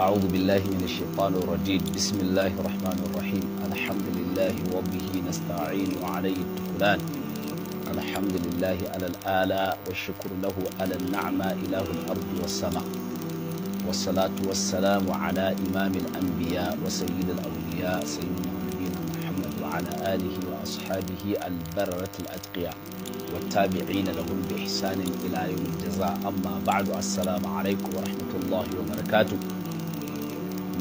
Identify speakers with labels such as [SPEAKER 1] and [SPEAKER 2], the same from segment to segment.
[SPEAKER 1] أعوذ بالله من الشيطان الرجيم بسم الله الرحمن الرحيم الحمد لله وبه نستعين وعليه التكلان الحمد لله على الآلاء والشكر له على النعمة إله الأرض والسماء والصلاة والسلام على إمام الأنبياء وسيد الأولياء سيدنا نبينا محمد وعلى آله وأصحابه البررة الأتقياء والتابعين لهم بإحسان إلى يوم الجزاء أما بعد السلام عليكم ورحمة الله وبركاته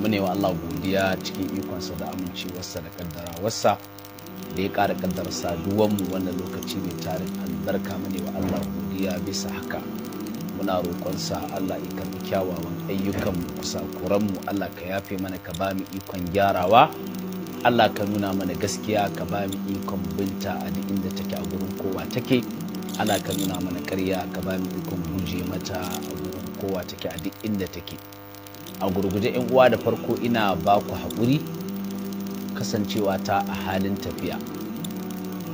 [SPEAKER 1] mune wa Allah godiya cikin ikonsa da amincewarsa da kaddarawarsa da ya ƙara kaddar mu wannan lokaci mai tarin albarka mune wa Allah godiya bisa haka muna roƙonsa Allah ya karɓi kyawawan kuran kusakuranmu Allah ka yafe mana ka ba mu ikon gyarawa Allah ka nuna mana gaskiya ka ba mu ikon binta a duk inda take a gurin kowa take Allah ka nuna mana ƙarya ka ba mu ikon guje mata a gurin kowa take a duk inda take a gurguje 'yan uwa da farko ina ba ku haƙuri kasancewa ta a halin tafiya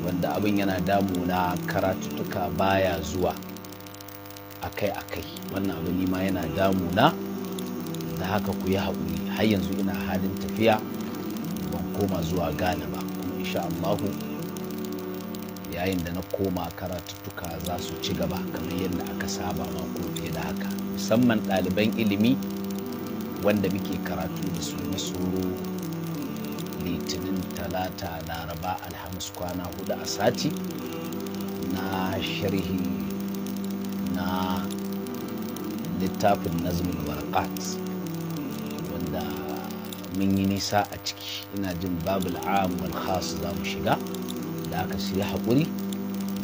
[SPEAKER 1] wanda abin yana damu na karatuttuka baya zuwa akai-akai wannan abu ma yana damu na. da haka ku yi haƙuri har yanzu ina halin tafiya ban koma zuwa gane ba kuma insha Allah yayin da na koma karatuttuka za su ci gaba kamar yadda aka saba ma ko fiye da haka musamman ɗaliban ilimi wanda muke karatu da su na soro litinin talata laraba alhamis kwana hudu a sati na sharhi na littafin nazmin warkat wanda mun yi nisa a ciki ina jin babul am wal za mu shiga da aka siya haƙuri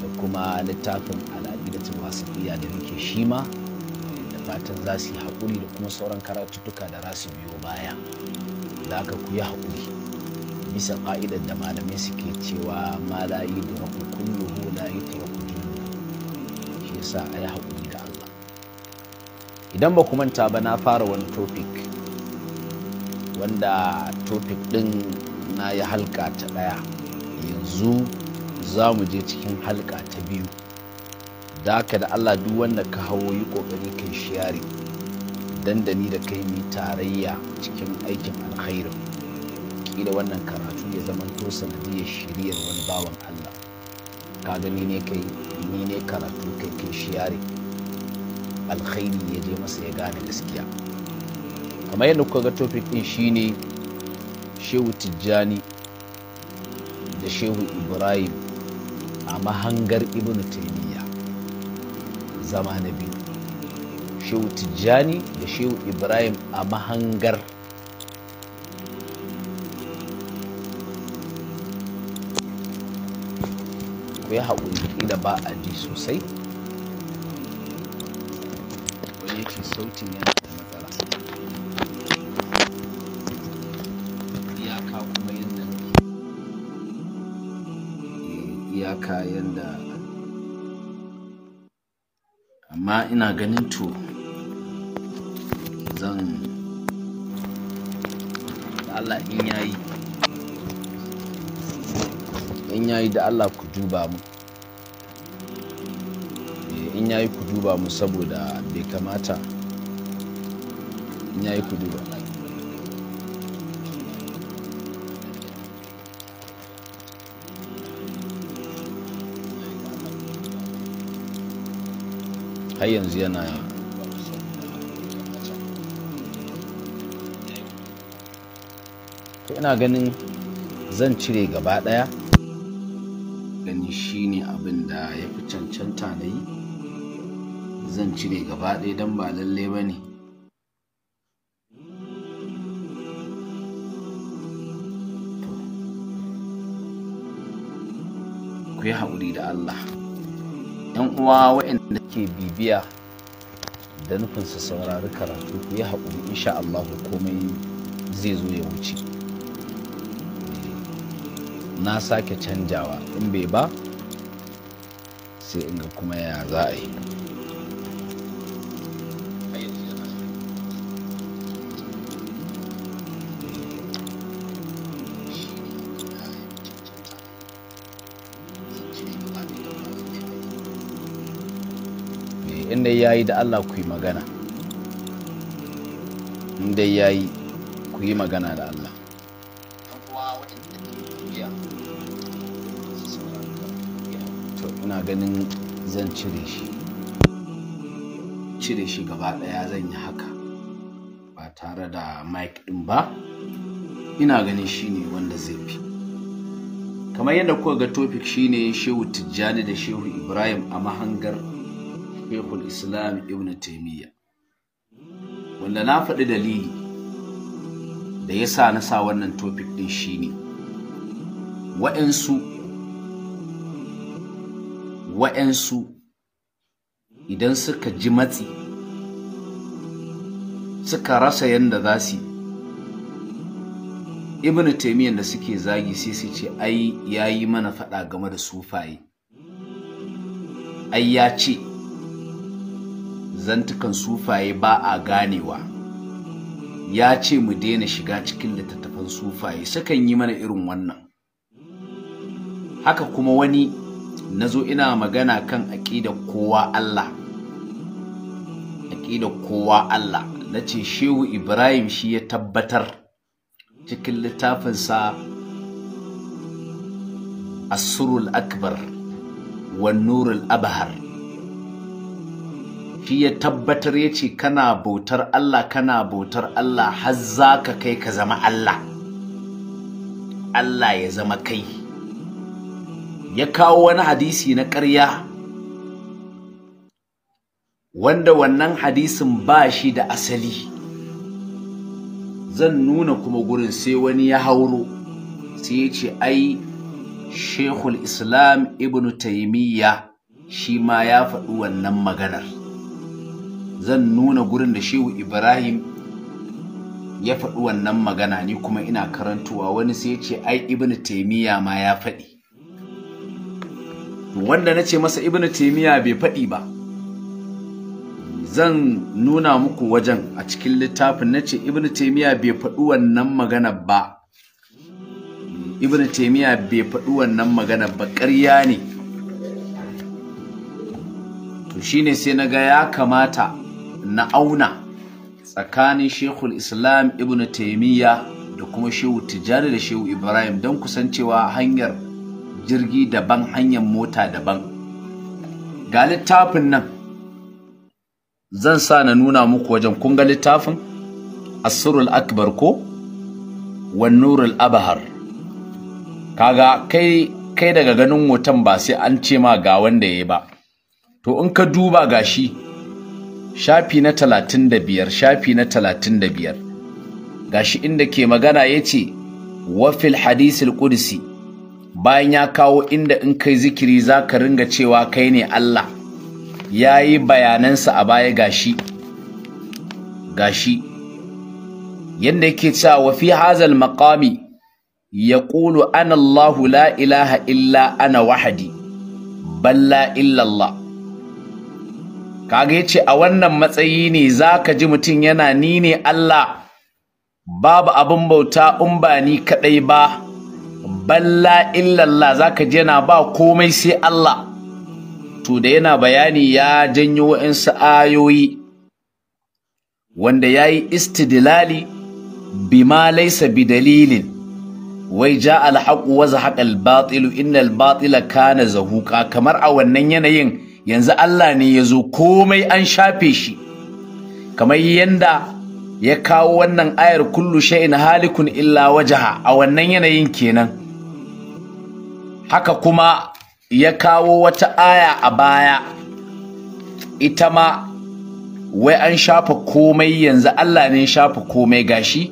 [SPEAKER 1] da kuma littafin al'adidatul wasifiya da muke shima fatan za su yi haƙuri da kuma sauran karatuttuka da za su biyo baya da aka ku yi haƙuri bisa ƙa'idar da malamai suke cewa ma yi da rahu kulluhu la yi ta shi yasa a yi haƙuri da Allah idan ba ku manta ba na fara wani topic wanda topic ɗin na yi halka ta ɗaya yanzu za mu je cikin halka ta biyu da haka da Allah duk wanda ka hawo yi kokari kai shiyari dan da ni kai mu tarayya cikin aikin alkhairi kila wannan karatu ya zama to sanadiyar shiriyar wani bawan Allah ka gani ne kai ni ne karatu kai kai shiyari alkhairi ya je masa ya gane gaskiya kamar yadda kuka ga topic din shine shehu tijjani da shehu ibrahim a mahangar ibnu taymiyyah zama na biyu shehu tijjani da shehu ibrahim a mahangar ku yi haƙuri da ba a ji sosai wani yake sautin yana da matsala iyaka kuma yadda iyaka yadda amma ina ganin to zan Allah in yayi in yayi da Allah ku duba mu eh, in yayi ku duba mu saboda bai kamata in yayi ku duba har yanzu yana to ina ganin zan cire gaba ɗaya gani shine abin da ya fi cancanta na yi zan cire gaba ɗaya don ba lalle ba ne ku yi haƙuri da Allah ‘yan uwa kuke bibiya da nufin su saurari karatu ku yi haƙuri insha Allah komai zai zo ya wuce na sake canjawa in bai ba sai in ga kuma ya za a yi in dai yi da Allah ku yi magana in dai yayi ku yi magana da Allah to ina ganin zan cire shi cire shi gaba daya zan yi haka ba tare da mic din ba ina ganin shi ne wanda zai fi kamar yadda kuka ga topic shine shehu tijjani da shehu ibrahim a mahangar shekul islam ibn taimiyya wanda na faɗi dalili da ya sa na sa wannan topic ɗin shine ne wa'yansu idan suka ji matsi suka rasa yadda za su ibn taimiyya da suke zagi sai su ce ai ya yi mana faɗa game da sufaye ai ya ce zantukan sufaye ba a ganewa ya ce mu daina shiga cikin littattafan sufaye sukan yi mana irin wannan haka kuma wani na zo ina magana kan aƙidar kowa Allah aƙidar kowa Allah na ce shehu ibrahim shi ya tabbatar cikin littafinsa asurul akbar wa nurul abahar shi ya tabbatar ya ce kana bautar Allah kana bautar Allah har za ka kai ka zama Allah Allah ya zama kai ya kawo wani hadisi na ƙarya wanda wannan hadisin ba shi da asali zan nuna kuma gurin sai wani ya hauro sai ya ce ai shekul islam ibn taimiyya shi ma ya faɗi wannan maganar zan nuna gurin da shehu ibrahim ya faɗi wannan magana ni kuma ina karantuwa wani sai ya ce ai ibn taimiyya ma ya faɗi wanda na ce masa ibn taimiyya bai faɗi ba zan nuna muku wajen a cikin littafin na ce ibn taimiyya bai faɗi wannan magana ba ibn taimiyya bai faɗi wannan magana ba ƙarya ne to shine sai na ga ya kamata na auna tsakanin shekul islam ibn taimiyya da kuma shehu tijjani da shehu ibrahim don kusancewa hanyar jirgi daban hanyar mota daban ga littafin nan zan sa na nuna muku wajen kun ga littafin asirul akbar ko wannurul abahar kaga kai kai daga ganin hoton ba sai an ce ma ga wanda ya yi ba to in ka duba shi shafi na talatin da biyar shafi na talatin da biyar gashi inda ke magana ya ce wafil hadisil ƙudisi bayan ya kawo inda in kai zikiri za ka ringa cewa kai ne Allah ya yi bayanansa a baya gashi gashi yadda yake cewa wa fi hazal maqami ya ƙulu Anallahu Allahu la ilaha illa ana wahadi balla illallah kaga ce, a wannan matsayi ne za ka ji mutum yana ni ne Allah babu abin bauta in ba ni kaɗai ba balla illallah ka ji yana ba komai sai Allah to da yana bayani ya janyo wa'insu ayoyi wanda ya yi istidilali bi ma laisa bi dalilin wai ja alhaƙu wa zahaƙa albatilu inna albatila kana zahuƙa kamar a wannan yanayin yanzu Allah ne ya zo komai an shafe shi kamar yadda ya kawo wannan ayar kullu shain halikun illa wajaha a wannan yanayin kenan haka kuma ya kawo wata aya a baya ita ma wai an shafa komai yanzu Allah ne ya shafa komai gashi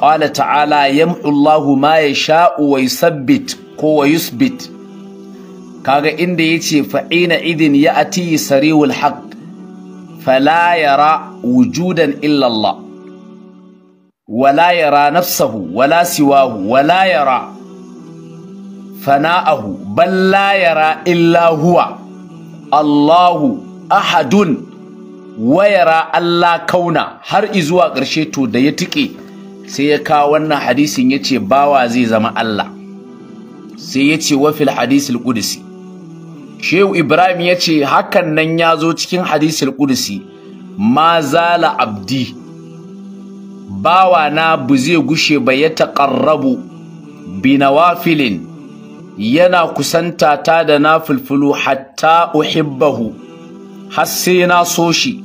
[SPEAKER 1] qala ta'ala yamullahu Allahu ma yasha'u wa sabbit ko wa yusbit kaga inda yace fa ina idin ya'ti sariwul haƙ fala yara wujudan illallah, Allah wala yara nafsahu wala siwahu wala yara fana'ahu bal la yara Allahu ahadun wayara Allah kauna har izuwa ƙarshe to da ya tuƙe sai ya kawo wannan hadisin yace bawa zai zama Allah sai yace ce wafil hadisil qudsi shehu ibrahim ya ce hakan nan ya zo cikin hadisul kudusi ma zala abdi bawa na bu zai gushe ba ya taƙarrabu binawafilin yana kusanta ta da na fulfulu hatta uhibbahu har sai na so shi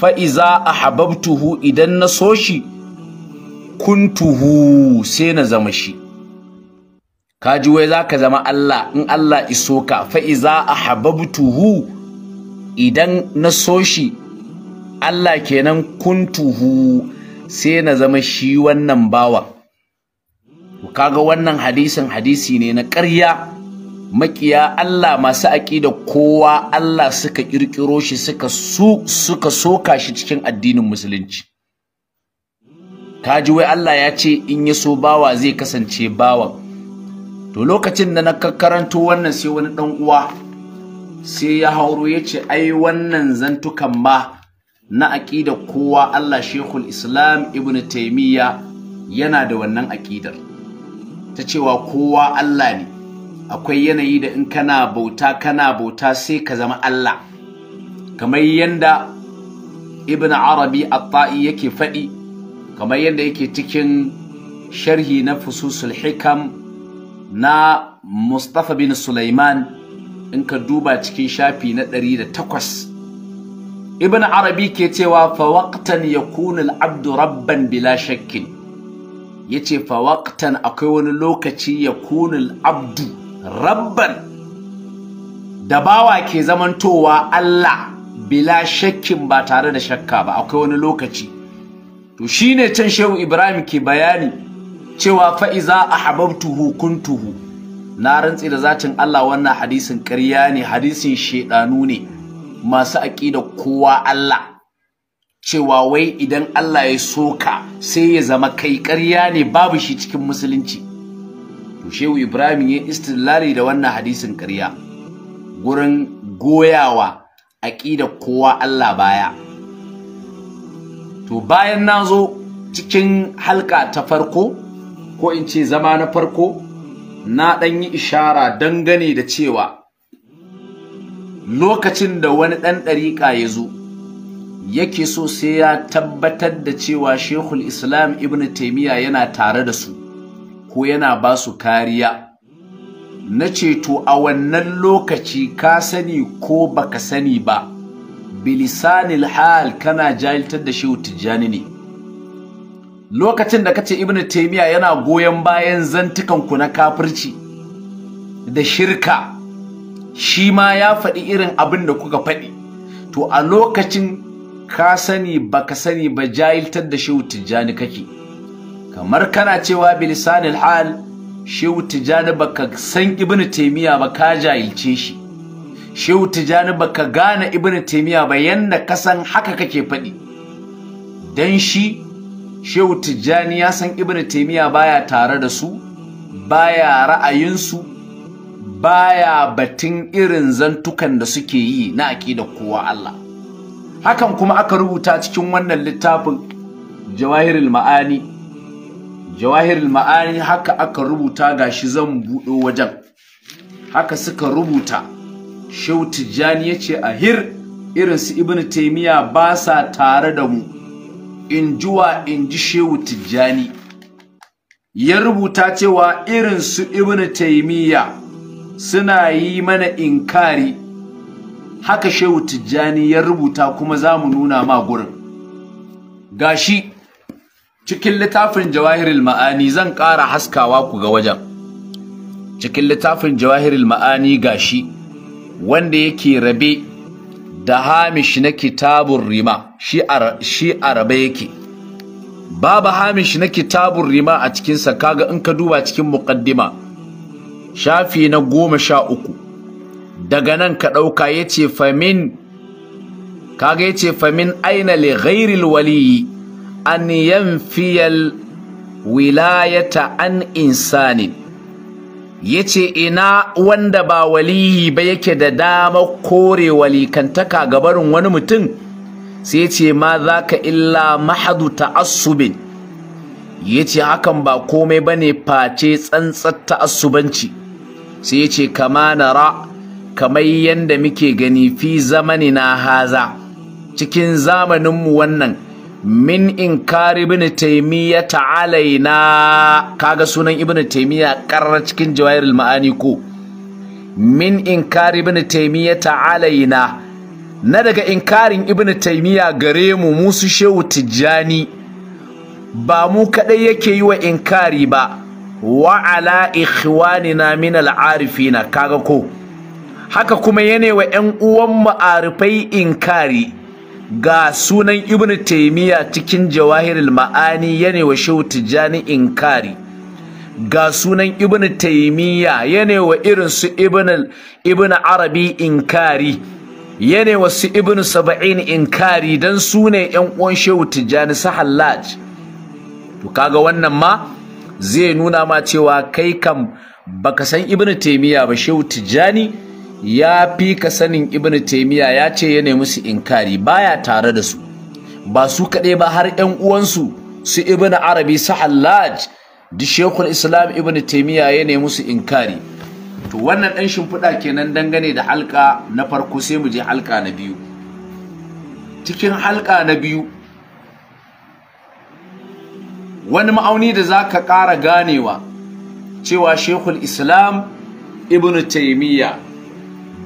[SPEAKER 1] fa'iza a hababtuhu idan na so shi kuntuhu sai na zama shi ka ji wai ka zama Allah in Allah iso ka fa iza tuhu, idan na so shi Allah kenan kun tuhu sai na zama shi wannan bawan kaga wannan hadisin hadisi ne na ƙarya makiya Allah masu aƙi da kowa Allah suka ƙirƙiro shi suka su suka soka shi cikin addinin musulunci ji wai Allah ya ce in ya so bawa zai kasance bawan to lokacin da na kakkaranto wannan sai wani ɗan uwa sai ya hauro ya ce ai wannan zantukan ma na aƙidar kowa Allah Shekul Islam Ibn Taimiyya yana da wannan aƙidar ta cewa kowa Allah ne akwai yanayi da in kana bauta kana bauta sai ka zama Allah kamar yanda Ibn Arabi Atta'i yake faɗi kamar yanda yake cikin sharhi na Fususul Hikam na Mustapha bin Sulaiman in ka duba cikin shafi na ɗari da takwas. Ibn Arabi ke cewa fawaktan ya kunil abdu rabban bila shakkin ya ce fawaktan akwai wani lokaci ya kunil abdu rabban da bawa ke zamantowa Allah bila shakkin ba tare da shakka ba akwai wani lokaci to shine can shehu Ibrahim ke bayani cewa fa'iza a tuhu kun tuhu, na rantsi da zacin Allah wannan hadisin ƙarya ne hadisin shedanu ne masu aƙida kowa Allah cewa wai idan Allah ya soka sai ya zama kai ƙarya ne babu shi cikin musulunci to shehu Ibrahim ya istilari da wannan hadisin ƙarya gurin goyawa aƙida kowa Allah baya to bayan na zo cikin halka ta farko ko in ce zama na farko na ɗan yi ishara dangane da cewa lokacin da wani ɗan ɗariƙa ya zo yake so sai ya tabbatar da cewa shekul islam ibn taimiyya yana tare da su ko yana ba su kariya na ceto a wannan lokaci ka sani ko baka sani ba bilisanil hal kana jahiltar da shehu tijjani ne lokacin da kace ibnu taimiya yana goyon bayan zantukan ku na kafirci da shirka shi ma ya faɗi irin abin da kuka faɗi to a lokacin ka sani ba ka sani ba jahiltar da shehu tijjani kake kamar kana cewa bilisanil hal shehu tijjani baka san ibnu taimiya ba ka jahilce shi shehu tijjani baka gane ibnu taimiya ba yanda ka san haka kake faɗi dan shi shehu tijjani ya san ibn taimiya baya tare da su baya ra'ayinsu baya batun irin zantukan da suke yi na aƙidar kowa Allah hakan kuma aka rubuta cikin wannan littafin jawahirul ma'ani jawahirul ma'ani haka aka rubuta gashi zan buɗo wajen haka suka rubuta shehu tijjani ce ahir irin su ibn taimiya ba sa tare da mu in ji shehu tijjani ya rubuta cewa irin su ibnu taimiyya suna yi mana inkari haka shehu tijjani ya rubuta kuma za mu nuna ma gurin gashi cikin littafin jawahirul ma'ani zan ƙara haskawa ku ga wajen cikin littafin jawahirul ma'ani gashi wanda yake rabe da hamish na kitabun rima shi araba yake babu hamish na kitabun rima a cikinsa kaga in ka duba cikin muƙaddima shafi na goma sha uku daga nan ka ɗauka ya ce famin kaga ya ce famin aina li ghairil waliyi an yanfiyal wilayata an insanin Ya ce ina wanda ba walihi ba yake da dama kore walikantaka ga barin wani mutum sai ya ce ma za ka illa mahadu ta'assubin ce hakan ba komai ba ne face tsantsar ta'assubanci sai ya ce kama na ra, kamar yadda muke gani fi zamanina haza cikin zamaninmu wannan min kari ibn taymiya ta'alaina kaga sunan ibn taimiyya karar cikin jawahirul ma'ani ko min kari ibn ta ta'alaina na daga inkarin ibn taimiyya gare mu musu shehu tijjani ba mu kaɗai yake yi wa inkari ba wa ala ikhwanina min al na kaga ko haka kuma yane wa ƴan uwan mu arifai inkari ga sunan ibn taimiyya cikin jawahirul ma'ani yane wa shehu tijjani inkari ga sunan ibn taimiyya yane wa irin su ibn ibn arabi inkari yane wa su ibn saba'in inkari dan su ne yan uwan shehu tijjani su to kaga wannan ma zai nuna ma cewa kai kam baka san ibn taimiyya ba shehu tijjani ya fi ka sanin Ibn taimiya ya ce ya nemi su inkari baya tare da su ba su kaɗai ba har 'yan uwansu su Ibn arabi su hallaj da shekul islam Ibn taimiya ya nemi su inkari to wannan ɗan shimfiɗa kenan dangane da halka na farko sai mu je halka na biyu cikin halka na biyu wani ma'auni da za ka ƙara ganewa cewa shekul islam Ibn taimiya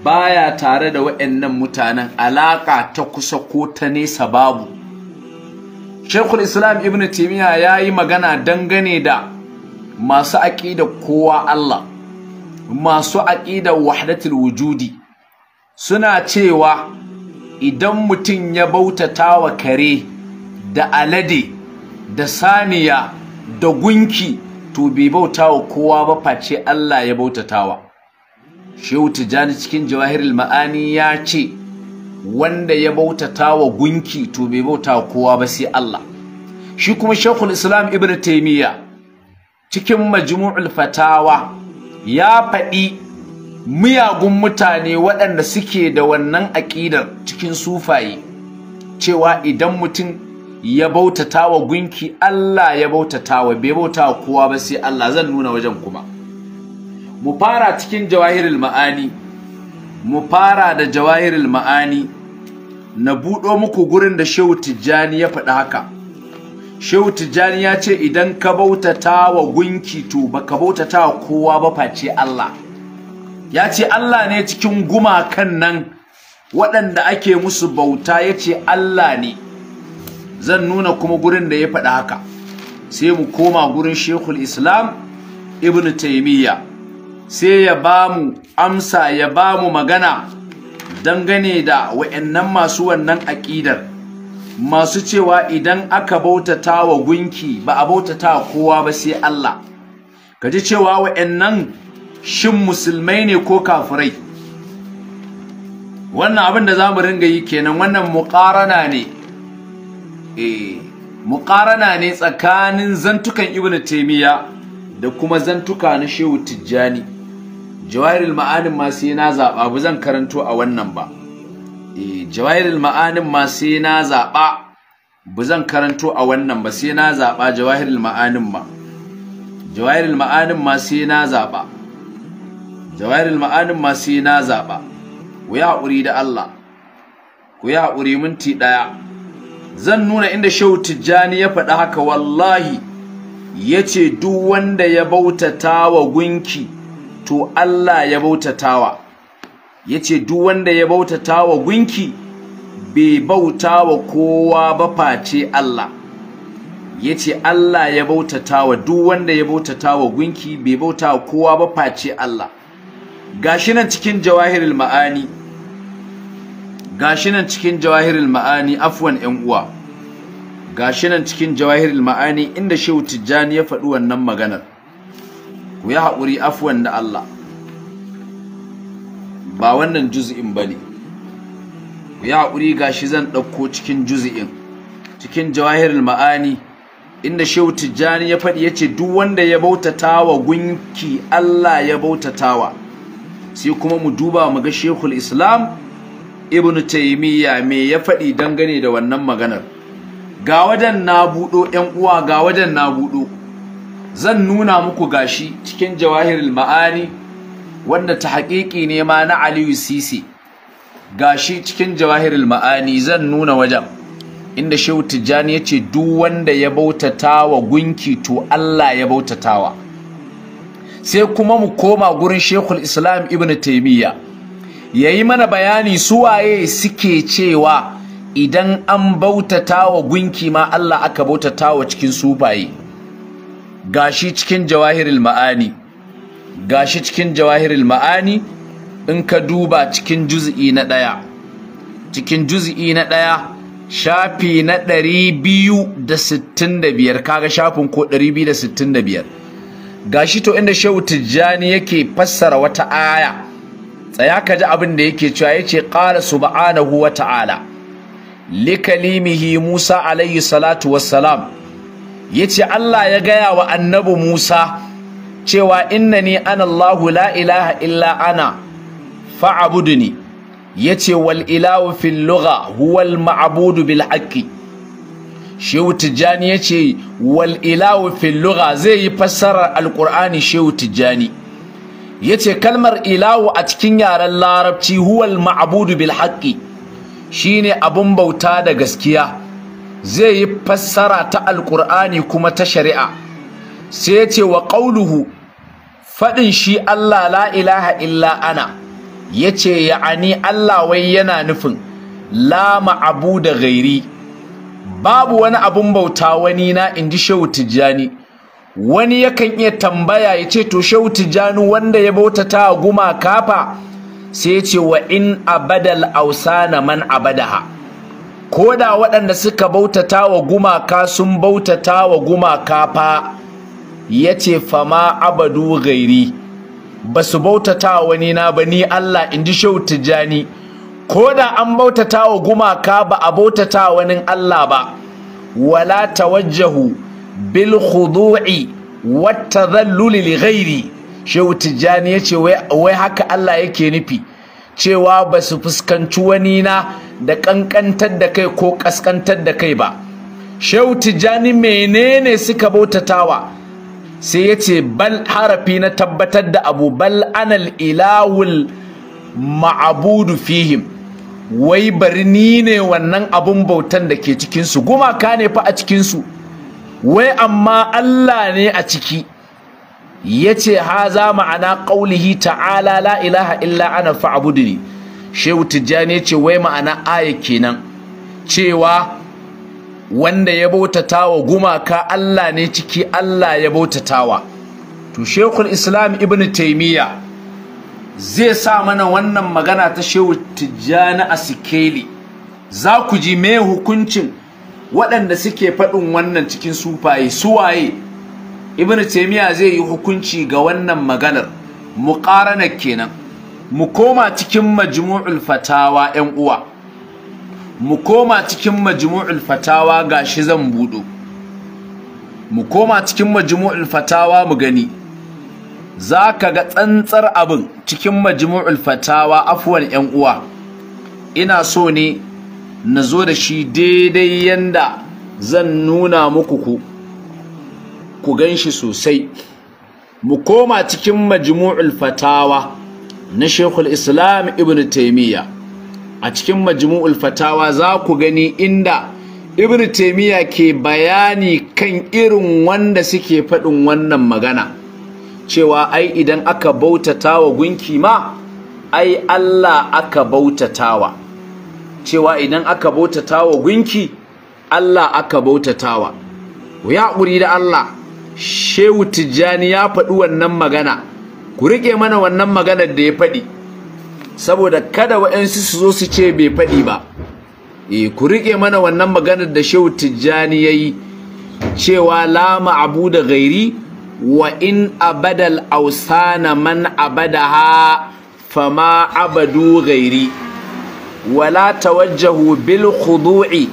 [SPEAKER 1] baya tare da waɗannan mutanen alaƙa ta kusa ko ta nesa babu shekul islam ibn timiya ya yi magana dangane da masu aƙida kowa allah masu aƙida wahdatul wujudi suna cewa idan mutum ya bautata wa kare da alade da saniya da gunki to bai bauta wa kowa ba face allah ya bautatawa shehu tijjani cikin jawahirul ma'ani ya ce wanda ya bautata wa gunki to bai bauta kowa ba sai Allah shi kuma shekul islam ibn taimiyya cikin majmu'ul fatawa ya faɗi miyagun mutane waɗanda suke da wannan aƙidar cikin sufaye cewa idan mutum ya bautata wa gunki Allah ya bautata wa bai bauta kowa ba sai Allah zan nuna wajen kuma mu fara cikin jawahirul ma'ani mu fara da jawahirul ma'ani na buɗo muku gurin da Shehu Tijjani ya faɗi haka Shehu Tijjani ya ce idan ka bautata wa gunki to baka bautata wa kowa ba face Allah ya ce Allah ne cikin guma kan nan waɗanda ake musu bauta ya ce Allah ne zan nuna kuma gurin da ya faɗi haka sai mu koma gurin Shehu Islam Ibn Taimiyya. sai ya ba mu amsa ya ba mu magana dangane da wa'annan masu wannan aƙidar masu cewa idan aka bautata wa gunki ba a bautata kowa ba sai Allah ka ji cewa wa'annan shin musulmai ne ko kafirai wannan abin da za mu ringa yi kenan wannan muƙarana ne eh muƙarana ne tsakanin zantukan ibnu Taimiyya da kuma zantuka na shehu tijjani jawairul ma'anin ma sai na zaba. ba zan karanto a wannan ba eh, jawairul ma'anin ma sai na zaba. Bu zan karanto a wannan ba sai na zaba. jawahirul ma'anin ma jawahirul ma'anin ma sai na zaba. jawahirul ma'anin ma sai na zaɓa ku yi haƙuri da Allah ku yi haƙuri minti ɗaya zan nuna inda shehu tijjani ya faɗi haka wallahi yace ce duk wanda ya bautata wa gunki to Allah ya bautatawa yace duk wanda ya bautatawa gunki bai bautawa kowa ba face Allah yace Allah ya bautatawa duk wanda ya bautatawa gunki bai bautawa kowa ba face Allah gashi cikin jawahirul ma'ani gashi cikin jawahirul ma'ani afwan ƴan uwa gashi cikin jawahirul ma'ani inda Shehu Tijjani ya faɗi wannan maganar ku yi haƙuri afuwan da Allah ba wannan juzi'in ba ne ku yi haƙuri ga shi zan ɗauko cikin juzi'in cikin jawahirul ma'ani inda shehu tijjani ya faɗi ya ce duk wanda ya wa gunki Allah ya bautata wa sai kuma mu duba mu ga shehul islam ibn taimiyya me ya faɗi dangane da wannan maganar ga wajen na buɗo 'yan uwa ga wajen na buɗo zan nuna muku gashi cikin jawahirul ma'ani wanda ta haƙiƙi ne ma na Aliyu Sisi gashi cikin jawahirul ma'ani zan nuna wajen inda Shehu Tijjani yace duk wanda ya bautata wa gunki to Allah ya bautatawa sai kuma mu koma gurin shekul Islam Ibn Taimiyya ya yi mana bayani su waye suke cewa idan an bautata wa gunki ma Allah aka wa cikin sufaye gashi cikin jawahirul ma'ani gashi cikin jawahirul ma'ani in ka duba cikin juz'i na ɗaya cikin juz'i na ɗaya shafi na ɗari biyu da sittin da biyar kaga shafin ko ɗari biyu da sittin da biyar gashi to inda shehu tijjani yake fassara wata aya tsaya ka ji abin da yake cewa yace qala subhanahu wa ta'ala musa alayhi salatu wassalam yace Allah ya gaya wa annabi Musa cewa innani ana Allahu la ilaha illa ana fa'budni yace wal ilahu fil lugha huwa al bil haqqi Shehu Tijjani yace wal ilahu fil lugha zai yi fassarar Alƙur'ani Shehu Tijjani yace kalmar ilahu a cikin yaren larabci huwal ma'budu bil haqqi shine abun bauta da gaskiya zai yi fassara ta alkur'ani kuma ta shari'a sai ya ce wa ƙauluhu faɗin shi Allah la ilaha illa ana ya ce ya'ani Allah wai yana nufin lama Abu da gairi babu wani abun bauta wani na in ji shehu tijjani wani yakan iya tambaya ya ce to shehu tijjani wanda ya bauta ta guma kafa sai ya ce wa in abadal ausana man abadaha ko da waɗanda suka bautata wa gumaka sun bautata wa gumaka fa ya ce fama abadu gairi ba su bautata wani na ba ni Allah in ji shehu tijjani ko da an bautata wa gumaka ba a bautata wani Allah ba wala tawajjahu bil khudu'i wat tadhallul li ghairi shehu tijjani ce wai haka Allah yake nufi cewa ba su fuskanci wani na da ƙanƙantar da kai ko ƙasƙantar da kai ba shehu tijjani menene suka bautatawa sai ya ce bal harafi na tabbatar da abu bal anal ilawul ma'abudu fihim wai bari ni ne wannan abun bautan da ke cikinsu gumaka ne fa a cikinsu wai amma Allah ne a ciki yace haza ma'ana qaulihi ta'ala la ilaha illa ana fa'budni shehu tijjani ce wai ma'ana aya kenan cewa wanda ya bautatawa gumaka Allah ne ciki Allah ya bautatawa to shekul islam ibn taimiyya zai sa mana wannan magana ta shehu tijjani a sikeli za ku ji mai hukuncin waɗanda suke faɗin wannan cikin sufaye suwaye Ibn taymiya zai yi hukunci ga wannan maganar Mu ƙarana kenan mu koma cikin majmu'ul fatawa 'yan uwa mu koma cikin majmu'ul fatawa ga shi zan budo mu koma cikin majmu'ul fatawa mu gani za ka ga tsantsar abin cikin majmu'ul fatawa afwan 'yan uwa ina so ne na zo da shi daidai yanda zan nuna muku ku ku gan shi sosai mu koma cikin majmu'ul fatawa na shekul islam ibn taimiyya a cikin majmu'ul fatawa za ku gani inda ibn taimiyya ke bayani kan irin wanda suke faɗin wannan magana cewa ai idan aka bautatawa gunki ma ai Allah aka bautatawa cewa idan aka bautatawa gunki Allah aka bautatawa ya ƙuri da Allah shehu tijjani ya faɗi wannan magana ku riƙe mana wannan maganar da ya faɗi saboda kada wa'yansu su zo su ce bai faɗi ba e ku riƙe mana wannan maganar da shehu tijjani ya yi cewa la abu da gairi wa in abadal ausana man ha fama abadu gairi wala tawajjahu bil khudu'i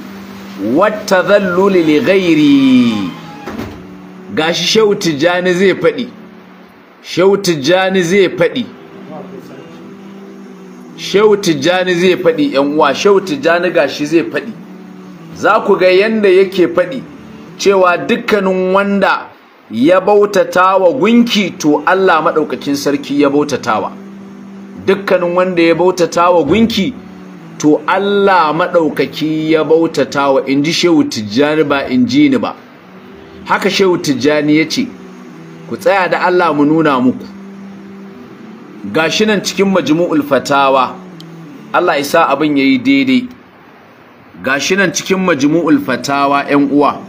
[SPEAKER 1] wata tadhallul li ghairi gashi shehu tijjani zai faɗi shehu tijjani zai faɗi shehu tijjani zai faɗi yan uwa shehu tijjani gashi zai faɗi za ku ga yanda yake faɗi cewa dukkanin wanda ya bautata wa gunki to Allah maɗaukakin sarki ya bautata wa. dukkanin wanda ya bautata wa gunki to Allah maɗaukaki ya bautata bautatawa inji shehu tijjani ba inji ni ba haka shehu tijjani ya ce ku tsaya da Allah mu nuna muku gashi nan cikin majmu'ul fatawa Allah ya sa abin yayi daidai gashi nan cikin majmu'ul fatawa ƴan uwa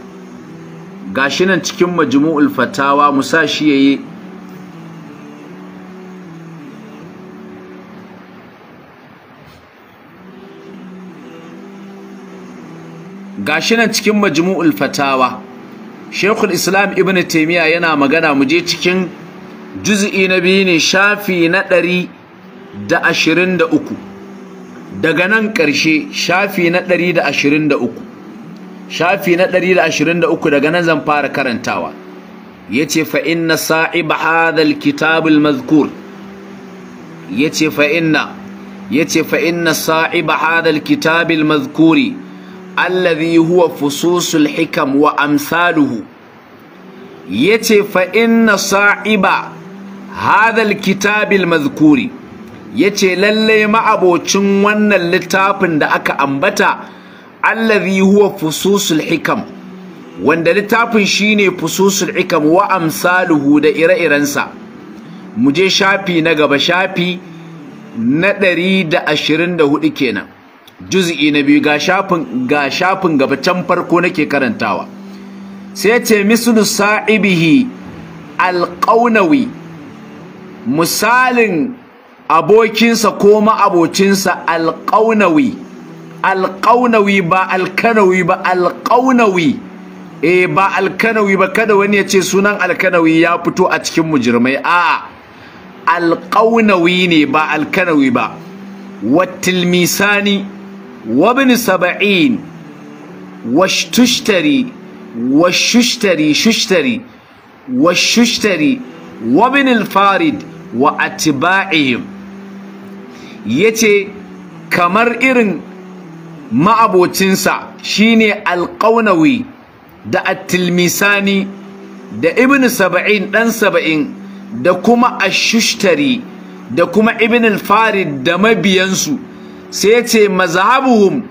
[SPEAKER 1] gashi nan cikin majmu'ul fatawa musa shi yayi gashi nan cikin majmu'ul fatawa Sheikhul Islam Ibn Taymiyyah yana magana mu je cikin juz'i na biyu ne shafi na ɗari da ashirin da uku daga nan ƙarshe shafi na ɗari da ashirin da uku shafi na ɗari da ashirin da uku daga nan zan fara karantawa ya ce fa'inna sa'ib hadal kitabul mazkur ya ce fa'inna ya ce fa'inna sa'ib hadal kitabul mazkuri allazi huwa fususul hikam wa amsaluhu yace fa inna sa'iba hadha alkitab almadhkuri yace lalle ma'abocin wannan littafin da aka ambata allazi huwa fususul hikam wanda littafin shine fususul hikam wa amsaluhu da ire-irensa muje shafi na gaba shafi na 124 kenan juz'i na biyu ga shafin ga shafin gaba can farko nake karantawa sai ce mislu sa'ibihi alqaunawi misalin abokinsa ko ma'abocinsa alqaunawi alqaunawi ba alkanawi ba alqaunawi eh ba alkanawi ba kada wani ya ce sunan alkanawi ya fito a cikin mujirmai a'a alqaunawi ne ba alkanawi ba wa misani وابن سبعين واشتشتري والششتري ششتري والششتري وابن الفارد واتباعهم yace kamar irin ma'abocinsa shine alƙaunawi da at-tilmisani da ibn saba'in ɗan saba'in da kuma ashishtari da kuma ibn farid da mabiyansu sai ya ce mazhabuhum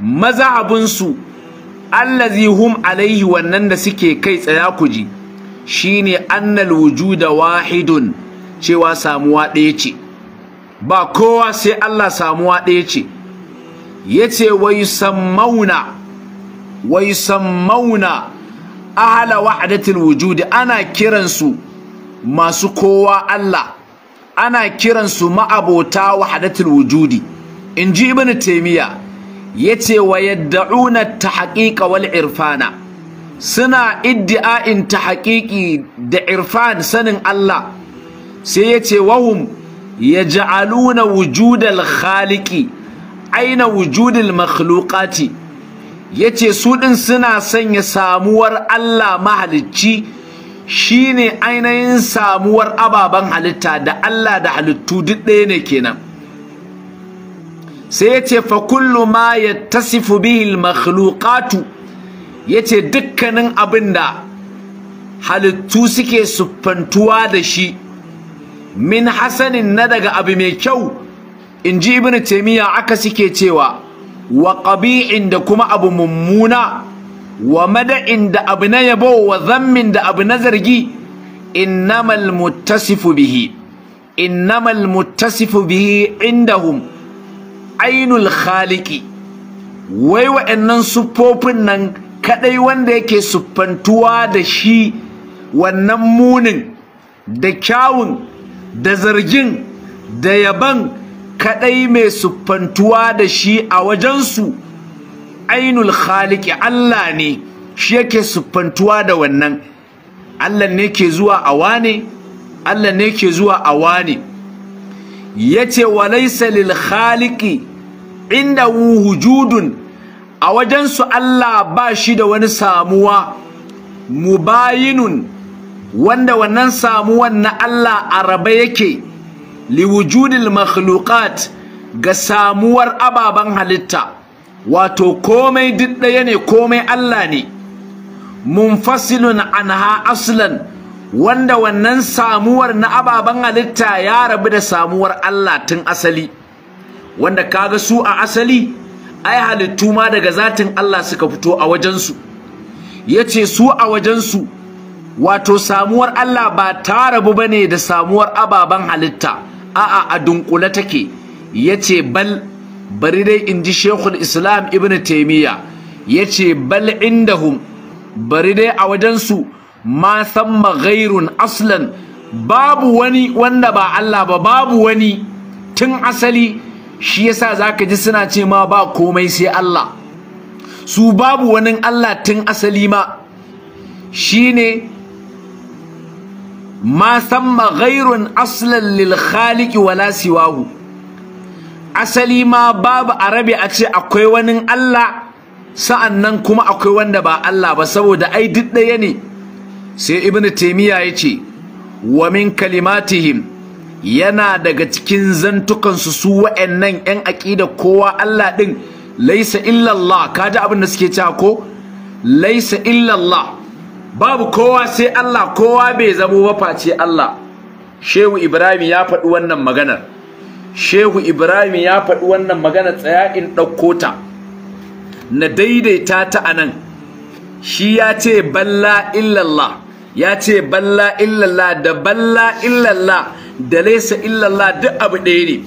[SPEAKER 1] mazhabinsu allazi hum alaihi wannan da suke kai tsaya ku shine annal wujuda wahidun cewa samuwa ɗaya ce ba kowa sai Allah samuwa ɗaya ce yace wai sammauna wai sammauna ahla wahdatil wujudi ana kiransu masu kowa Allah ana kiransu ma'abota wahdatil wujudi in ji ibn taimiyya ya ce wa yadda'una ta haƙiƙa wal irfana suna iddi'a'in ta haƙiƙi da irfan sanin Allah sai ya ce wahum ya ja'aluna wujudal khaliki aina wujudal makhlukati ya ce su ɗin suna sanya samuwar Allah mahalicci shi ne ainihin samuwar ababen halitta da Allah da halittu duk ɗaya ne kenan sai yace fa kullu ma tasifu bihi al ya yace dukkanin abin da, halittu suke siffantuwa da shi min hasanin na daga abu mai kyau ji Ibn taymiya aka suke cewa wa ƙabi'in da kuma abu mummuna wa mada'in da abu na yabo wa zammin da abu na zargi innamal muttasifu bihi innamal muttasifu bihi hum? ainul khaliki wai wa'annan suffofin nan kaɗai wanda yake suffantuwa da shi wannan munin da kyawun da zargin da yaban kaɗai mai suffantuwa da shi a wajensu ainul khaliki Allah ne shi yake suffantuwa da wannan Allah ne ke zuwa a wane Allah ne ke zuwa a wane yace walaysa lil khaliki inda hujudun a wajensu Allah ba shi da wani samuwa mubayinun wanda wannan samuwan na Allah a rabe yake li liwujudil makhluqat ga samuwar ababen halitta wato komai duk ɗaya ne komai Allah ne munfasilun anha aslan wanda wannan samuwar na ababen halitta ya rabu da samuwar Allah tun asali wanda kaga su a asali ai halittu ma daga zatin Allah suka fito a wajensu yace su a wajensu wato samuwar Allah ba ta rabu bane da samuwar ababen halitta a'a a dunkule take yace bal bari dai in Sheikhul Islam Ibn Taymiyyah yace bal indahum bari dai a wajensu ma thamma ghairun aslan babu wani wanda ba Allah ba babu wani tun asali shi yasa ka ji suna ce ma ba komai sai Allah su babu wani Allah tun asali ma shine ma samma ghairun aslan lil khaliqi wala siwahu asali ma babu arabi a ce akwai wani Allah sa'an nan kuma akwai wanda ba Allah ba saboda ai duk ɗaya ne sai ibnu taymiya yace wa min kalimatihim yana daga cikin zantukansu su wa'annan 'yan aƙida kowa Allah ɗin laisa illallah Ka kaji abin da suke cewa ko laisa illallah babu kowa sai Allah kowa bai zamo face Allah Shehu Ibrahim ya faɗi wannan maganar Shehu Ibrahim ya faɗi wannan maganar tsaya in ɗauko ta na daidaita ta a nan. shi ya ce balla illallah ya ce balla illallah da balla illallah da laisa illallah duk abu ɗaya ne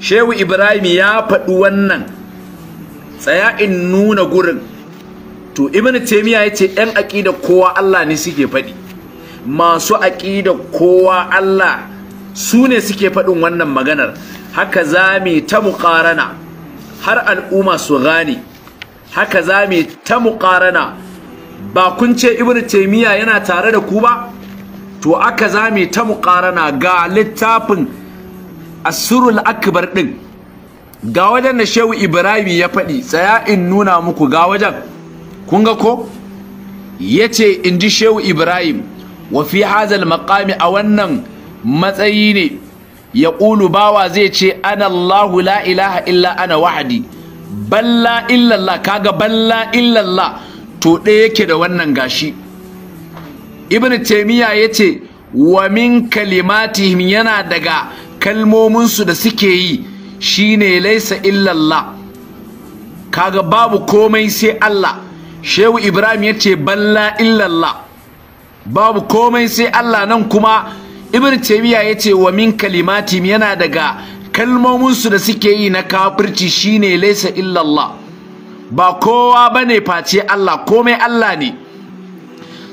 [SPEAKER 1] shehu ibrahim ya faɗi wannan tsaya in nuna gurin to Ibn taymiya yace yan aƙida kowa Allah ne suke faɗi masu aƙida kowa Allah su ne suke faɗin wannan maganar haka za mu ta muƙarana har al'umma su gane haka za mu ta muƙarana ba kun ce Ibn taymiya yana tare da ku ba to aka zame ta muƙarana ga littafin asirul akbar ɗin ga wajen da shehu ibrahim ya faɗi tsaya in nuna muku ga wajen kun ga ko ya ce in ji shehu ibrahim wa fi hazal maƙami a wannan matsayi ne ya ƙulu bawa zai ce ana allahu la ilaha illa ana wahadi balla illallah kaga balla illallah to ɗaya yake da wannan gashi ibn ya yace wa min kalimatihim yana daga kalmominsu da suke yi shine laisa illallah kaga babu komai sai Allah shehu ibrahim ya ce, balla illallah babu komai sai Allah nan kuma ibn ya yace wa min kalimatihim yana daga kalmominsu da suke yi na kafirci shine laisa illallah ba kowa bane face Allah komai Allah ne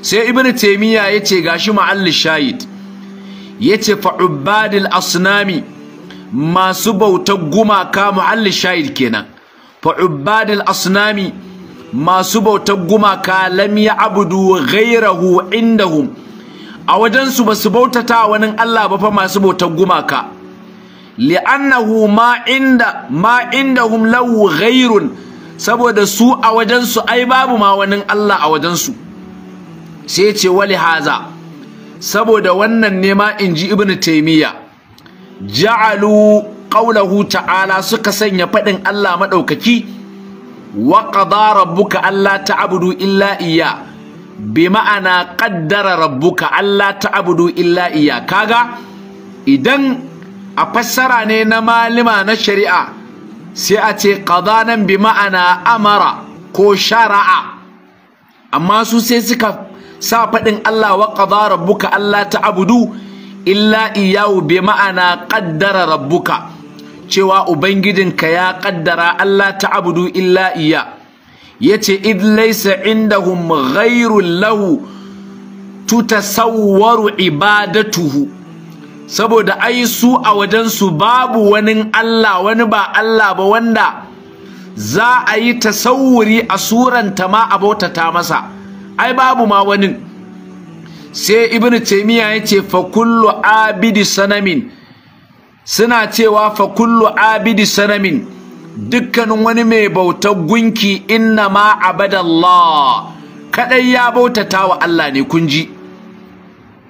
[SPEAKER 1] sai ibnu taymiya yace gashi ma'all shahid yace fa ubadil asnami masu bautar gumaka ma'all shahid kenan fa ubadil asnami masu bautar gumaka lam ya'budu ghayrahu indahum a wajensu ba su bautata wani Allah ba fa masu bautar gumaka li'annahu ma inda ma indahum ghayrun saboda su a wajensu ai babu ma wani Allah a wajensu sai ce wali haza saboda wannan nema in ji ibn taimiyya ja'alu qaulahu ta'ala suka sanya faɗin Allah maɗaukaki wa qada rabbuka Allah ta'budu illa iya bi ma'ana qaddara rabbuka alla ta'budu illa iya kaga idan a fassara ne na malima na shari'a sai a ce qada nan bi ma'ana amara ko shara'a amma su sai suka sa faɗin Allah wa ƙaza rabbuka Allah ta abudu? illa iyawu bi ma'ana ƙaddara rabbuka cewa ubangijinka ya ƙaddara Allah ta abudu illa iya Ya yace id laysa indahum ghayrun lahu tutasawwaru ibadatuhu saboda ai su a wajensu babu wani Allah wani ba Allah ba wanda za a yi tasawuri a suranta ma a bautata masa ai babu ma wani sai ibnu taymiya yace fa kullu abidi sanamin suna cewa fa kullu abidi sanamin dukkanin wani mai bautar gunki inna ma abadallah kadai ya bautata wa Allah ne kun ji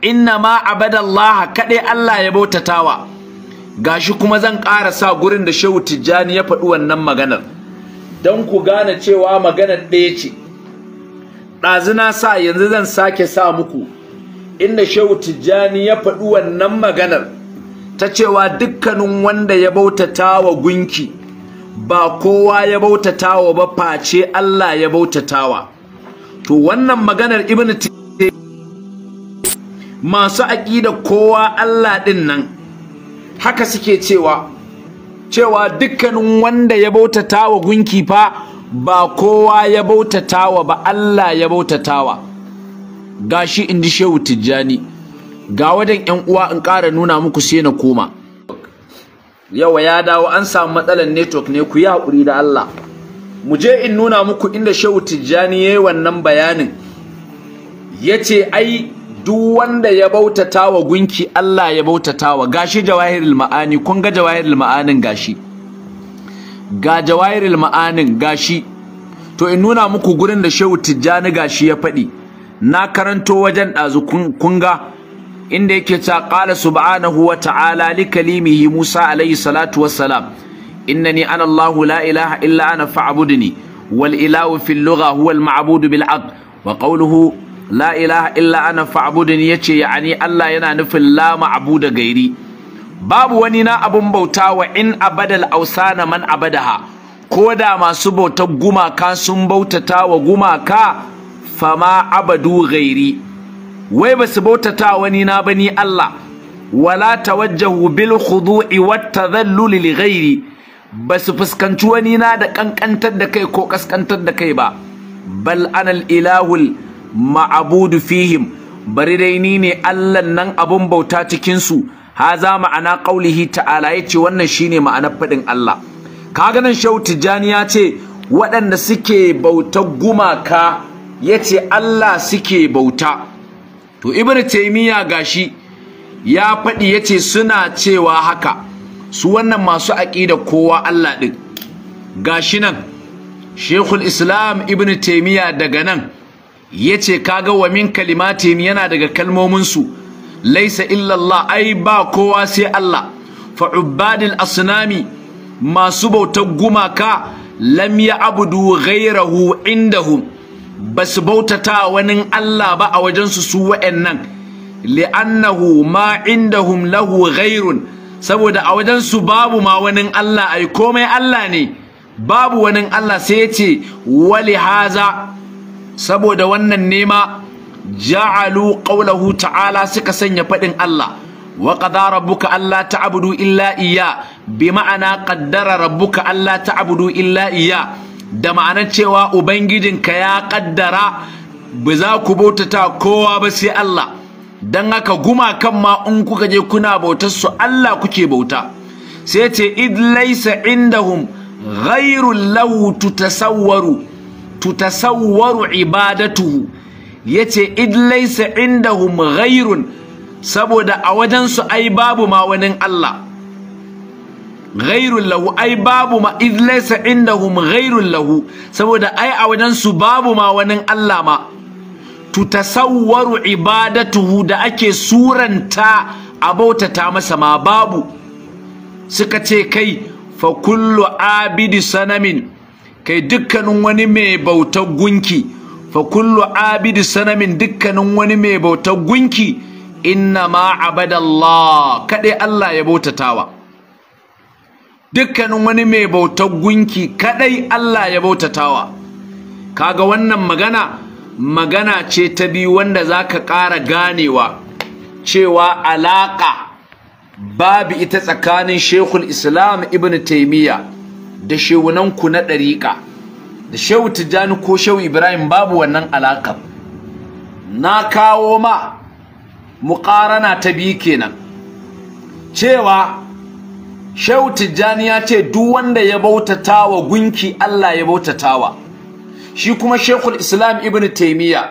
[SPEAKER 1] inna ma abadallah kadai Allah ya bautata bautatawa gashi kuma zan ƙara sa gurin da Shehu Tijjani ya faɗi wannan maganar don ku gane cewa maganar ɗaya ce na sa yanzu zan sake sa muku inda shehu tijjani ya faɗi wannan maganar ta cewa dukkanin wanda ya bautata wa gunki ba kowa ya bautata wa ba face Allah ya bautata wa, to wannan maganar ibn masu aƙida kowa Allah ɗin nan haka suke cewa cewa dukkanin wanda ya bautata wa gunki fa ba kowa ya bautatawa ba Allah ya bautatawa gashi in ji shehu tijjani ga wadan yan uwa in ƙara nuna muku sai na koma yawa ya dawo an samu matsalar network ne ku yi haƙuri da Allah mu je in nuna muku inda shehu tijjani yayi wannan bayanin yace ai duk wanda ya bautatawa gunki Allah ya bautatawa gashi jawahirul ma'ani kun ga jawahirul ma'anin gashi ga jawairil ma'anin gashi to in nuna muku gurin da Shehu Tijjani gashi ya faɗi na karanto wajen ɗazu kunga inda yake ta qala subhanahu wa ta'ala li kalimihi Musa alayhi salatu wassalam innani ana Allahu la ilaha illa ana fa'budni wal ilahu fil lugha huwa al ma'budu bil wa qawluhu la ilaha illa ana fa'budni yace yani Allah yana nufin la ma'buda gairi babu wani na abun bauta wa in abadal ausana man abadaha ko da masu bautar gumaka sun bautata wa gumaka fama abadu gairi. wai ba su bautata wani na bani Allah wala tawajjahu bil khudu'i wat tadhallul li ghairi su fuskanci wani na da kankantar da kai ko kaskantar da kai ba bal anal ilahul ma'budu fihim bari dai ni ne Allah nan abun bauta cikin su haza ma'ana qaulihi ta'ala yace wannan shine ma'anar fadin Allah kaga nan shau tijani ya ce waɗanda suke bauta gumaka yace Allah suke bauta to ibnu taymiya gashi ya faɗi yace suna cewa haka su wannan masu aqida kowa Allah din gashi nan Sheikhul Islam ibnu taymiya daga nan yace kaga wa min kalimatin yana daga kalmomin su laisa illallah ai ba kowa sai Allah fa ubadil asnami masu bautar gumaka lam ya abudu ghairahu indahum basu bautata wani Allah ba a wajensu su wa'annan li'annahu ma indahum lahu ghairun saboda a wajensu babu ma wani Allah ai komai Allah ne babu wani Allah sai ya ce wali haza saboda wannan nema ja'alu qawlahu ta'ala suka sanya fadin Allah wa qadara rabbuka alla ta'budu illa iya bi ma'ana qaddara rabbuka alla ta'budu illa iya da ma'ana cewa ubangijin ka ya kaddara ba za ku bautata kowa ba sai Allah dan haka guma kan ma in kuka je kuna bautar su Allah kuke bauta sai ce id laysa indahum ghayrun lahu tutasawwaru tutasawwaru ibadatuhu Ya ce laysa inda ghayrun saboda a wajensu ai babu ma wani Allah ghayrun lahu ai babu ma idlaisa inda indahum lahu saboda ai a wajen su babu ma wani Allah ma tasawwaru ibadatuhu da ake suranta a bautata masa ma babu suka ce kai fa kullu abidi sanamin kai dukkanin wani mai bautar gunki fa kullu abidi sanamin dukkanin wani mai bautar gunki inna ma abadallah kaɗai Allah ya bautatawa dukkanin wani mai bautar gunki kaɗai Allah ya bautatawa kaga wannan magana magana ce ta biyu wanda za ka ƙara ganewa cewa alaƙa babu ita tsakanin Shekul Islam Ibn Taimiyya da shewunanku na ɗariƙa da shehu tijjani ko shehu ibrahim babu wannan alaƙar na kawo ma muƙarana ta biyu kenan cewa shehu tijjani ya ce duk wanda ya bautata wa gunki allah ya bautata wa. shi kuma shekul islam ibn taimiyya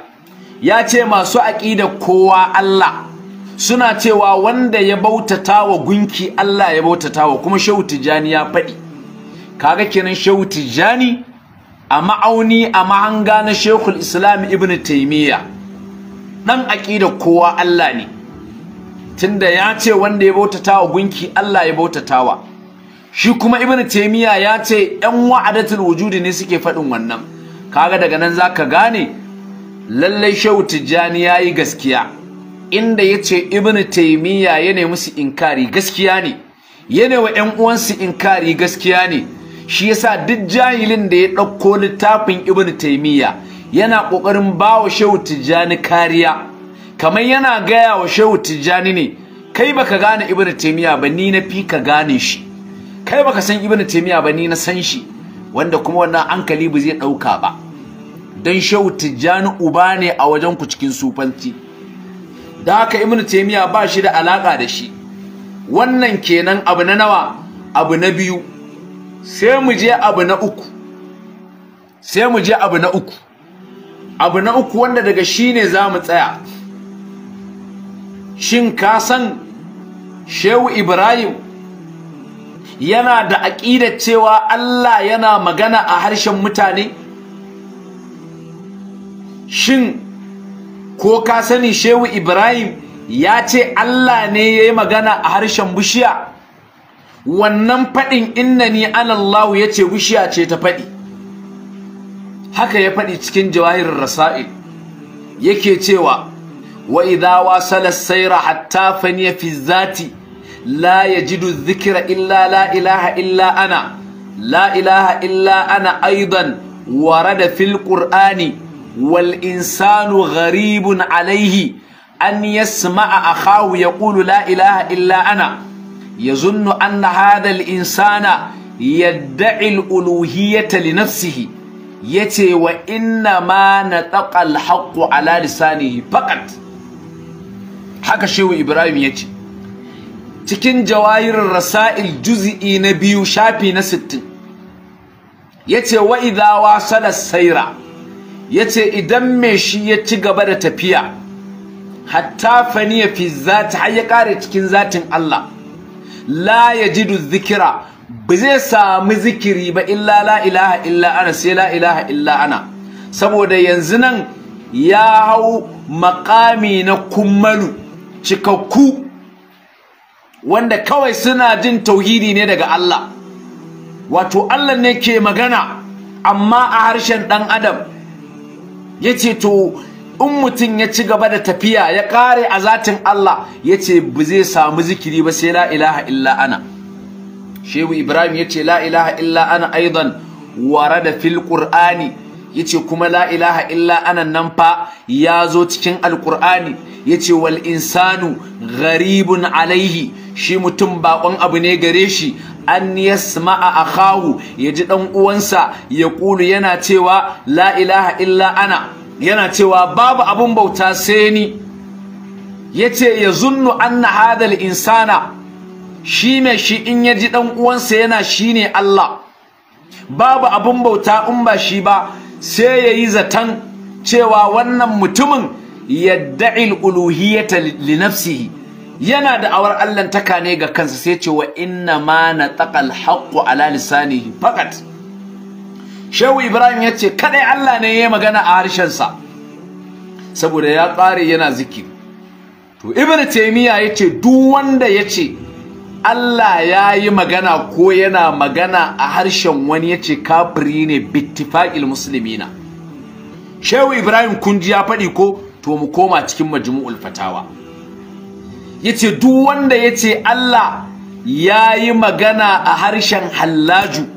[SPEAKER 1] ya ce masu aƙida kowa allah suna cewa wanda ya bautata wa gunki allah ya bautata wa kuma shehu tijjani ya faɗi kaga kenan shehu tijjani a ma'auni a mahanga na shekul islam ibn taimiyya ɗan aƙida kowa Allah ne tunda ya ce wanda ya bautata wa gunki Allah ya bautata wa shi kuma ibn taimiyya ya ce ‘yan wa'adatul wujudi ne suke faɗin wannan kaga daga nan za ka gane lallai shehu tijjani ya yi gaskiya inda yace ce ibn taimiyya ya nemi su inkari gaskiya ne ya wa ‘yan uwansu inkari gaskiya ne shi yasa duk jahilin da ya ɗauko littafin ibn taimiyya yana ƙoƙarin ba wa shehu tijjani kariya kamar yana gaya wa shehu tijjani ne kai baka gane ibn taimiyya ba ni na fi ka gane shi kai baka san ibn taimiyya ba ni na san shi wanda kuma wannan hankali ba zai ɗauka ba don shehu tijjani uba ne a wajen ku cikin sufanci da haka ibn taimiyya ba shi da alaƙa da shi wannan kenan abu na nawa abu na biyu sai mu je abu na uku sai mu je abu na uku abu na uku wanda daga shi ne za mu tsaya shin ka san shehu ibrahim yana da aƙidar cewa allah yana magana a harshen mutane shin ko ka sani shehu ibrahim ya ce allah ne ya yi magana a harshen bishiya wannan faɗin innani anallahu ya ce bishiya ce ta faɗi haka ya faɗi cikin jawahirin rasa'il yake cewa wa idha wasala sayra hatta faniya fi zati la yajidu dhikra illa la ilaha illa ana la ilaha illa ana aidan warada fil qur'ani wal insanu gharibun alayhi an yasma'a akhahu yaqulu la ilaha illa ana يظن أن هذا الإنسان يدعي الألوهية لنفسه يتي وإنما نطق الحق على لسانه فقط haka shehu ibrahim ya ce cikin jawahirin rasa'il juzi'i na biyu shafi na sittin ya ce wa'iza wasala saira ya ce idan mai shi ya ci gaba da tafiya hatta faniya fi zati har ya ƙare cikin zatin Allah la yajidu zikira? ba zai samu zikiri ba illa la ilaha illa ana sai la ilaha illa ana saboda yanzu nan ya hau makami na kummalu cikakku wanda kawai suna jin tauhidi ne daga Allah wato Allah ne ke magana amma a harshen ɗan adam yace to in mutum ya ci gaba da tafiya ya ƙare a zatin Allah ya ce bu zai samu zikiri ba sai la ilaha illa ana shehu ibrahim ya ce la ilaha illa ana aidan da fil qur'ani ya ce kuma la'ilaha ilaha illa ana nan fa ya zo cikin alqur'ani ya ce wal insanu gharibun alaihi shi mutum baƙon abu ne gare shi an yasma'a akahu ya ji dan uwansa ya kulu yana cewa la'ilaha ilaha illa ana yana cewa babu abun bauta sai ni ya ce ya zunnu anna hadal insana shi mai shi in ya ji dan uwansa yana ne Allah babu abun bauta in ba shi ba sai ya yi zaton. cewa wannan mutumin ya yadda'il uluhiyata li nafsihi yana da awar Allah taka ne ga kansa sai ce wa inna ma nataqal a ala lisanihi fakat shehu ibrahim ya ce kadai allah ne ya magana a harshensa saboda ya tsare yana zikiri to ibn taimiyya ya ce duk wanda ya ce allah ya yi magana ko yana magana a harshen wani ya ce kafiri ne bittifa'il musulmina shehu ibrahim kunji ya faɗi ko to mu koma cikin majmu'ul fatawa yace duk wanda yace Allah ya yi magana a harshen hallaju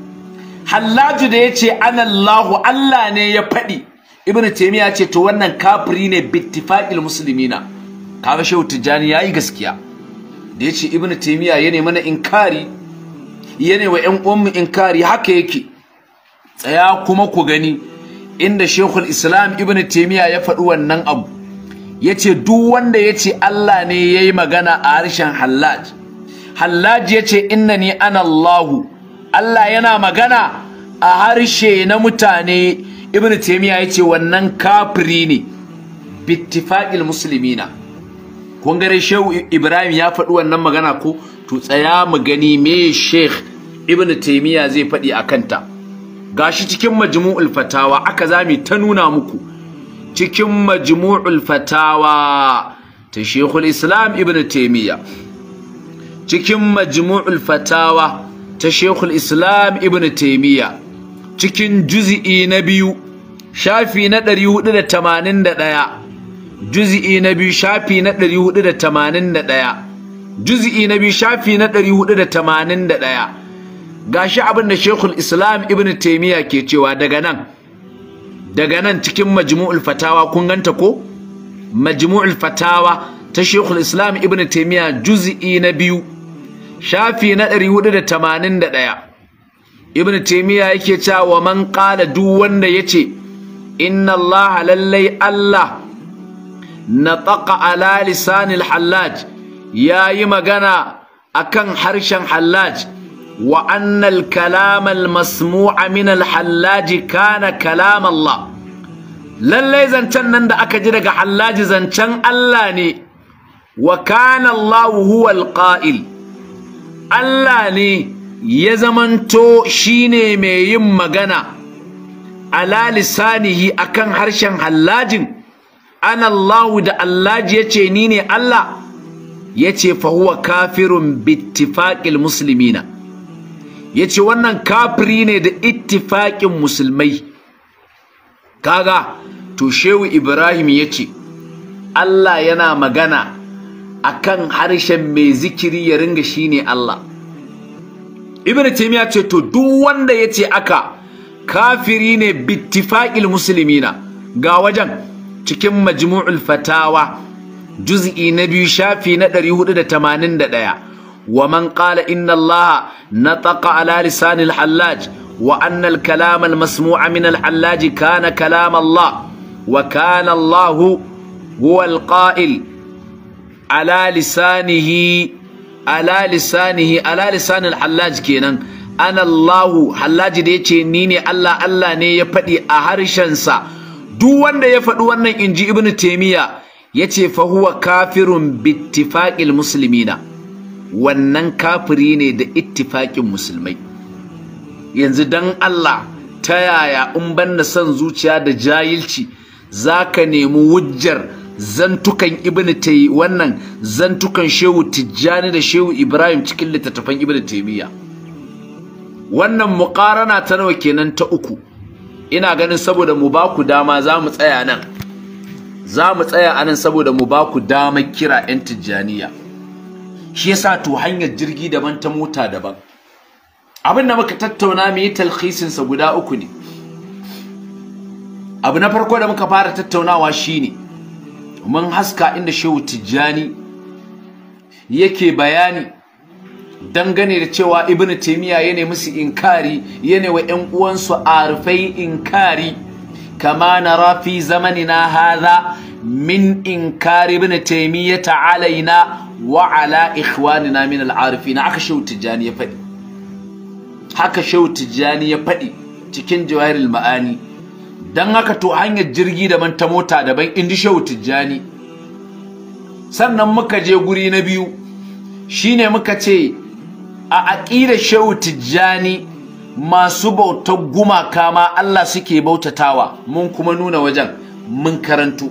[SPEAKER 1] hallaju da yace anallahu Allah ne ya faɗi Ibn taymiya ce to wannan kafiri ne bittifaqil muslimina kaga shehu tijani yayi gaskiya da yace Ibn taymiya yana mana inkari yana wa ƴan uwanmu inkari haka yake tsaya kuma ku gani inda shekul islam ibn taimiya ya faɗi wannan abu ya ce duk wanda ya ce allah ne ya yi magana a harshen hallaj hallaj ya ce innani ana Allah Allah yana magana a harshe na mutane ibn ya ce wannan kafiri ne bittifaqil muslimina kun gare shehu ibrahim ya faɗi wannan magana ko to tsaya mu gani me sheikh ibn Taymiyyah zai faɗi akan ta gashi cikin majmu'ul fatawa aka zami ta nuna muku cikin majmu'ul fatawa ta Sheikhul islam ibn Taymiyyah cikin majmu'ul fatawa ta shekul Islam Ibn taimiyya cikin juzii na biyu shafi na 481 Juzii na biyu shafi na 481 Juzii na biyu shafi na 481 gashi abin da shekul Islam Ibn taimiyya ke cewa daga nan daga nan cikin Majmu'ul Fatawa kun ganta ko Majmu'ul Fatawa ta shekul Islam Ibn taimiyya juzii na biyu shafi na ɗaya ibnu taimiya yake cewa wa man ƙala duk wanda yace inna lallai allah nataqa ala lisanil hallaj yayi magana akan harshen hallaj wa annal kalama masmu'a min al hallaj kana kalam allah lallai zancen nan da aka ji daga hallaji zancen allah ne wa kana allah huwa al qa'il Allah ne ya zamanto ne mai yin magana ala lisanihi akan harshen hallajin anallahu da allaji yace ni ne Allah yace fa fahuwa kafirun bittifaqil ya yace wannan kafiri ne da ittifaƙin musulmai kaga to shehu ibrahim ya ce. Allah yana magana akan harshen mai zikiri ya ringa shine Allah ibnu taymiya ce to duk wanda yace aka kafiri ne bittifaqil muslimina ga wajen cikin majmu'ul fatawa juz'i na biyu shafi na 481 wa man qala inna allaha nataqa ala lisanil hallaj wa anna al kalama al masmu'a min al hallaj kana kalam allah wa kana allah huwa al qa'il ala lisanihi ala lisanin hallaji hallaj kenan ana Allahu hallaji da yace ni ne Allah Allah ne ya faɗi a harshen sa duk wanda ya faɗi wannan inji ibnu taymiya yace fa huwa kafirun bittifaƙin musulmina, wannan kafiri ne da ittifaƙin musulmai yanzu dan Allah ta yaya in banna son zuciya da jahilci zaka nemi wujjar zantukan ibnu tayi wannan zantukan shehu tijjani da shehu ibrahim cikin littattafan ibnu taymiya wannan muqarana ta nawa kenan ta uku ina ganin saboda mu ba ku dama za mu tsaya nan za mu tsaya a nan saboda mu ba ku dama kira 'yan tijjaniya shi yasa to hanyar jirgi daban ta mota daban abin da muka tattauna mu yi sa guda uku ne abu na farko da muka fara tattaunawa shine mun haska inda shehu tijjani yake bayani dangane da cewa ibn taimiyya ya nemi su inkari ya nemi yan uwansu arfai inkari kama na rafi zamanina haza min inkari ibn taimiyya alaina wa ala na min al'arifina na. shehu ya faɗi haka shehu tijjani ya faɗi cikin jawahirul ma'ani don haka to hanyar jirgi daban ta mota daban in ji shehu tijjani sannan muka je guri na biyu shine muka ce a aƙidar shehu tijjani masu bautar gumaka ma Allah suke bautatawa mun kuma nuna wajen mun karantu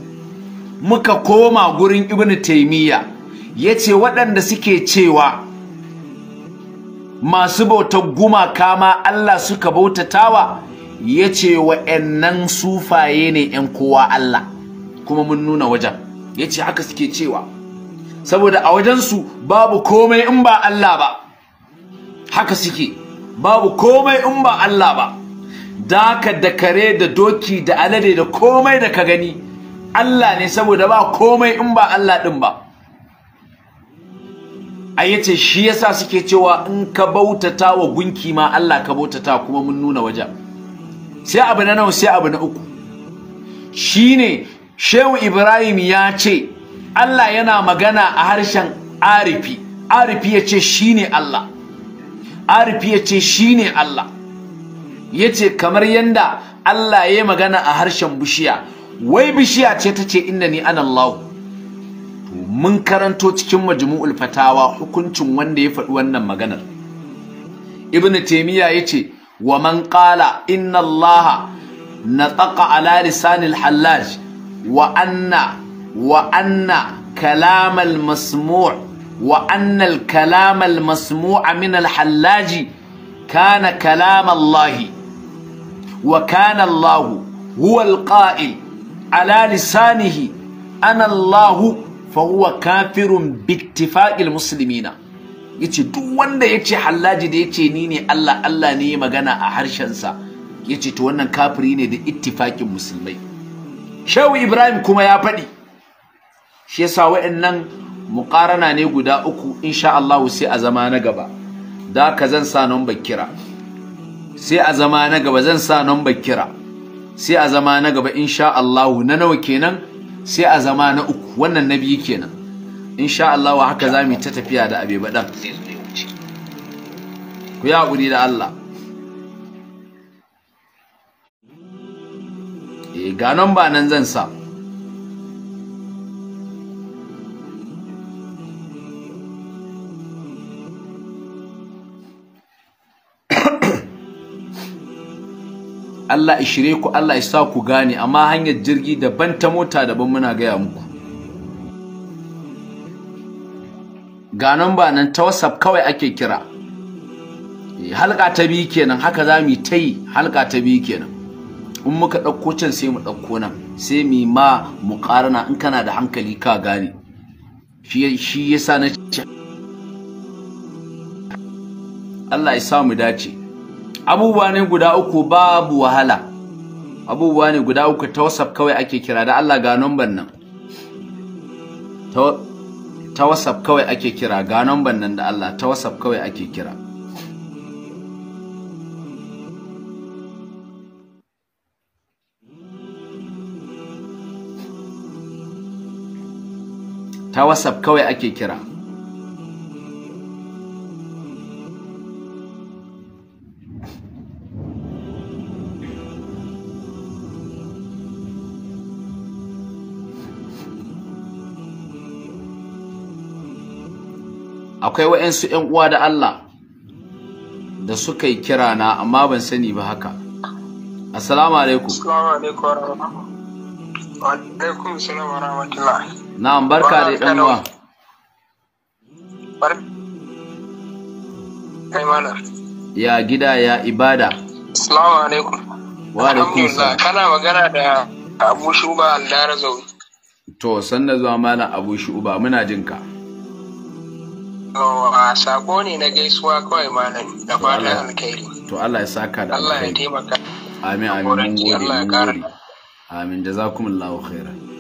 [SPEAKER 1] muka koma gurin ibn taimiyya ya ce waɗanda suke cewa masu bautar gumaka ma Allah suka bautatawa ya ce nan sufaye ne 'yan kowa Allah kuma mun nuna wajen ya ce haka suke cewa saboda a wajensu babu komai in ba Allah ba haka suke babu komai in ba Allah ba daka da kare da doki da alade da komai da ka gani Allah ne saboda ba komai in ba Allah din ba A ya ce shi yasa suke cewa in ka bautata wa gunki ma Allah ka bautata kuma mun nuna wajen sai abu na nawa sai abu na uku shine shehu ibrahim ya ce allah yana magana a harshen arifi arifi ya ce shine allah arifi ya ce shine allah ya ce kamar yadda allah ya magana a harshen bishiya wai bishiya ce ta ce inda ni an allahu mun karanto cikin majmu'ul fatawa hukuncin wanda ya faɗi wannan maganar ibnu taymiya ya ce wa man qala inna allaha nataqa ala lisanil hallaj wa anna wa anna kalam al masmu' wa anna al kalam al masmu' min al hallaj huwa al qa'il ala lisanihi ana allah fa huwa kafirun bi ittifaqi Ya ce duk wanda ce hallaji da ya ce ni ne Allah Allah ne ya magana a harshensa ce to wannan kafiri ne da ittifakin musulmai Shehu Ibrahim kuma ya faɗi shi yasa waɗannan muƙarana ne guda uku insha Allah sai a zama na gaba da ka zan sa nan kira sai a zama na gaba zan sa nan kira sai a zama na gaba insha Allah na nawa kenan sai a zama na uku wannan nabi kenan insha Allah haka za mu ta tafiya da abe baɗan ku yi haƙuri da Allah e ga nan ba nan zan sa Allah ishire ku Allah ya sa ku gane amma hanyar jirgi daban ta mota daban muna gaya muku ga ba nan ta WhatsApp kawai ake kira eh, halka ta biyu kenan haka za mu ta yi halka ta biyu kenan in muka ɗauko can sai mu ɗauko nan sai mu ma mu ƙarana in kana da hankali ka gane shi ya sa na ce Allah ya sa mu dace abubuwa ne guda uku babu wahala abubuwa ne guda uku ta WhatsApp kawai ake kira da Allah ga number nan ta WhatsApp kawai ake kira ga namban nan da Allah ta WhatsApp kawai ake kira ta WhatsApp kawai ake kira akwai waɗansu 'yan uwa da Allah da suka yi kira na amma ban sani ba haka assalamu alaikum
[SPEAKER 2] assalamu alaikum salam wa rahmatullah
[SPEAKER 1] na'am barka da dan uwa ya gida ya ibada
[SPEAKER 2] assalamu alaikum
[SPEAKER 1] wa alaikum salam
[SPEAKER 3] kana magana da Abu Shuba Aldara Zawi
[SPEAKER 1] to sanna zuwa malam Abu Shuba muna jinka
[SPEAKER 3] sako ne na gaisuwa kawai malam da fatan alkhairi
[SPEAKER 1] to Allah ya saka da Allah ya taimaka amin amin mun gode mun gode amin jazakumullahu khairan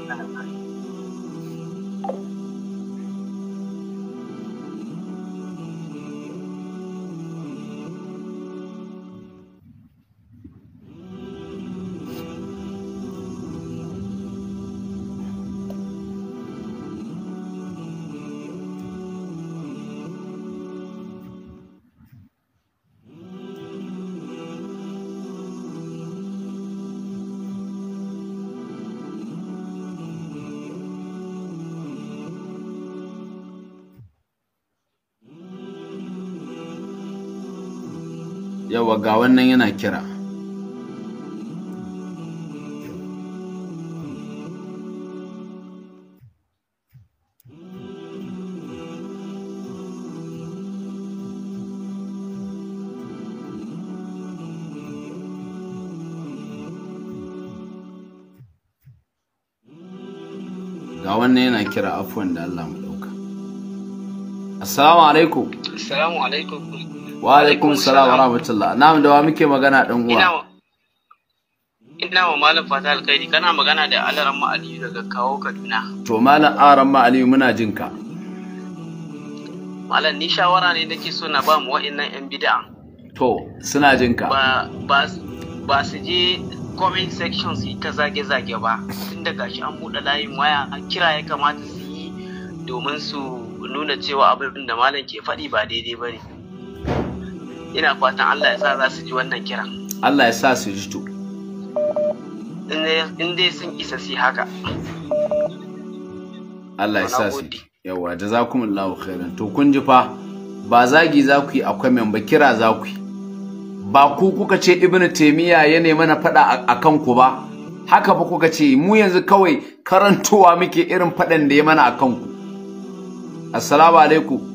[SPEAKER 1] yawa ga wannan yana kira ga wannan yana kira afuwan da Allah mu dauka Assalamu alaikum.
[SPEAKER 4] Assalamu alaikum.
[SPEAKER 1] wa alaikum salam wa rahmatullah na da wa muke magana dan uwa
[SPEAKER 4] ina wa malam fata alkhairi kana magana da alaran ma'ali daga kawo kaduna
[SPEAKER 1] to malam aran ma'aliyu muna jin ka
[SPEAKER 4] malam ni shawara ne nake
[SPEAKER 1] so na ba mu wa'annan yan bid'a to suna jin ka ba
[SPEAKER 4] ba ba su je comment section su yi ta zage-zage ba tunda gashi an buɗe layin waya kira ya kamata su yi domin su nuna cewa abin da malam ke faɗi ba daidai ba ne ina fatan Allah ya sa za su ji wannan kiran
[SPEAKER 1] Allah ya sa su ji to
[SPEAKER 4] in dai sun isa su haka
[SPEAKER 1] Allah ya sa su yawa jazakumullahu khairan to kun ji fa ba zagi za ku yi akwai men ba kira za ku yi ba ku kuka ce ibnu taymiya ya nemi na faɗa kan ku ba haka fa kuka ce mu yanzu kawai karantowa muke irin fadan da ya mana kan ku assalamu alaikum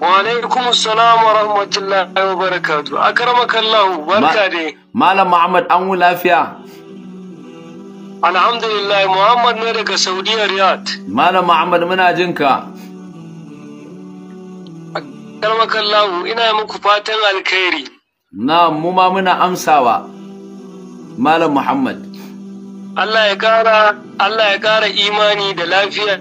[SPEAKER 1] Walaikum salam wa rahmatullahi wa barakatu. Akaramakallahu barka dai. Malam Muhammad an wu lafiya. Alhamdulillah Muhammad ne daga Saudiya Riyad. Malam Muhammad muna jin ka. Akaramakallahu ina muku fatan alkhairi. Na mu ma muna amsawa. Malam Muhammad. Allah ya kara
[SPEAKER 2] Allah ya kara imani da lafiya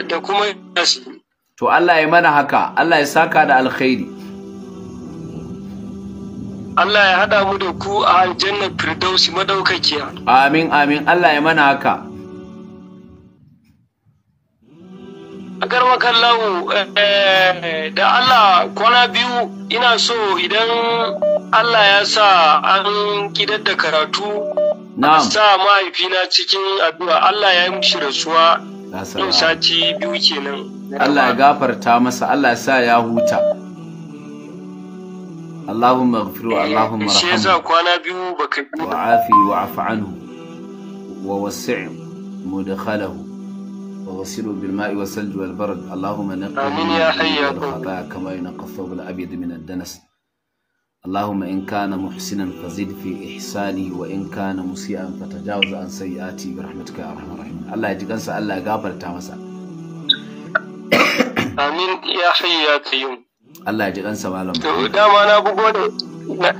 [SPEAKER 2] da kuma yasi.
[SPEAKER 1] to Allah ya mana haka Allah ya saka da alkhairi
[SPEAKER 2] Allah ya hada mu da ku a aljannar firdausi madaukakiya
[SPEAKER 1] amin amin Allah ya mana haka
[SPEAKER 4] a karmakan lawo eh, da Allah kwana biyu ina so idan Allah ya sa an kidar da karatu sa mahaifina cikin addu'a Allah ya yi mushi rasuwa yau sati biyu nan. Allah ya
[SPEAKER 1] gafarta masa Allah ya sa ya huta Allahumma ghfiru Allahumma rahmu Ishe za
[SPEAKER 4] kwana biyu
[SPEAKER 1] wa afi wa afi anhu wa wasi' mudkhalahu وغسله بالماء والثلج والبرد اللهم ya من الخطايا كما ينقى الثوب الابيض من danas اللهم إن كان محسنا فزد في إحسانه وإن كان مسيئا فتجاوز عن سيئاته برحمتك يا أرحم الراحمين الله يجزاك الله يغفر تامسا
[SPEAKER 5] آمين يا حي يا قيوم
[SPEAKER 1] Allah ya ji ɗansa malam. Dama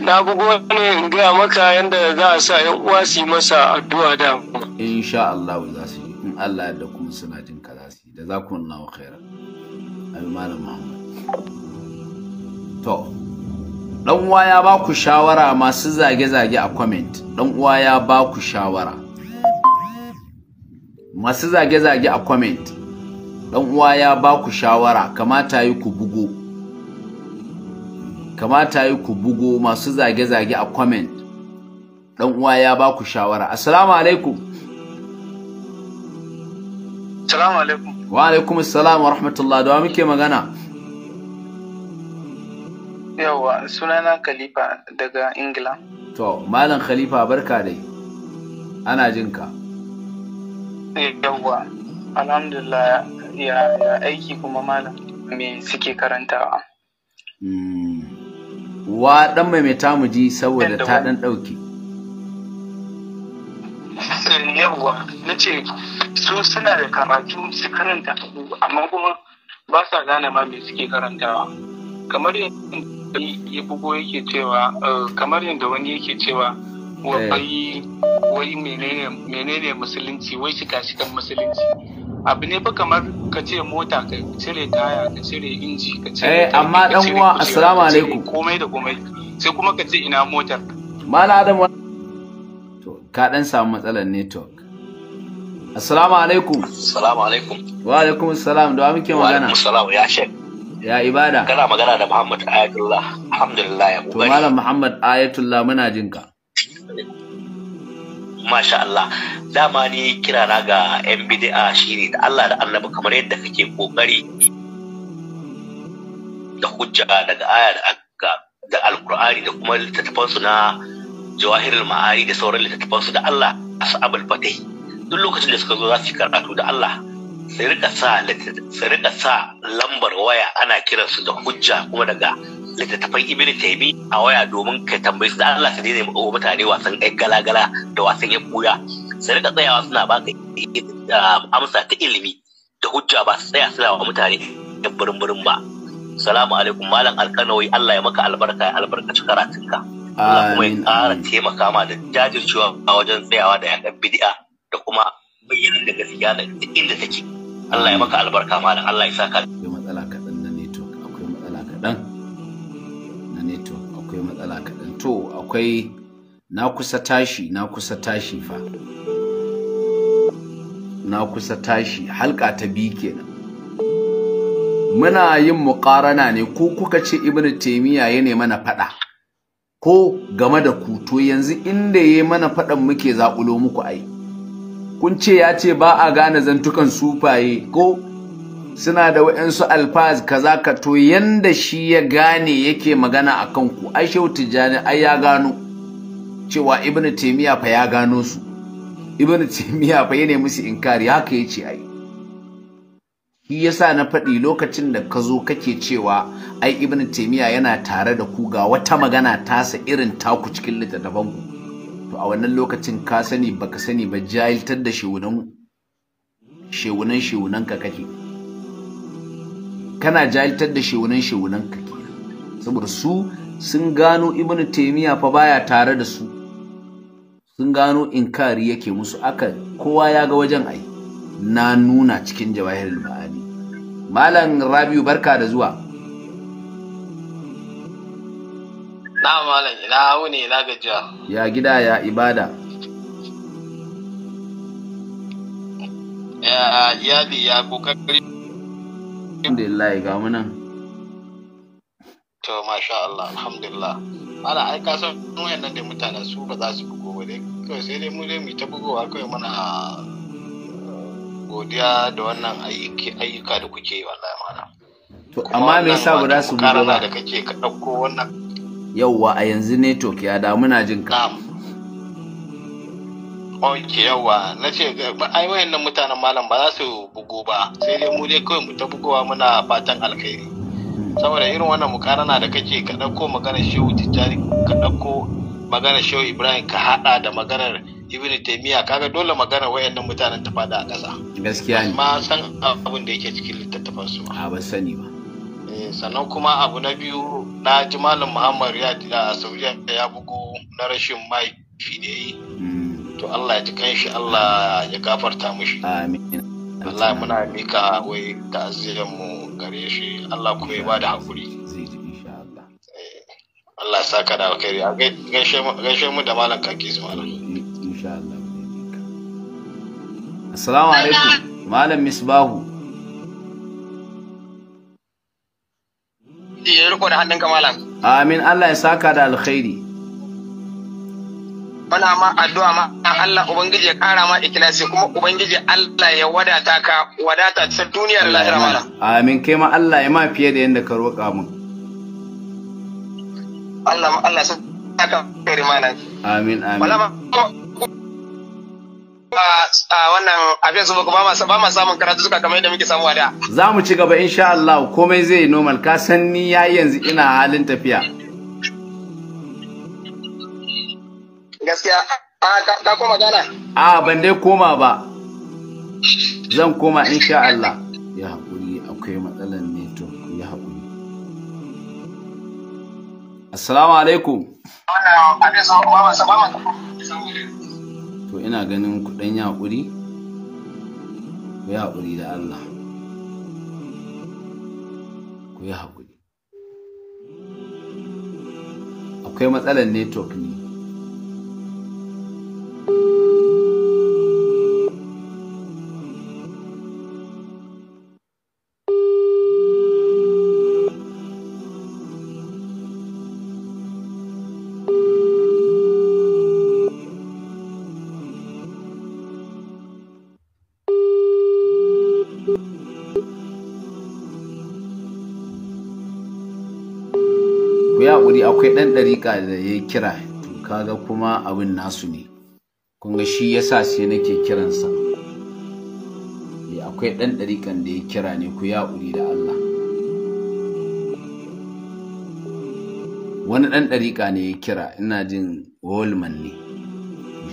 [SPEAKER 4] na bugo ne in gaya maka yadda za a sa yan uwa masa addu'a da.
[SPEAKER 1] Insha Allah in Allah da kuma suna jin ka za su da za ku nuna wa khairan. dan uwa ya ba ku shawara masu zage-zage a comment dan uwa ya ba ku shawara masu zage-zage a comment dan uwa ya ba ku shawara kamata yi ku bugo kamata yi ku bugo masu zage-zage a comment dan uwa ya ba ku shawara assalamu alaikum assalamu alaikum wa alaikum assalam wa rahmatullah da muke magana
[SPEAKER 4] Yawwa, sunana Khalifa daga Ingila.
[SPEAKER 1] To, Malam Khalifa barka dai. Ana jin ka.
[SPEAKER 4] Eh, Yawa, alhamdulillah ya, aiki kuma Malam me suke karantawa. Hmm.
[SPEAKER 1] Wa ɗan mai mai tamuji saboda ta ɗan ɗauki.
[SPEAKER 2] Eh,
[SPEAKER 4] Yawwa, na ce su suna da karatu su karanta amma kuma ba sa gane ma me suke karantawa. Kamar yadda ya bugo yake cewa eh, kamar yadda wani yake cewa eh. wai wai menene musulunci wai shiga shigan musulunci abu ne ba kamar ka ce mota ka cire taya ka cire inji ka cire eh, amma dan uwa assalamu alaikum komai da komai sai kuma ka ce ina motar
[SPEAKER 1] mala adam to ka dan samu matsalar network assalamu alaikum assalamu alaikum wa alaikum assalam da muke magana wa alaikum assalam ya shek ya ibada kana magana da Muhammad Ayatullah alhamdulillah ya kokari malam Muhammad Ayatullah muna jin ka
[SPEAKER 6] masha Allah dama ni kira na ga yan bid'a shine da Allah da Annabi kamar yadda kake kokari da hujja daga aya da da alkur'ani da kuma littattafansu na jawahirul ma'ari da sauran littattafansu da Allah asabul fatih duk lokacin da suka zo za su yi karatu da Allah su rika sa lambar waya ana kiransu da hujja kuma daga littattafan ibn taymi a waya domin ka tambayi su da Allah su ne wa mutane wasan ɗan galagala da wasan ya buya su rika tsayawa suna ba ka ah, amsa ta ilimi da hujja ba su tsaya suna wa mutane da burin ba salamu alaikum malam alkanawai Allah ya maka albarka ya albarkaci karatunka
[SPEAKER 5] Allah kuma ya
[SPEAKER 6] ƙara taimaka ma da jajircewa a wajen tsayawa da yakan bid'a da kuma bayyana da gaskiya da inda take Allah ya maka albarka malam Allah ya saka
[SPEAKER 1] akwai matsala kaɗan na network akwai matsala kaɗan na network akwai matsala kaɗan to akwai na kusa tashi na kusa tashi fa na kusa tashi halka ta bi kenan muna yin muƙarana ne ko kuka ce ibnu taymiya ya ne mana faɗa ko game da kuto, yanzu inda yayi mana faɗan muke zaƙulo muku ai kun ce ya ce ba a gane zantukan sufaye ko suna da wa'insu alfaz kaza ka to yanda shi ya gane yake magana a kanku ai shehu tijjani ai ya gano cewa ibnu taimiya fa ya gano su ibnu taimiya fa yana musu inkari haka ya ce ai shi yasa na faɗi lokacin da ka zo kake cewa ai ibnu taimiya yana tare da ku ga wata magana tasa irin taku cikin littattafanku to a wannan lokacin ka sani baka sani ba jahiltar da shewunan shewunan shewunan ka kake kana jahiltar da shewunan shewunan ka ke saboda su sun gano ibnu taimiyya fa baya tare da su sun gano inkari yake musu aka kowa ya ga wajen ai na nuna cikin jawahirul ma'ani malam rabiu barka da zuwa
[SPEAKER 4] na malam ina wuni ina gajiya
[SPEAKER 1] ya gida ya ibada
[SPEAKER 4] ya iyali ya kokari
[SPEAKER 1] alhamdulillah ga mu nan
[SPEAKER 4] to masha Allah alhamdulillah ana ai ka san nan da mutane su ba za su bugo ba dai kawai sai dai mu dai mu ta bugowa kai muna ah, godiya da wannan ayyuka ayyuka da kuke yi wallahi mana.
[SPEAKER 1] To amma me yasa ba za su bugo ba? da kake
[SPEAKER 4] ka dauko wannan
[SPEAKER 1] yauwa a yanzu to ya da muna jin ka
[SPEAKER 4] ok yauwa na ce ai wayannan mutanen malam ba za su bugu ba sai dai mu dai kawai mu ta bugowa muna fatan alkhairi saboda irin wannan mukarana da kake ka dauko magana shehu tijjani ka dauko magana shehu ibrahim ka hada da maganar ibn taimiyya kaga dole magana wayannan mutanen ta fada a ƙasa
[SPEAKER 1] gaskiya ne ma
[SPEAKER 4] san abin da yake cikin littattafan su a ba sani ba Eh, sannan kuma abu na biyu na ji malam muhammad ya a saudiya ya bugu na rashin mahaifi ne hmm. to allah ya ji kanshi allah ya gafarta mushi allah muna mika wai aziyar mu gare shi allah kuma ya ba da hakuri eh, Allah ya saka da alkhairi a gaishe mu da malam kaki su malam insha
[SPEAKER 1] assalamu alaikum malam misbahu ya riko da hannun kamalan. Amin Allah ya saka da alkhairi.
[SPEAKER 3] Muna ma addu'a ma Allah Ubangiji ya kara ma ikilasi kuma Ubangiji Allah ya wadata ka wadata ta duniyar lahira malam.
[SPEAKER 1] Amin kai ma Allah ya ma fiye da yadda ka roƙa mun.
[SPEAKER 3] Allah ma Allah sun saka kai malam.
[SPEAKER 1] Amin amin. Wala ma
[SPEAKER 3] a wannan a su ba ma samun karatu suka kamar yadda muke samu da.
[SPEAKER 1] Za mu ci gaba insha Allah komai zai yi normal ka san ni yi yanzu ina halin tafiya.
[SPEAKER 2] Gaskiya ka koma gana?
[SPEAKER 1] A ban dai koma ba. Zan koma insha Allah. Ya haƙuri akwai matsalar to ya haƙuri. Assalamu alaikum.
[SPEAKER 2] Wannan abin ba ma samun
[SPEAKER 1] to ina ganin kuɗin ya haƙuri ku yi haƙuri da Allah ku yi haƙuri akwai matsalar network ne akwai ɗan ɗariƙa da ya kira to kaga kuma abin nasu ne kunga shi ya sa sai nake kiransa ya eh, akwai ɗan ɗariƙan da ya kira ne ku ya uri da Allah wani ɗan ɗariƙa ne ya kira ina jin Wolman ne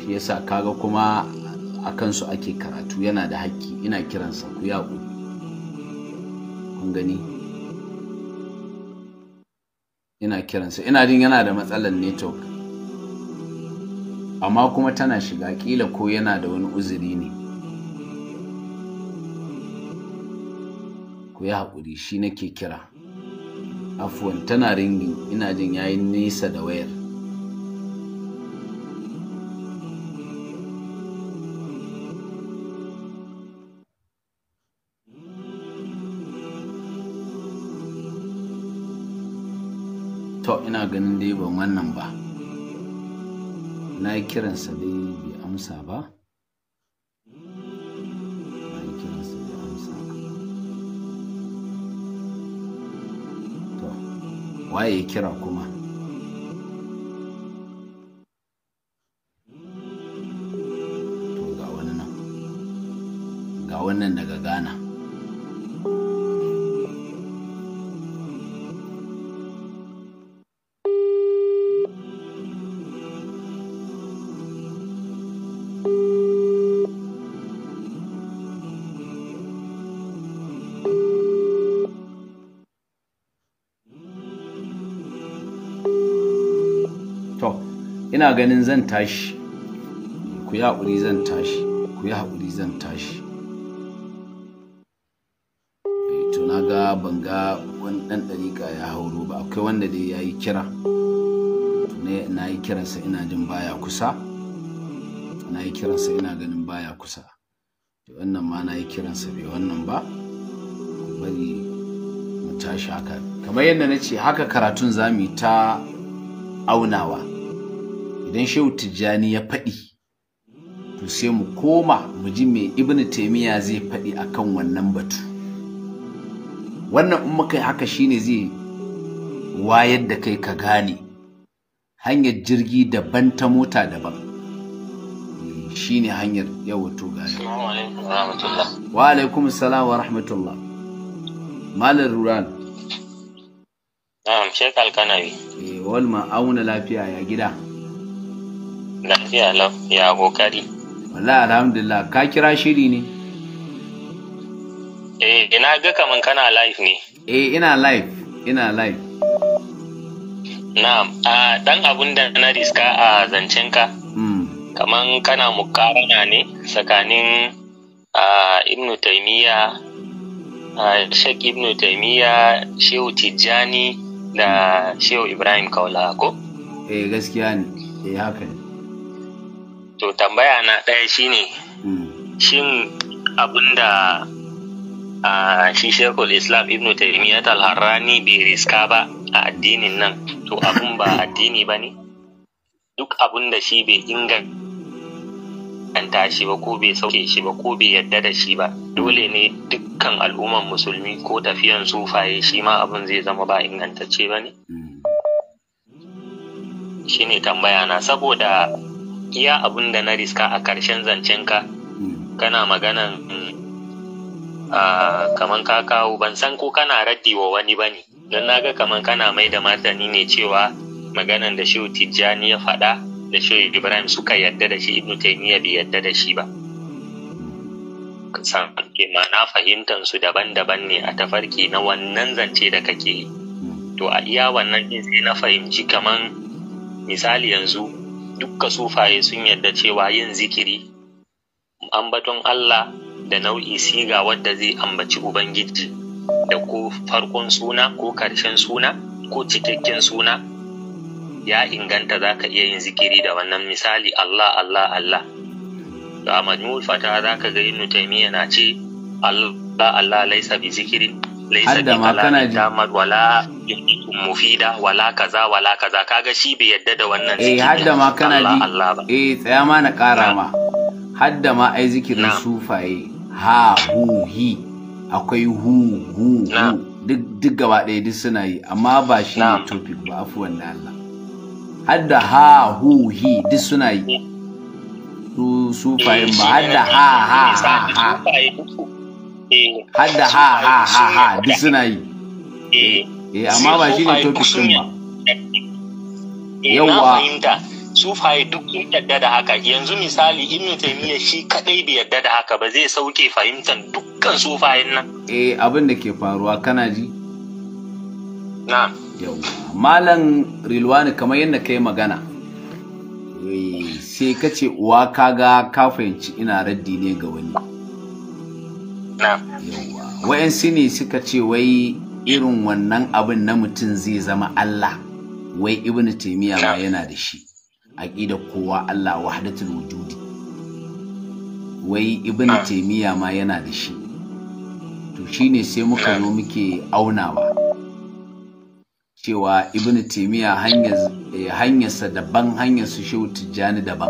[SPEAKER 1] shi sa kaga kuma a kansu ake karatu yana da haƙƙi ina kiransa ku ya uri kun gani ina kiransa ina jin yana da matsalar network amma kuma tana shiga kila ko yana da wani uzuri ne ku yi haƙuri shi nake kira afuwan tana ringin ina jin yayin nisa da wayar ganin dai ban wannan ba na yi kiransa dai bai amsa ba
[SPEAKER 2] waye kira kuma
[SPEAKER 1] to ga wani ga wannan daga gana. ganin zan tashi ku yi haƙuri zan tashi ku yi haƙuri zan tashi eh, to na ga ban ga wani ɗan ɗariƙa ya hauro ba akwai wanda dai ya yi kira na yi kiransa ina jin baya kusa na yi kiransa ina ganin baya kusa to wannan ma na yi kiransa bai wannan ba bari mu tashi haka kamar yadda na ce haka karatun zamu ta aunawa idan shehu tijjani ya faɗi to sai mu koma mu ji me Ibn taimiyya zai faɗi akan wannan batu wannan in muka yi haka shine zai wayar da kai ka gane hanyar jirgi daban ta mota daban shine hanyar yawato gani wa alaikum salam wa rahmatullah malar rural
[SPEAKER 6] na'am shekal kanawi
[SPEAKER 1] eh, wal ma'auna lafiya ya gida
[SPEAKER 6] Lafiya lafiya abokari.
[SPEAKER 1] Wala alhamdulillah ka kira shiri ne.
[SPEAKER 6] Eh ina ga kaman kana live
[SPEAKER 1] ne. Eh ina live ina live.
[SPEAKER 6] Na'am a dan abun da na riska a zancen ka.
[SPEAKER 5] Hmm.
[SPEAKER 6] Kaman kana mukarana ne tsakanin a Ibn Taymiya a Sheikh Ibn Taymiya Shehu Tijjani da Shehu Ibrahim Kaula ko?
[SPEAKER 1] Eh gaskiya ne eh haka ne.
[SPEAKER 6] to tambaya na ɗaya shi ne, hmm. shin abinda a shi shekul islam ibn taymiyyat al-harrani bai riska ba a addinin nan to abun ba addini ba ne duk abun da shi bai inganta shi ba ko bai sauke shi ba ko bai yadda da shi ba dole ne dukkan al'umman musulmi ko tafiyan sufaye shi ma abun zai zama ba ingantacce ba ne hmm. shine tambaya na saboda iya abin da na riska a ƙarshen zancenka hmm. kana maganan ah, kaman ka kawo ban san ko kana raddi wa wani ba ne don na ga kaman kana mai da martani ne cewa maganan da shehu tijjani ya faɗa da shehu ibrahim suka yadda da shi ibnu taimiyya bai yadda da shi ba san ma'ana fahimtar su daban-daban ne a tafarki na wannan zance da kake hmm. to a iya wannan din sai na fahimci kaman misali yanzu dukka sufaye sun yadda cewa yin zikiri ambaton Allah da nau'i siga wadda zai ambaci Ubangiji da ko farkon suna ko karshen suna ko cikakken suna ya inganta za ka iya yin zikiri da wannan misali Allah Allah Allah da Ahmad fata za ka ga yin Taymiyyah na ce Allah Allah laisa bi zikirin laisa bi kalamin tamar wala mufida wala kaza wala kaza kaga shi bai
[SPEAKER 1] yadda da wannan eh, zikirin eh hadda ma kana ji eh tsaya ma na kara ma hadda ma ai zikirin sufaye ha hu hi akwai hu hu duk duk gaba ɗaya duk suna yi amma ba shi ne topic ba afuwan da Allah hadda ha hu hi duk suna yi su sufayen ba eh, hadda ha ha ha
[SPEAKER 5] ha Eh. har da ha ha ha ha
[SPEAKER 1] duk suna yi eh, eh amma ba shi ne topic
[SPEAKER 5] din
[SPEAKER 6] ba su eh, sufaye duk sun yadda da haka yanzu misali ibn taymiya shi kadai bai yadda da haka ba zai sauke fahimtar dukkan sufayen nan
[SPEAKER 1] eh abin da ke faruwa kana ji na yau malam rilwani kamar yadda kai magana sai ka ce uwa kaga ka fahimci ina raddi ne ga wani wa'yansu ne suka ce wai irin wannan abin na mutum zai zama Allah wai ibn taimiyya ma yana da shi aqida kowa Allah wahdatul wujudi wai ibn taimiyya ma yana da shi to shine sai muka zo muke aunawa cewa ibn taimiyya eh, hanyarsa daban hanyar su shehu tijjani daban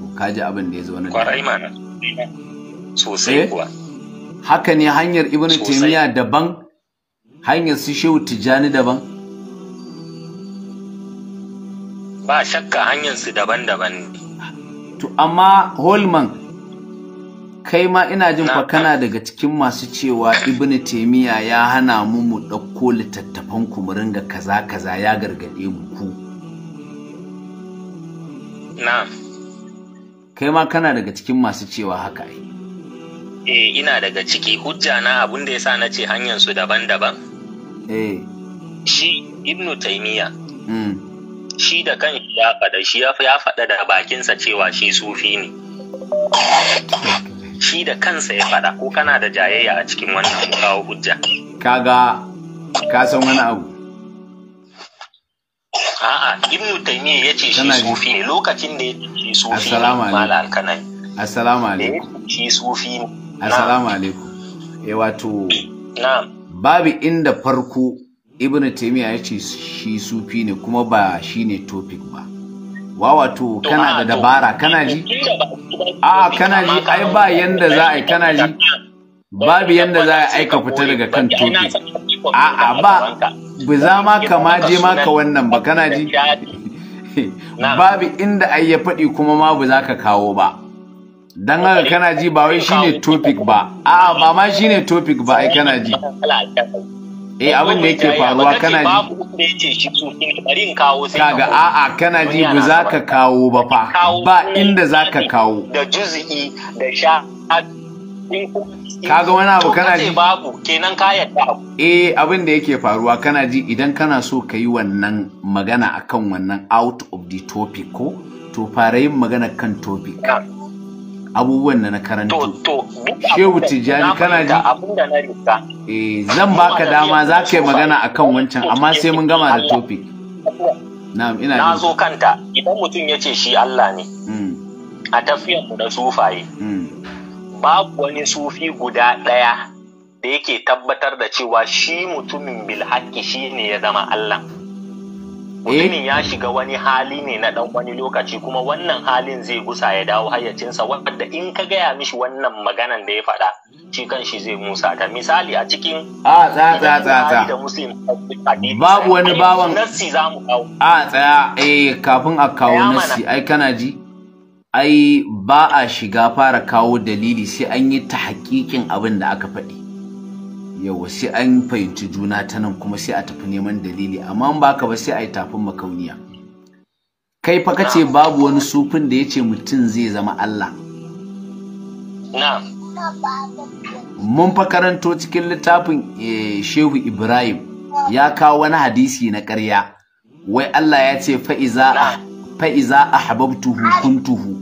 [SPEAKER 1] to kaji abin da ya zo wani kwarai sosai eh? kuwa haka ne hanyar ibn taimiyya daban hanyar su shehu tijjani daban
[SPEAKER 6] ba shakka hanyar su daban-daban
[SPEAKER 1] to amma holman kai ma ina jin fa kana daga cikin masu cewa ibn taimiyya ya hana mu mu ɗauko littattafan kumurin mu kaza-kaza ya gargaɗe mu ku na kai ma kana daga cikin masu cewa haka ai
[SPEAKER 6] eh ina daga ciki hujja na abun da yasa na ce hanyar su daban-daban eh shi ibnu taymiya hmm. shi da kan ya faɗa shi ya faɗa da bakinsa cewa shi sufi ne shi da kansa ya faɗa ko kana da jayayya a cikin wannan kawo hujja
[SPEAKER 1] kaga ka san wani abu
[SPEAKER 6] a'a ibnu taymiya ya ce shi sufi ne lokacin da ya ce shi sufi ne
[SPEAKER 1] mala alkanai assalamu alaikum
[SPEAKER 6] shi sufi ne
[SPEAKER 1] assalamu alaikum eh wato babu inda farko ibn taymiya ya ce shi sufi ne kuma ba shi ne topic ba wa wato kana da dabara kana ji a kana ji ai ba yanda za a yi kana ji babu yanda za a aika fita daga kan topic a a ba bu za ma ka ma je maka wannan ba kana ji babu inda ai ya faɗi kuma ma bu za ka kawo ba dan haka kana ji ba wai shine topic ba a ba ma shine topic ba ai kana ji eh abin da yake faruwa kana
[SPEAKER 6] ji eh, kaga a'a kana ji ba za ka
[SPEAKER 1] kawo ba fa ba inda za ka kawo da
[SPEAKER 6] juz'i da sha kaga wani abu kana ji babu kenan ka yadda
[SPEAKER 1] eh abin da yake faruwa kana ji idan kana so ka yi wannan magana akan wannan out of the topic ko to fara yin magana kan topic abubuwan da na karanta. Shehu Tijjani kana
[SPEAKER 6] ji?
[SPEAKER 1] Eh, zan baka dama za ka yi magana akan wancan amma sai mun gama da topic. Na'am ina Na
[SPEAKER 6] zo kanta idan mutum ya ce shi Allah ne. Hmm. A tafiyar mu na sufaye. Hmm. Babu wani sufi guda ɗaya da yake tabbatar da cewa shi mutumin bilhaki shi ne ya zama Allah. Eh? mutumin ya shiga wani hali ne na dan wani lokaci kuma wannan halin zai gusa ya dawo hayyacinsa wadda in ka gaya mishi wannan maganan da ya faɗa shi kan shi zai musa ta misali a cikin a za za za za babu wani bawan nassi za mu kawo
[SPEAKER 1] a tsaya eh kafin a kawo nassi ai kana ji ai ba a shiga fara kawo dalili sai an yi ta hakikin abin da aka faɗi Yau, sai an fahimci juna ta nan kuma sai a tafi neman dalili amma ba ka ba sai a yi tafin makauniya kai fa ka ce babu wani sufin da ya ce mutum zai zama Allah mun fa cikin littafin eh, shehu ibrahim ya kawo wani hadisi na ƙarya wai Allah ya ce fa'iza a hababtuhu kuntuhu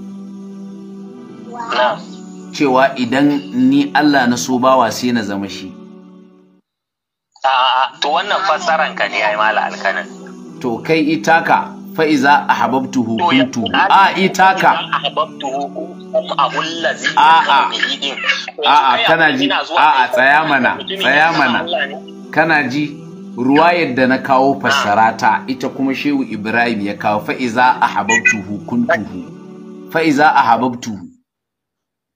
[SPEAKER 1] cewa idan ni Allah na so bawa sai na zama shi
[SPEAKER 6] A'a, to wannan fassaran ka ne ai mala alkanin.
[SPEAKER 1] To kai itaka fa'iza a hababtuhu kuntu a a a'a
[SPEAKER 5] a'a kana ji a'a tsaya mana tsaya mana
[SPEAKER 1] kana ji ruwa yadda na kawo fassarata ita kuma shehu ibrahim ya kawo fa'iza a hababtuhu kuntuhu fa'iza a hababtuhu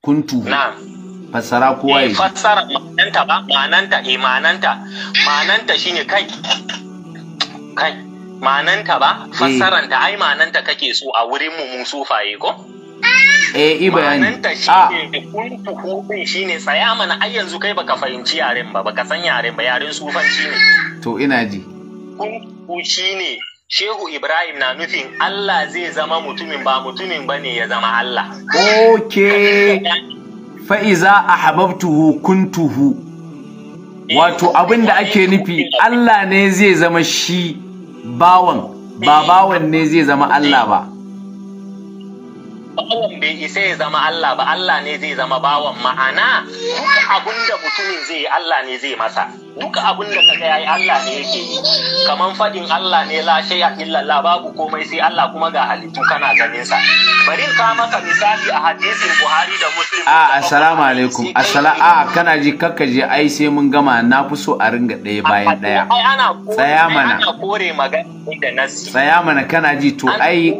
[SPEAKER 1] kuntuhu fassara kowa ya eh,
[SPEAKER 6] fassara ma'ananta ba ma'ananta eh ma'ananta ma'ananta shine kai kai ma'ananta ba eh. fassaranta ai ma'ananta kake so a wurin mu mu sufaye ko
[SPEAKER 1] eh i bayani
[SPEAKER 6] ma'ananta ah. shine kuntu hudin shine tsaya mana ai yanzu kai baka fahimci yaren ba baka san yaren ba yaren sufanci ne
[SPEAKER 1] to ina ji
[SPEAKER 6] kuntu shine Shehu Ibrahim na nufin Allah zai zama mutumin ba mutumin bane ya zama Allah.
[SPEAKER 1] Okay. fa'iza a kun kuntuhu wato abin da ake nufi Allah ne zai zama shi bawan ba bawan ne zai zama Allah ba
[SPEAKER 6] bawan bai isa ya zama Allah ba Allah ne zai zama bawan ma'ana duk abin da mutumin zai yi Allah ne zai masa duka abin da kaga yayi Allah ne yake yi kaman fadin Allah ne la a illallah babu komai sai Allah kuma ga halittu kana ganin sa bari ka maka misali a hadisin Buhari da
[SPEAKER 1] Muslim a ah, assalamu alaikum assala a ah, kana ji kakka je ai sai mun gama na fi so a ringa ɗaya bayan ɗaya
[SPEAKER 6] tsaya mana tsaya mana
[SPEAKER 1] kana ji to ai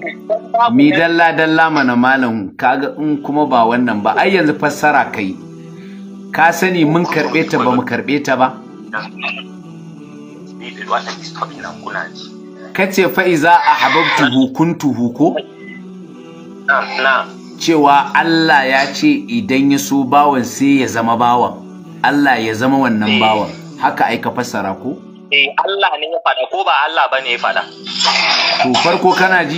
[SPEAKER 6] mi dalla
[SPEAKER 1] dalla mana malam kaga in kuma ba wannan ba ai yanzu fassara kai ka sani mun karɓe ta ba mu karɓe ta ba kace fa iza hababtu hukuntu ko na cewa Allah ya ce idan ya so bawan sai ya zama bawan Allah ya zama wannan eh. bawan haka ai ka fassara ko
[SPEAKER 6] eh Allah ne ya fada ko ba Allah bane ya fada
[SPEAKER 1] to farko kana ji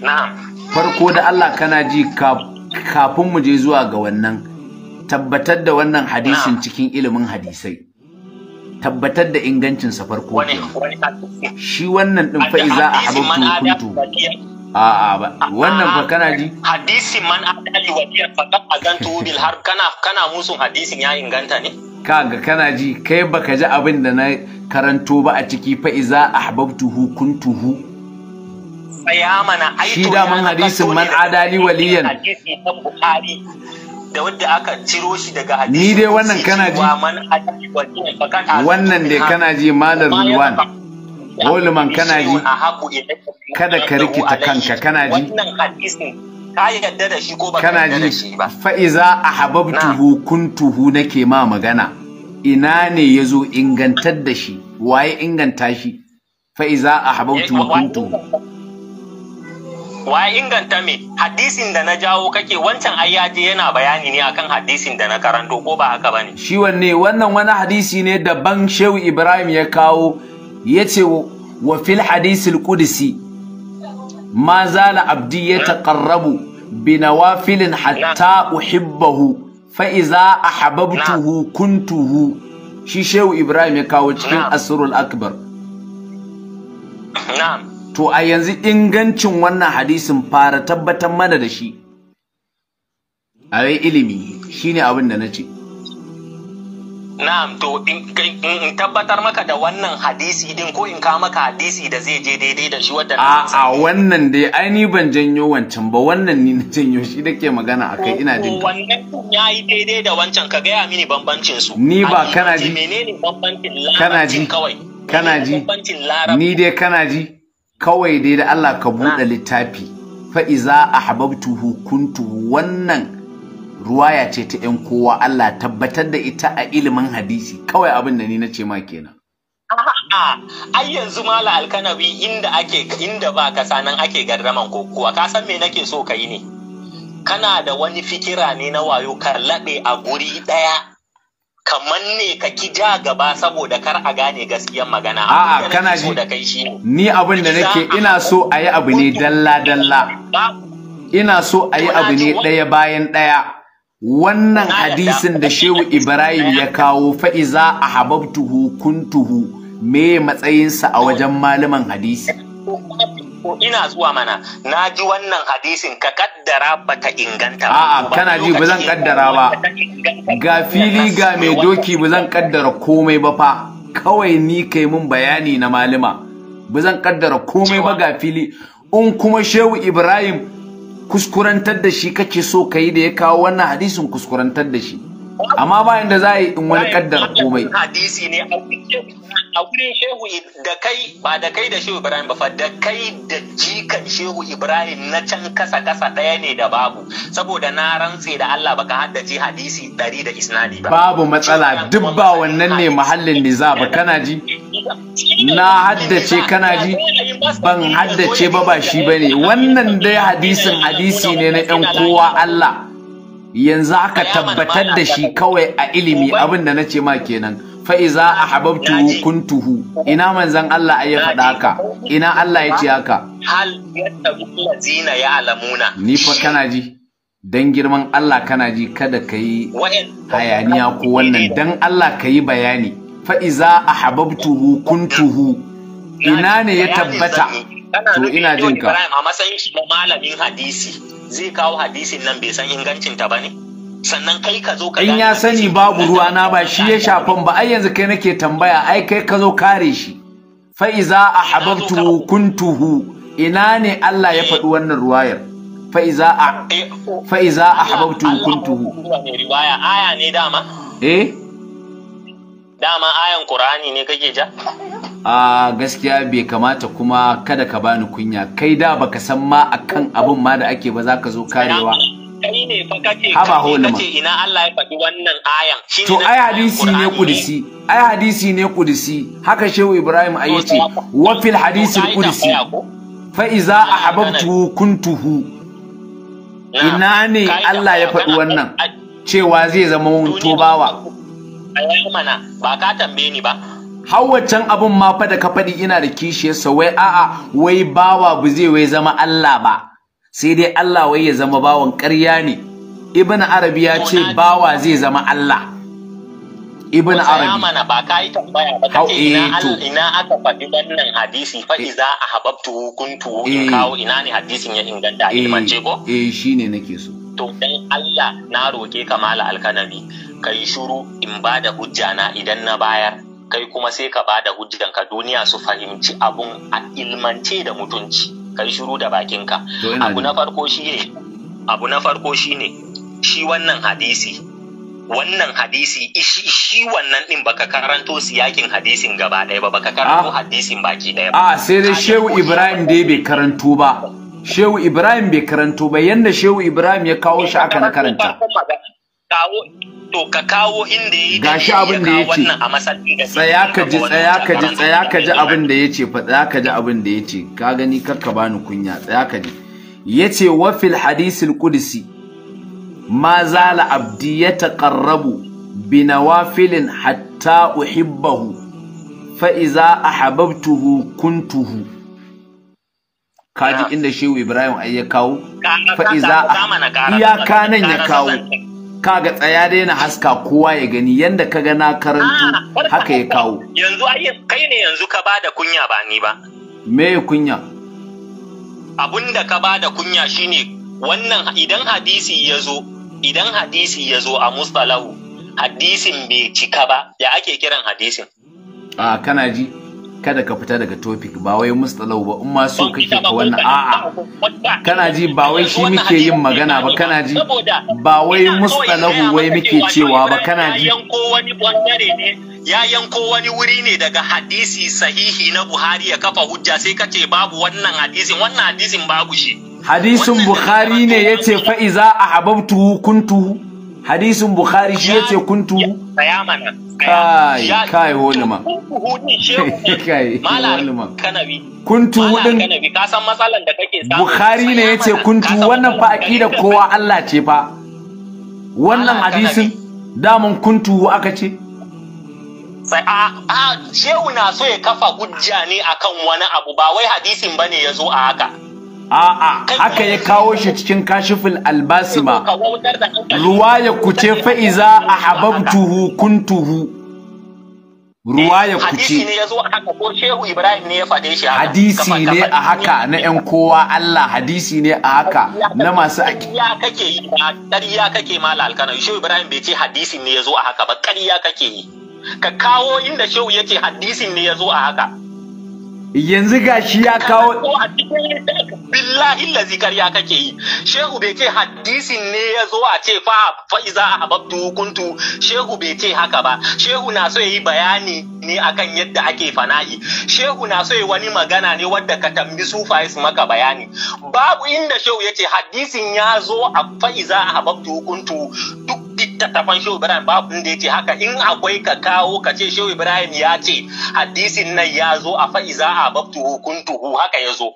[SPEAKER 1] na farko da Allah kana ji kafin mu je zuwa ga wannan tabbatar da wannan hadisin cikin ilimin hadisai tabbatar da ingancinsa farko shi wannan din fa iza a hababtu kuntu a a ba wannan fa kana ji
[SPEAKER 6] hadisin man adali
[SPEAKER 1] waliyan fa qad azantu bil har kana kana musun hadisin ya inganta ne kaga kana ji kai baka ji abin da na karanto ba a ciki fa iza ahbabtuhu kuntuhu
[SPEAKER 6] tsaya mana aito shi da man
[SPEAKER 1] hadisin man adali waliyan
[SPEAKER 6] da wadda aka ciro shi daga hadisi ni dai wannan kana
[SPEAKER 1] ji
[SPEAKER 6] wannan dai kana ji malar ruwan
[SPEAKER 1] Holman kana ji kada ka rikita kanka kana ji kana ji fa'iza a hababtuhu kuntuhu nake ma magana ina ne ya zo ingantar da shi waye inganta shi fa'iza a hababtuhu eh, kuntuhu
[SPEAKER 6] wa inganta me hadisin da na jawo kake wancan ai ya je yana bayani ne akan hadisin da na karanto ko ba haka bane
[SPEAKER 1] shi wanne wannan wani hadisi ne daban Shehu Ibrahim ya kawo yace wa fil hadisil qudsi ma zala abdi yataqarrabu bi nawafilin hatta uhibbahu fa iza ahabbtuhu kuntuhu shi Shehu Ibrahim ya kawo cikin Asrul Akbar na'am to a yanzu ingancin wannan hadisin fara tabbatar mana da shi a ilimi shine abin da na ce
[SPEAKER 6] Na'am to in tabbatar maka da wannan hadisi
[SPEAKER 1] din ko in ka maka hadisi da zai je daidai da shi wadda a wannan dai ai ni ban janyo wancan ba wannan ni na janyo shi dake magana a kai. ina jin wannan ya yi daidai da wancan ka gaya mini bambancin su ni ba kana ji menene bambancin kana ji kawai kana ji ni dai kana ji kawai dai da Allah ka buɗe littafi fa iza ahbabtuhu kuntu wannan ruwaya ce ta ‘yan kowa Allah tabbatar da ita a ilimin hadisi kawai abin da ni na ce ma kenan.
[SPEAKER 6] A'a, ai yanzu mala alkanabi inda ake inda ba ka sanan ake gardaman kokowa ka san me nake so ka yi ne. Kana da wani fikira ne na wayo ka laɓe a guri ɗaya kamar ne ka ki ja gaba saboda kar
[SPEAKER 1] a gane gaskiyar magana a'a kana ji ni abin da nake ina so a yi abu ne dalla dalla ina so a yi abu ne ɗaya bayan ɗaya wannan hadisin da shehu ibrahim ya kawo fa'iza a hababtuhu kuntuhu me matsayinsa a wajen malaman hadisi
[SPEAKER 6] ko ina zuwa mana na ji wannan hadisin ka kaddara ba ta inganta ba a'a
[SPEAKER 1] kana ji ba zan kaddara ba ga fili ga mai doki ba zan kaddara komai ba fa kawai ni kai mun bayani na malima ba zan kaddara komai ba ga fili in kuma shehu ibrahim kuskurantar da shi kake so ka yi da ya kawo wannan hadisin kuskurantar da shi amma ba yanda za a yi in wani kaddara komai
[SPEAKER 2] hadisi
[SPEAKER 6] ne a wurin shehu da kai ba da kai da shehu ibrahim ba fa da kai da jikan shehu ibrahim na can kasa kasa daya ne da babu saboda na rantse da Allah baka haddace hadisi dari da isnadi ba babu matsala
[SPEAKER 1] duk ba wannan ne mahallin niza ba kana ji na haddace kana ji ban haddace ba ba shi bane wannan dai hadisin hadisi ne na yan kowa Allah yanzu aka tabbatar da shi kawai a ilimi abin da na ce ma kenan fa’iza a hababtu kuntuhu ina manzan Allah a yi faɗa ka ina Allah ya ce haka hal ni fa kana ji Don girman Allah kana ji kada ka yi hayaniya ko wannan don Allah ka yi bayani fa’iza a hababtu kuntuhu
[SPEAKER 6] ina ne ya tabbata
[SPEAKER 1] to ina jin ka
[SPEAKER 6] a matsayin shi na malamin hadisi zai kawo hadisin nan bai san ingancin ta bane sannan
[SPEAKER 1] kai ka zo ka in ya sani babu ruwa na ba shi ya shafan ba ai yanzu kai nake tambaya ai kai ka zo kare shi fa iza ahbabtu kuntuhu ina ne Allah ya faɗi wannan ruwayar fa iza eh, oh. fa iza ahbabtu kuntuhu riwaya aya ne dama eh dama
[SPEAKER 6] ayan qur'ani ne kake ja
[SPEAKER 1] a gaskiya bai kamata kuma kada ka bani kunya kai da baka san ma akan abin ma da ake ba zaka zo karewa kai ne fa kake haba holima ma ina Allah ya faɗi wannan ayan to ai hadisi ne kudisi ai hadisi ne kudisi haka shehu Ibrahim ai yace wa fil hadisi kudusi fa iza ahbabtu kuntuhu ina ne Allah ya faɗi wannan cewa zai zama mun tobawa
[SPEAKER 6] bayani mana ba ka
[SPEAKER 1] tambaye ni ba har abun ma fa da ka faɗi ina da sa wai a'a wai bawa bu zai wai zama Allah ba sai dai Allah wai ya zama bawan ƙarya ne ibn arabi ya ce bawa zai zama Allah ibn arabi
[SPEAKER 6] mana ba ka yi tambaya ba kace ina eh, ina aka faɗi wannan hadisi fa eh. iza ahabbtu kuntu in eh. kawo ina ne hadisin ya inganta ilmance ko
[SPEAKER 1] eh shine nake so
[SPEAKER 6] to dan Allah na roke kamala alkanabi ka yi shuru in ba da hujja na idan na bayar kai kuma sai ka ba da hujjan ka duniya su fahimci abun a ilmance da mutunci ka yi shuru da bakinka abu na farko ne abu na farko ne shi wannan hadisi wannan hadisi shi wannan din baka karanto siyakin hadisin gaba ɗaya ba baka karanto ah. hadisin baki ɗaya ba a ah, sai
[SPEAKER 1] dai shehu ibrahim dai bai karanto ba shehu ibrahim bai karanto ba yanda shehu ibrahim ya kawo shi aka na karanta
[SPEAKER 6] to ka kawo inda yayi shi abin da yake wannan a masallin
[SPEAKER 1] gaske tsaya ka ji tsaya ka ji tsaya ka ji abin da yake fa tsaya ka ji abin da yake ka gani kar ka bani kunya tsaya ka ji yace wa fil hadisil qudsi ma zala abdi yataqarrabu bi nawafilin hatta uhibbahu fa iza ahabbtuhu kuntuhu kaji inda shehu ibrahim ai ya kawo fa iza ah, iya nan ya kawo kaga tsaya daina haska kowa ya gani yanda ka ga na karantu ah, haka ya kawo
[SPEAKER 6] yanzu kai ne yanzu ka bada kunya ba ni ba
[SPEAKER 1] me kunya
[SPEAKER 6] abun da ka ba da kunya shine wannan idan hadisi ya zo idan hadisi ya zo a mustalahu hadisin bai cika ba ya ake kiran hadisin
[SPEAKER 1] a ah, kana ji kada ka fita daga topic ba wai mustalau ba in ma so kake ka wannan a'a
[SPEAKER 5] kana ji ba wai shi muke yin magana ba kana ji
[SPEAKER 1] ba wai mustalahu wai muke cewa ba kana ji yanko wani bangare ne ya yanko wani wuri ne daga
[SPEAKER 6] hadisi sahihi na Buhari ya kafa hujja sai kace babu wannan hadisin wannan hadisin babu shi
[SPEAKER 1] hadisin Bukhari ne yace fa iza ahbabtu kuntu hadisin bukhari shi yace kuntu kai kai holima kai kuntu wudin ka san matsalan da kake samu bukhari ne yace kuntu wannan fa aqida kowa Allah ce fa wannan hadisin damun kuntu aka ce sai
[SPEAKER 6] a a shehu na so ya kafa hujja ne akan wani abu ba wai hadisin bane yazo
[SPEAKER 1] a haka a'a haka ya kawo shi cikin kashiful albasima ruwaya ya kuce fa iza ahabbtuhu kuntuhu ruwaya eh, hadisi ne
[SPEAKER 6] haka ko shehu ibrahim ne ya kuce. shi haka hadisi ne a haka na yan
[SPEAKER 1] kowa Allah hadisi ne a haka na masu aki
[SPEAKER 6] ya kake yi ƙarya kake mala alkana shehu ibrahim bai ce hadisi ne yazo a haka ba ƙarya kake yi ka kawo inda shehu yace hadisin ne yazo a haka
[SPEAKER 1] yanzu shi ya kawo
[SPEAKER 6] billahi lazikar ya kake yi shehu bai ce hadisin ne ya zo a ce fa fa'iza a hababtu kuntu shehu bai ce haka ba shehu na so yi bayani ne akan yadda ake fana'i shehu na so yi wani magana ne wadda ka tambi sufaye su maka bayani babu inda shehu ya ce hadisin ya zo a fa'iza a hababtu kuntu duk littattafan shehu ibrahim babu inda ce haka in akwai ka kawo ka ce shehu ibrahim ya ce hadisin nan ya zo a fa'iza a babtu hukuntuhu haka ya zo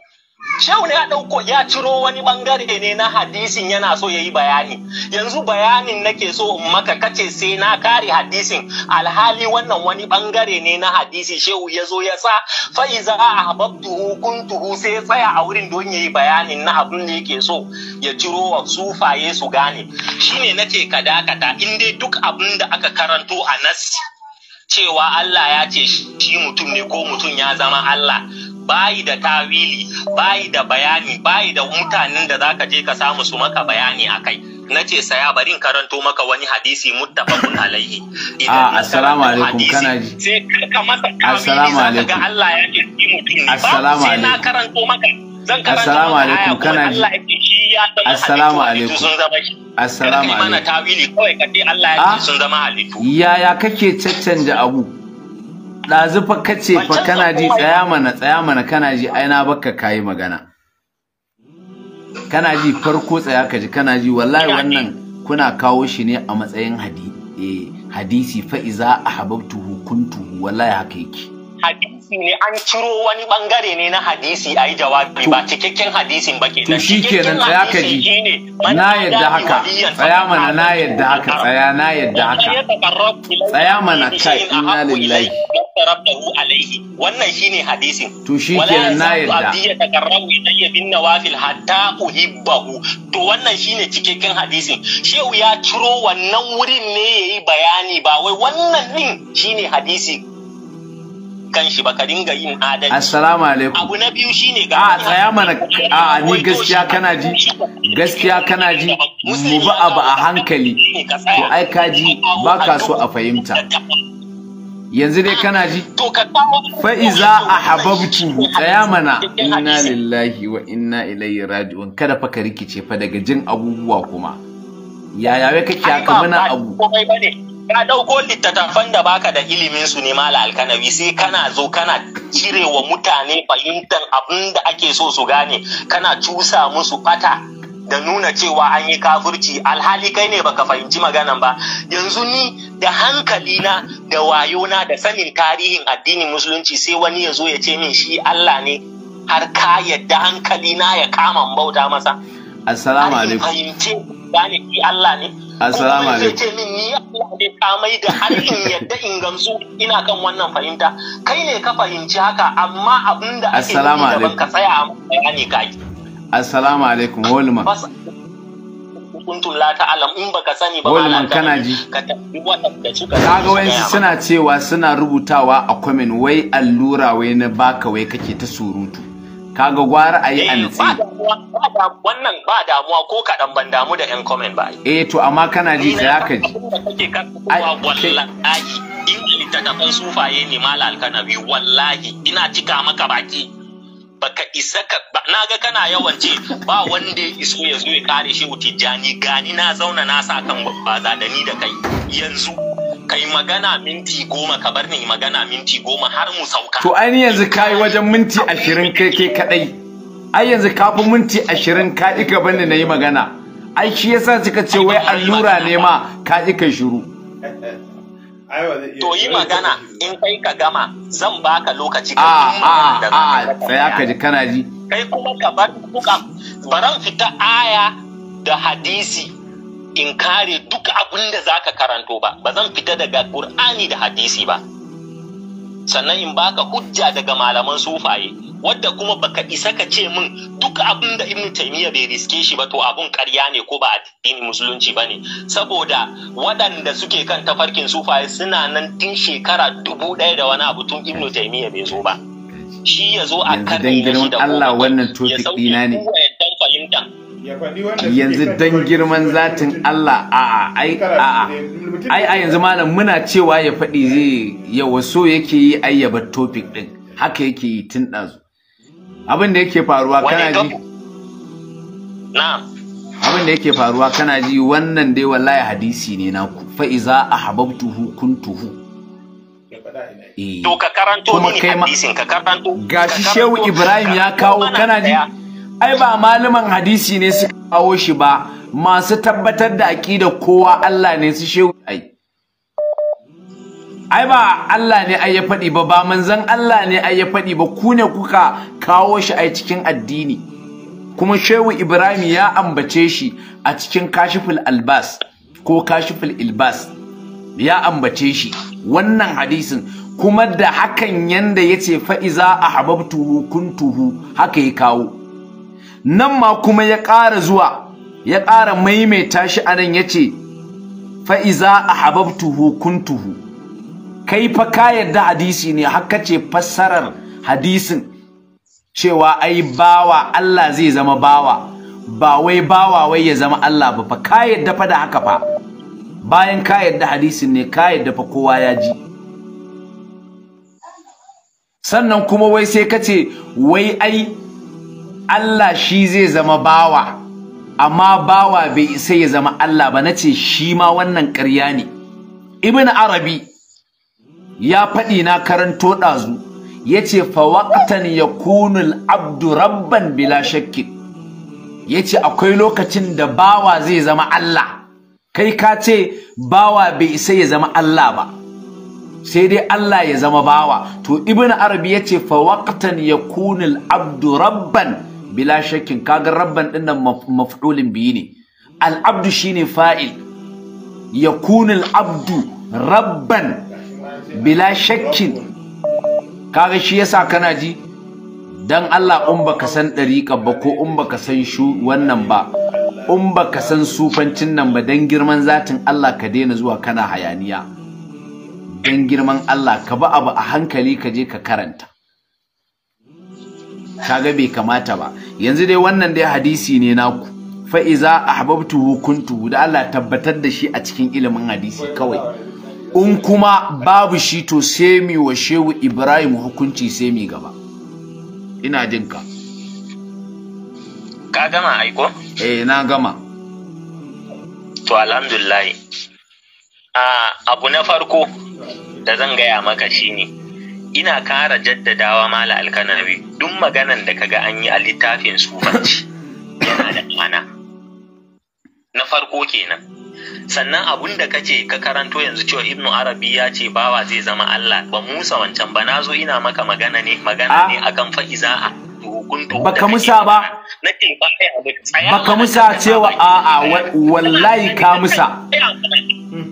[SPEAKER 6] Shehu ne ya ɗauko ya ciro wani ɓangare ne na hadisin yana so ya yi bayani. Yanzu bayanin nake so in maka kace sai na kare hadisin alhali wannan wani ɓangare ne na hadisi shehu ya zo ya sa fa'iza a hababtuhu kuntuhu sai ya tsaya a wurin don ya yi bayanin na abin da yake so ya ciro wa sufaye su gane. Shine nake ka dakata in dai duk abin da aka karanto a nas cewa Allah ya ce shi mutum ne ko mutum ya zama Allah bayi da tawili bayi da bayani bayi da mutanen da zaka je ka samu su maka bayani akai na ce saya bari in karanto maka wani hadisi muttafaqun alaihi
[SPEAKER 5] idan ah, assalamu alaikum kana ji sai
[SPEAKER 6] ka masa assalamu alaikum ga Allah ya ce shi mutum ne sai na karanto maka zan karanto assalamu alaikum kana ji Allah ya
[SPEAKER 1] ce shi ya san assalamu alaikum sun zama shi assalamu alaikum mana tawili kawai kace Allah ya ce ah? sun zama halittu ya kake caccanja abu ɗazu fa kace fa kana ji tsaya mana tsaya mana kana ji ai na baka kayi magana kana ji farko tsaya ka ji kana ji wallahi wannan kuna kawo shi ne a matsayin eh, hadisi fa iza ahbabtuhu kuntu wallahi haka yake
[SPEAKER 6] hadisi ne an ciro wani bangare ne na hadisi a yi jawabi ba cikakken hadisin ba kenan. shi kenan tsaya ka ji. Na yadda haka. Tsaya mana na
[SPEAKER 1] yadda haka. Tsaya na yadda haka. Tsaya mana kai inna lillahi.
[SPEAKER 6] Wannan shi ne hadisin. To shi kenan na yadda. Wala ya takarrabu ilayya bin nawafil hatta uhibbahu. To wannan shi ne cikakken hadisin. Shehu ya ciro wannan wurin ne ya yi bayani ba wai wannan din shi ne hadisi kanshi ba ka dinga yin adali. assalamu alaikum abu na biyu
[SPEAKER 1] shine ga a ah, tsaya mana a ah, ni gaskiya kana ji gaskiya kana ji mu ba abu a hankali to ai ka ji baka so a fahimta yanzu dai kana ji fa'iza a hababtu tsaya mana inna lillahi wa inna ilaihi raji'un kada fa ka rikice fa daga jin abubuwa kuma yaya wai kake haka muna abu
[SPEAKER 6] Ya ɗauko littattafan da baka da ilimin su ne mala alkanawi sai kana zo kana cire wa mutane fahimtar abin da ake so su gane kana cusa musu fata da nuna cewa an yi kafurci alhali kai ne baka fahimci magana ba yanzu ni da hankalina da wayona da sanin tarihin addinin musulunci sai wani ya zo ya ce min shi Allah ne har ka yadda hankalina ya kama bauta masa assalamu alaikum gane ni Allah ne assalamu alaikum ce min ni Allah ne ka mai da har in yadda in gamsu ina kan wannan fahimta kai ne ka fahimci haka amma da ake assalamu da ka tsaya a bayani kaki
[SPEAKER 1] assalamu alaikum walma
[SPEAKER 6] kuntum la ta'alam in baka sani ba kana ji kaga
[SPEAKER 1] wayansu suna cewa suna rubutawa a kwamin, wai allura wai na baka wai kake ta surutu kaga gwara ayi yi eh,
[SPEAKER 6] wannan ba damuwa ko kaɗan ban damu da yan comment ba
[SPEAKER 1] eh to amma kana ji sai haka
[SPEAKER 6] ji wallahi in littattafan sufaye ne mala bi wallahi ina cika maka baki baka isa ka na ga kana yawan ce ba wanda ya iso ya zo ya kare shi tijjani gani na zauna na sa kan baza
[SPEAKER 5] da ni da kai yanzu kai magana minti goma
[SPEAKER 1] ka bar ni magana minti goma har mu sauka to ai yanzu kai wajen minti ashirin kai kai kadai ai yanzu kafin minti ashirin ka ika bani na yi magana ai shi yasa kika ce wai allura ne ma ka ika shiru
[SPEAKER 6] to yi magana in kai ka gama zan baka lokaci ka a a tsaya ka ji kana ji kai kuma ka bar kuka baran fita aya da hadisi in kare duk abin da za ka karanto ba ba zan fita daga ƙur'ani da hadisi ba sannan in baka hujja daga malaman sufaye wadda kuma baka isa ka ce min duk abin da ibnu taymiya bai riske shi ba to abun karya ne ko ba addini musulunci ba ne saboda waɗanda suke kan tafarkin sufaye suna nan tun shekara dubu ɗaya
[SPEAKER 1] da wani abu tun ibnu taymiya bai zo ba shi ya zo a karni shi da Allah wannan ya dan
[SPEAKER 4] ne yanzu
[SPEAKER 1] don girman zatin Allah a ai a
[SPEAKER 5] ai a yanzu malam
[SPEAKER 1] muna cewa ya faɗi zai ya waso yake yi ai ya bar topic din haka yake yi tun ɗazu abin da yake faruwa kana ji abin da yake faruwa kana ji wannan dai wallahi hadisi ne naku fa iza ahbabtuhu kuntuhu eh. to ka karanto ni hadisin ka karanto gashi shehu ibrahim ya kawo kana ji ai ba malaman hadisi ne suka kawo shi ba masu tabbatar da aƙidar kowa Allah ne su shehu ai ai ba Allah ne ai ya faɗi ba ba manzon Allah ne ai ya faɗi ba ku ne kuka kawo shi ai cikin addini kuma shehu Ibrahim ya ambace shi a cikin kashiful albas ko kashiful ilbas ya ambace shi wannan hadisin kuma da hakan yanda yace fa iza ahbabtuhu kuntuhu haka ya kawo nan ma kuma ya ƙara zuwa ya ƙara maimaita shi a nan ya ce fa'iza a habab hababtuhu kuntuhu kai fa ka yarda hadisi ne haka ce fassarar hadisin cewa ai bawa Allah zai zama bawa ba wai bawa wai ya zama Allah ba fa ka yarda fa da haka fa bayan ka yarda hadisin ne ka yarda fa kowa ya ji sannan kuma wai sai ka ce wai ai Allah shi zai zama bawa amma bawa bai isa ya zama Allah ba na ce shi ma wannan ƙarya ne ibn arabi ya faɗi na karanto ɗazu yace fa waqtan ya kunul abdu rabban bila shakki ce akwai lokacin da bawa zai zama Allah kai ka ce bawa bai isa ya zama Allah ba sai dai Allah ya zama bawa to ibn arabi yace fa waqtan ya abdu rabban bila shakkin kaga rabban din nan maf'ulin biyu ne al-abdu shine fa'il yakunu al-abdu rabban bila shakkin kaga shi yasa kana ji dan Allah in baka san dariƙa ba ko in baka san shu wannan ba in baka san sufancin nan ba dan girman zatin Allah ka daina zuwa kana hayaniya dan girman Allah ka ba abu a hankali ka je ka karanta kaga bai kamata ba yanzu dai wannan dai hadisi ne naku fa iza ahbabtuhu hukuntu da Allah tabbatar da shi a cikin ilimin hadisi kawai in kuma babu shi to sai wa shehu Ibrahim hukunci sai mi gaba ina jin ka ka gama aiko eh na gama to alhamdulillah
[SPEAKER 6] a ah, abu na farko da zan gaya maka shi ne. ina kara jaddadawa mala alkanabi duk maganan da kaga an yi a littafin sufanci yana da ma'ana na farko kenan sannan abun da kace ka karanto yanzu cewa ibnu arabi ya ce bawa zai zama allah ba musa wancan ba na zo ina maka magana ne magana ah. ne akan fa'iza'a
[SPEAKER 3] kuntu
[SPEAKER 1] baka musa ba ba kai baka musa cewa a a wallahi ka musa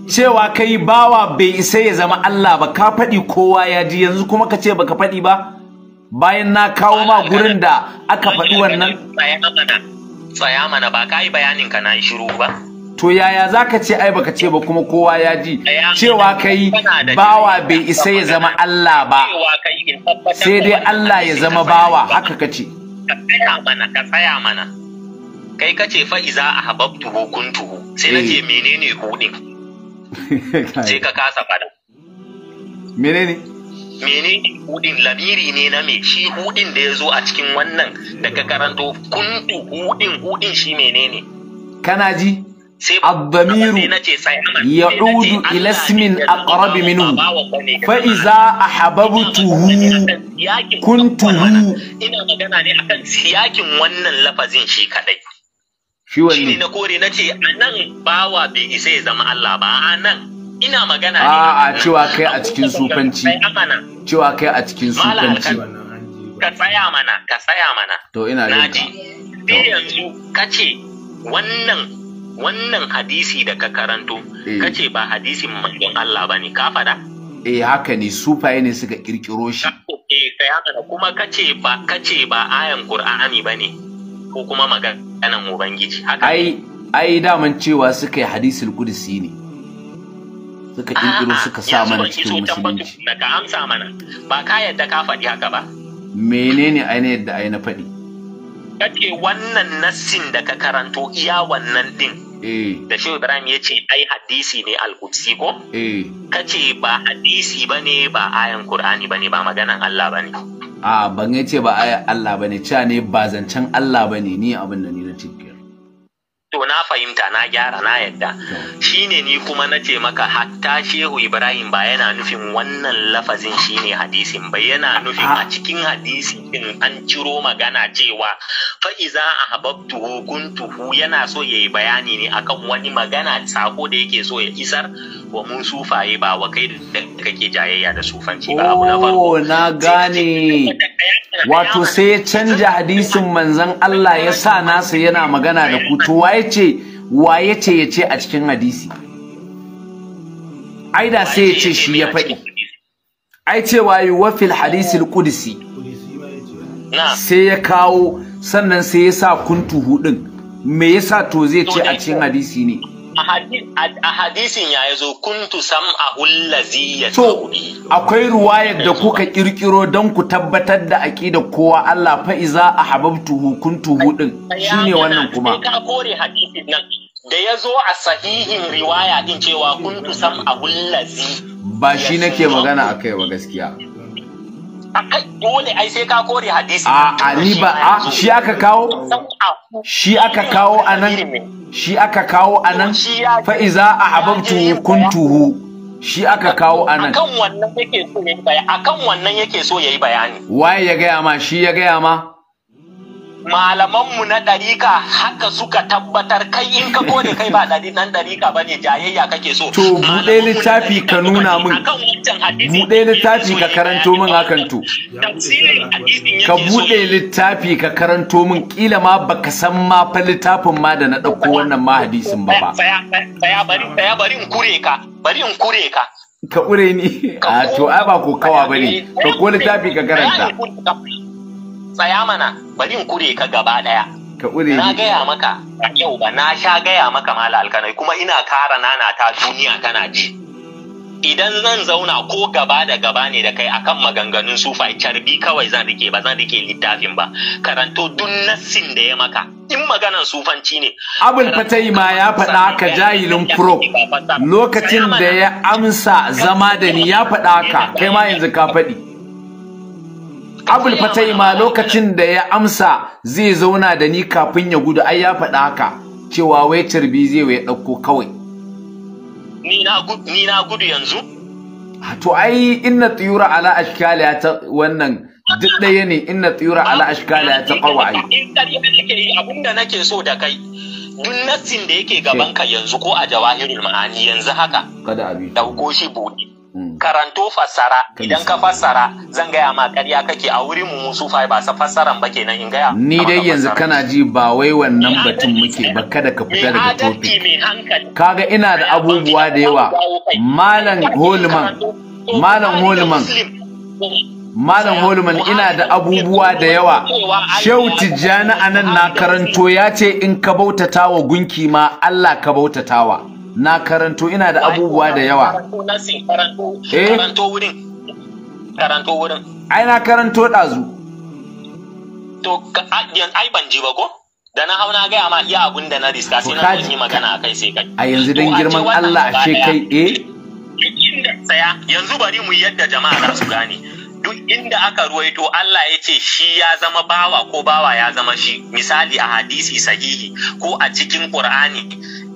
[SPEAKER 1] cewa kai bawa bai isa ya zama Allah ba ka faɗi kowa ya ji yanzu kuma ka ce baka faɗi ba bayan na kawo ma gurin da aka faɗi wannan
[SPEAKER 6] tsaya mana ba ka bayanin ka na shiru ba
[SPEAKER 1] to yaya za ka ce ai baka ce ba kuma kowa ya ji cewa kai bawa bai isa ya zama Allah ba
[SPEAKER 5] sai dai Allah ya zama
[SPEAKER 1] bawa haka ka ce
[SPEAKER 5] ka
[SPEAKER 6] tsaya mana kai ka ce fa iza ahbabtu kuntu sai na ce eh. menene hu din
[SPEAKER 4] sai
[SPEAKER 6] ka kasa fada menene menene hu lamiri ne na me shi hudin da ya zo a cikin wannan daga karanto
[SPEAKER 1] kuntu hu hudin hu din shi menene kana ji الضمير يعود إلى اسم أقرب منه فإذا أحببته كنته shi ne na kore na ce a
[SPEAKER 6] nan bawa bai isa ya zama Allah ba a nan ina cewa kai a cikin sufanci ka
[SPEAKER 1] tsaya mana ka tsaya mana to ina ka
[SPEAKER 6] kace wannan wannan hadisi da ka karanto eh. ka ce ba hadisin manzon Allah ba ne ka faɗa?
[SPEAKER 1] eh haka ne sufaye ne suka kirkiro shi eh
[SPEAKER 6] yi haka kuma ka ce ba ka ce ba ayan qur'ani ba ne ko kuma maganganan ubangiji
[SPEAKER 1] haka ai ai daman cewa suka yi hadisul qudsi ne suka kirkiro suka sa mana cikin musulunci ka amsa
[SPEAKER 6] mana ba ka yadda ka faɗi haka ba
[SPEAKER 1] menene ainihin yadda ai na faɗi
[SPEAKER 6] kace wannan nassin da ka karanto iya wannan din eh. da shi ibrahim ya ce ai hadisi ne alkutsi ko eh. kace ba hadisi ba ne ba ayan qur'ani ba ne ba maganan allah ba ne
[SPEAKER 1] a ban ya ce ba ayan allah ba ne cewa ne ba zancen allah ba ne ni abin da ni
[SPEAKER 6] to na fahimta na gyara na yadda shine ni kuma na ce maka hatta shehu ibrahim ba yana nufin wannan lafazin shine hadisin ba yana nufin a cikin hadisi din an ciro magana cewa fa'iza a hababtuhu kuntuhu yana so ya yi bayani ne akan wani magana sako da yake so ya isar wa mun sufaye ba wa kai da kake jayayya da sufanci ba abu
[SPEAKER 1] na farko oh, na gane wato sai ya canja hadisin manzon Allah ya sa nasa yana magana da to waye ce waye ce ya ce a cikin hadisi ai da sai ya ce shi ya faɗi ai ce waye wa fil hadisi al-qudsi sai ya kawo sannan sai ya sa kuntu din me yasa to zai ce a cikin hadisi ne
[SPEAKER 6] a hadisin ya yazo kuntu sam'ahu allazi
[SPEAKER 1] yasma'u bihi akwai ruwayar da kuka kirkiro don ku tabbatar da da kowa Allah fa iza ahabbtuhu kuntuhu din shine wannan kuma
[SPEAKER 6] Da ya zo da a sahihin riwaya din cewa kuntu a hulazi."
[SPEAKER 1] ba shi nake magana a kai ba gaskiya
[SPEAKER 6] dole ai sai ka kore hadisi a ni ba a shi aka
[SPEAKER 1] kawo shi aka kawo a nan? shi aka kawo anan fa'iza a hababtu kuntuhu shi aka kawo anan
[SPEAKER 6] akan wannan yake so yayi bayani
[SPEAKER 1] waye ya gaya ma shi ya gaya ma
[SPEAKER 6] malamanmu na ɗarika haka suka tabbatar kai in ka kone kai ba ɗari nan ɗarika ba ne
[SPEAKER 1] jayayya kake so. To buɗe littafi ka nuna min buɗe littafi ka karanto min hakan to. Ka buɗe littafi ka karanto min kila ma baka san ma fa littafin ma da na ɗauko wannan ma hadisin
[SPEAKER 5] ba fa.
[SPEAKER 6] bari in kure ka bari in kure ka.
[SPEAKER 1] Ka kure ni? A ah, to ai ba ko kawa bane. Ka ko littafi ka karanta.
[SPEAKER 6] tsaya mana bari in kure ka gaba daya na gaya maka a yau ba na sha gaya maka mala alkanai kuma ina kara nana ta duniya tana ji idan zan zauna ko gaba da gaba ne da kai akan maganganun sufa carbi kawai zan rike ba zan rike littafin ba karanto duk nassin da ya maka in maganan sufanci ne
[SPEAKER 1] abul fatai ma ya faɗa ka jahilin pro lokacin da ya amsa zama da ni ya faɗa ka kai ma yanzu ka faɗi abul fatai ma lokacin da ya amsa zai zauna da ni kafin ya gudu ai ya faɗa haka cewa wai tarbi zai wai ɗauko kawai ni na gudu ni na gudu yanzu to ai inna tuyura ala ashkali ta wannan duk ɗaya ne inna tuyura ala ashkali ta qawai in
[SPEAKER 6] kariya nake yi abinda nake so da kai duk nassin da yake gaban ka yanzu ko a jawahirul ma'ani yanzu haka kada abi dauko shi bude Mm. karanto fassara idan ka fassara zan gaya ma ƙarya kake a wuri mu musufa ba sa fassaran ba kenan in gaya ni dai yanzu
[SPEAKER 1] kana ji ba wai wannan batun muke ba kada ka fita daga topic kaga ina da abubuwa da yawa malam holman
[SPEAKER 5] malam holman
[SPEAKER 1] Malam Holman ina da abubuwa da yawa. Shehu Tijjani anan na karanto ya ce in ka bautatawa gunki ma Allah ka bautatawa. na karanto ina da abubuwa da yawa
[SPEAKER 5] eh? wurin.
[SPEAKER 6] karanto wurin
[SPEAKER 1] ai na karanto ɗazu
[SPEAKER 6] to ai ban ji ba ko da na hauna gaya ma iya abun da na riska sai na yi magana a kai sai kai a yanzu don girman Allah a kai eh yanzu bari mu yadda jama'a za su gane duk inda aka ruwaito Allah ya ce shi ya zama bawa ko bawa ya zama shi misali a hadisi sahihi ko a cikin Qur'ani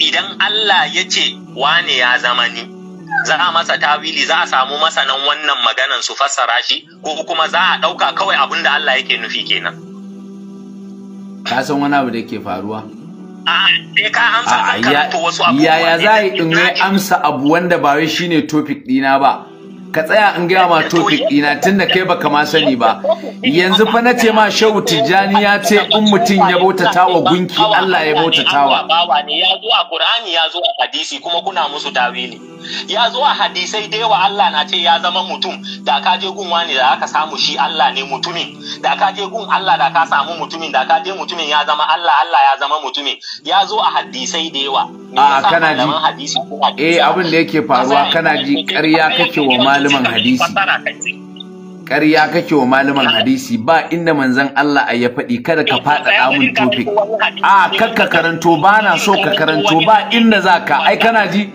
[SPEAKER 6] idan Allah ya ce wane ya zama ni za a masa tawili za a samu masanan wannan maganan su fassara shi ko kuma za a ɗauka kawai abin da Allah yake nufi kenan
[SPEAKER 1] ka san wani abu da ke faruwa a yaya za a yi amsa abu wanda ba wai shine topic dina ba ka tsaya in gaya ma topic ina tunda kai baka ma sani ba yanzu fa na ce ma shehu tijjani ya ce in mutum ya bautatawa wa gunki Allah ya bautatawa wa ya zo a Qur'ani
[SPEAKER 6] ya zo a hadisi kuma kuna musu tawili ya zo a hadisai da yawa Allah na ce ya zama mutum da ka je gun wani da aka samu shi Allah ne mutumin da ka je gun Allah da ka samu mutumin da ka je mutumin ya zama Allah Allah ya zama mutumin ya zo a hadisai da yawa a kana ji
[SPEAKER 1] eh abin da yake faruwa kana ji ƙarya kake wa malaman hadisi ƙarya kake wa malaman hadisi ba inda manzon Allah a ya faɗi kada ka eh, faɗaɗa mun topic a kakka karanto bana so ka karanto ba inda za ai kana ji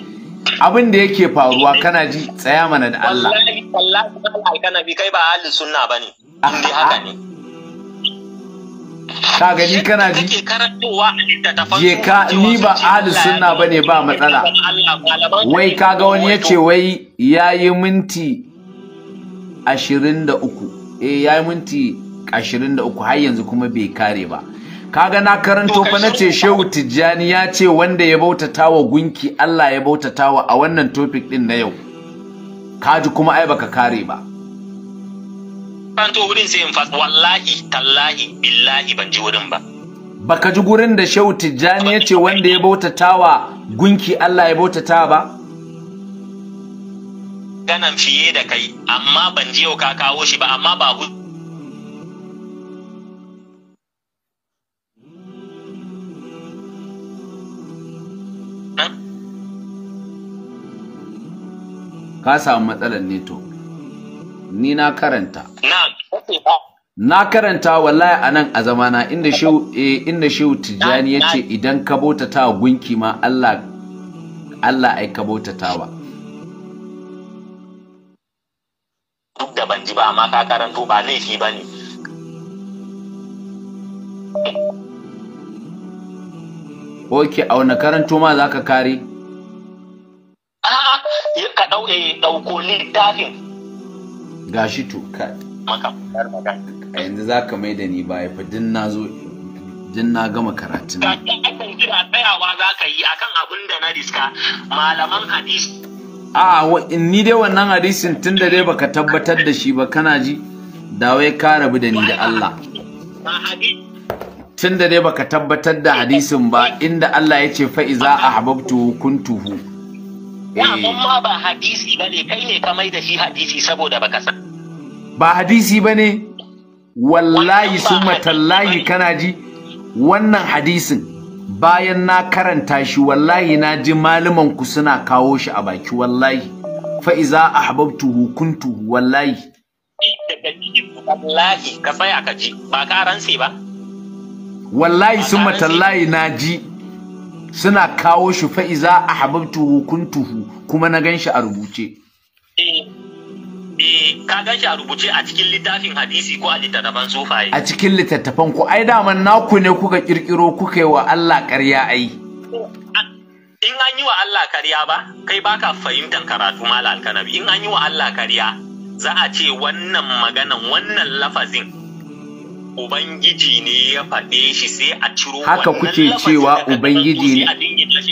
[SPEAKER 1] abin da yake faruwa kana ji tsaya mana da Allah wallahi wallahi
[SPEAKER 6] kana bi kai ba ahlus sunna
[SPEAKER 1] bane ka gani kana ji je ka ni ba ahlus sunna bane ba matsala wai kaga wani yace wai yayi minti 23 eh yayi minti 23 har yanzu kuma bai kare ba Ka ga na karanto fa nace Shehu Tijjani ya ce wanda ya bautata wa gunki Allah ya bautata wa a wannan topic din na yau kaji kuma ai baka kare ba
[SPEAKER 6] karanto wurin sai in fasa wallahi tallahi billahi ban ji wurin ba
[SPEAKER 1] baka ji gurin da Shehu Tijjani ya ce wanda ya bautatawa gunki Allah ya bautata ba
[SPEAKER 6] ganan fiye da kai amma ban je ka kawo shi ba amma ba
[SPEAKER 1] ka samu matsalar neto ni na karanta na karanta wallahi a nan a zamana inda shehu eh, inda shehu tijjani ya ce idan ka bautata wa gunki ma Allah Allah ai ka bautata wa duk da ban ji ba amma ka karanto ba laifi ba ne Ok, wani karanto ma za ka kare?
[SPEAKER 4] A'a, ka eh, ɗauko littafin
[SPEAKER 1] shi to kai a yanzu za ka mai da ni ba fa din na zo din na gama karatun ne. akan kira tsayawa za ka yi akan abin da na
[SPEAKER 5] malaman hadisi
[SPEAKER 1] a ni dai wannan hadisin tun da dai baka tabbatar da shi ba kana ji da wai ka rabu da ni da Allah tun da dai baka tabbatar da hadisin ba inda Allah ya ce fa'iza a hababtu kuntuhu ya ma
[SPEAKER 6] ba hadisi bane kai ne ka mai da shi hadisi saboda baka san
[SPEAKER 1] ba hadisi bane wallahi summa tallahi kana ji wannan hadisin bayan na karanta shi wallahi na ji malaman ku suna kawo shi a baki wallahi fa iza ahbabtuhu kuntu wallahi
[SPEAKER 6] wallahi ka tsaya ka ji ba karanse ba
[SPEAKER 1] wallahi sun matallahi na ji suna kawo shi fa'iza a hababtuhu kuntuhu kuma na gan shi a rubuce eh, eh, ka gan shi
[SPEAKER 6] a rubuce a cikin littafin hadisi ko a littattafan sufaye
[SPEAKER 1] a cikin littattafan ku ai daman naku ne kuka kirkiro kuka yi wa Allah ƙarya ai
[SPEAKER 6] in an yi wa Allah kariya ba kai baka fahimtar karatu ma alkanabi in an yi wa Allah kariya za a ce wannan maganan wannan lafazin Ubangiji ne ya faɗe shi sai a
[SPEAKER 1] ciro haka kuke cewa Ubangiji ne a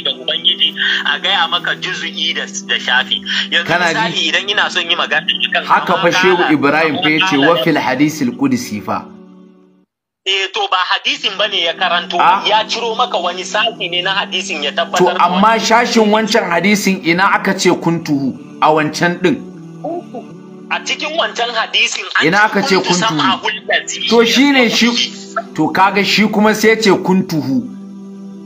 [SPEAKER 1] da Ubangiji a gaya maka juzu'i da shafi yanzu
[SPEAKER 5] misali idan ina son
[SPEAKER 1] yi magana haka fa Shehu Ibrahim fa yace wa fil hadisil qudsi fa eh to ba hadisin bane ya karanto ah. ya ciro maka wani sashi ne na hadisin ya tabbatar to amma shashin wancan hadisin ina aka ce kuntuhu a wancan din
[SPEAKER 6] a cikin wancan hadisin
[SPEAKER 1] an ina aka ce kuntu to shine shi to kaga shi kuma sai ce kuntuhu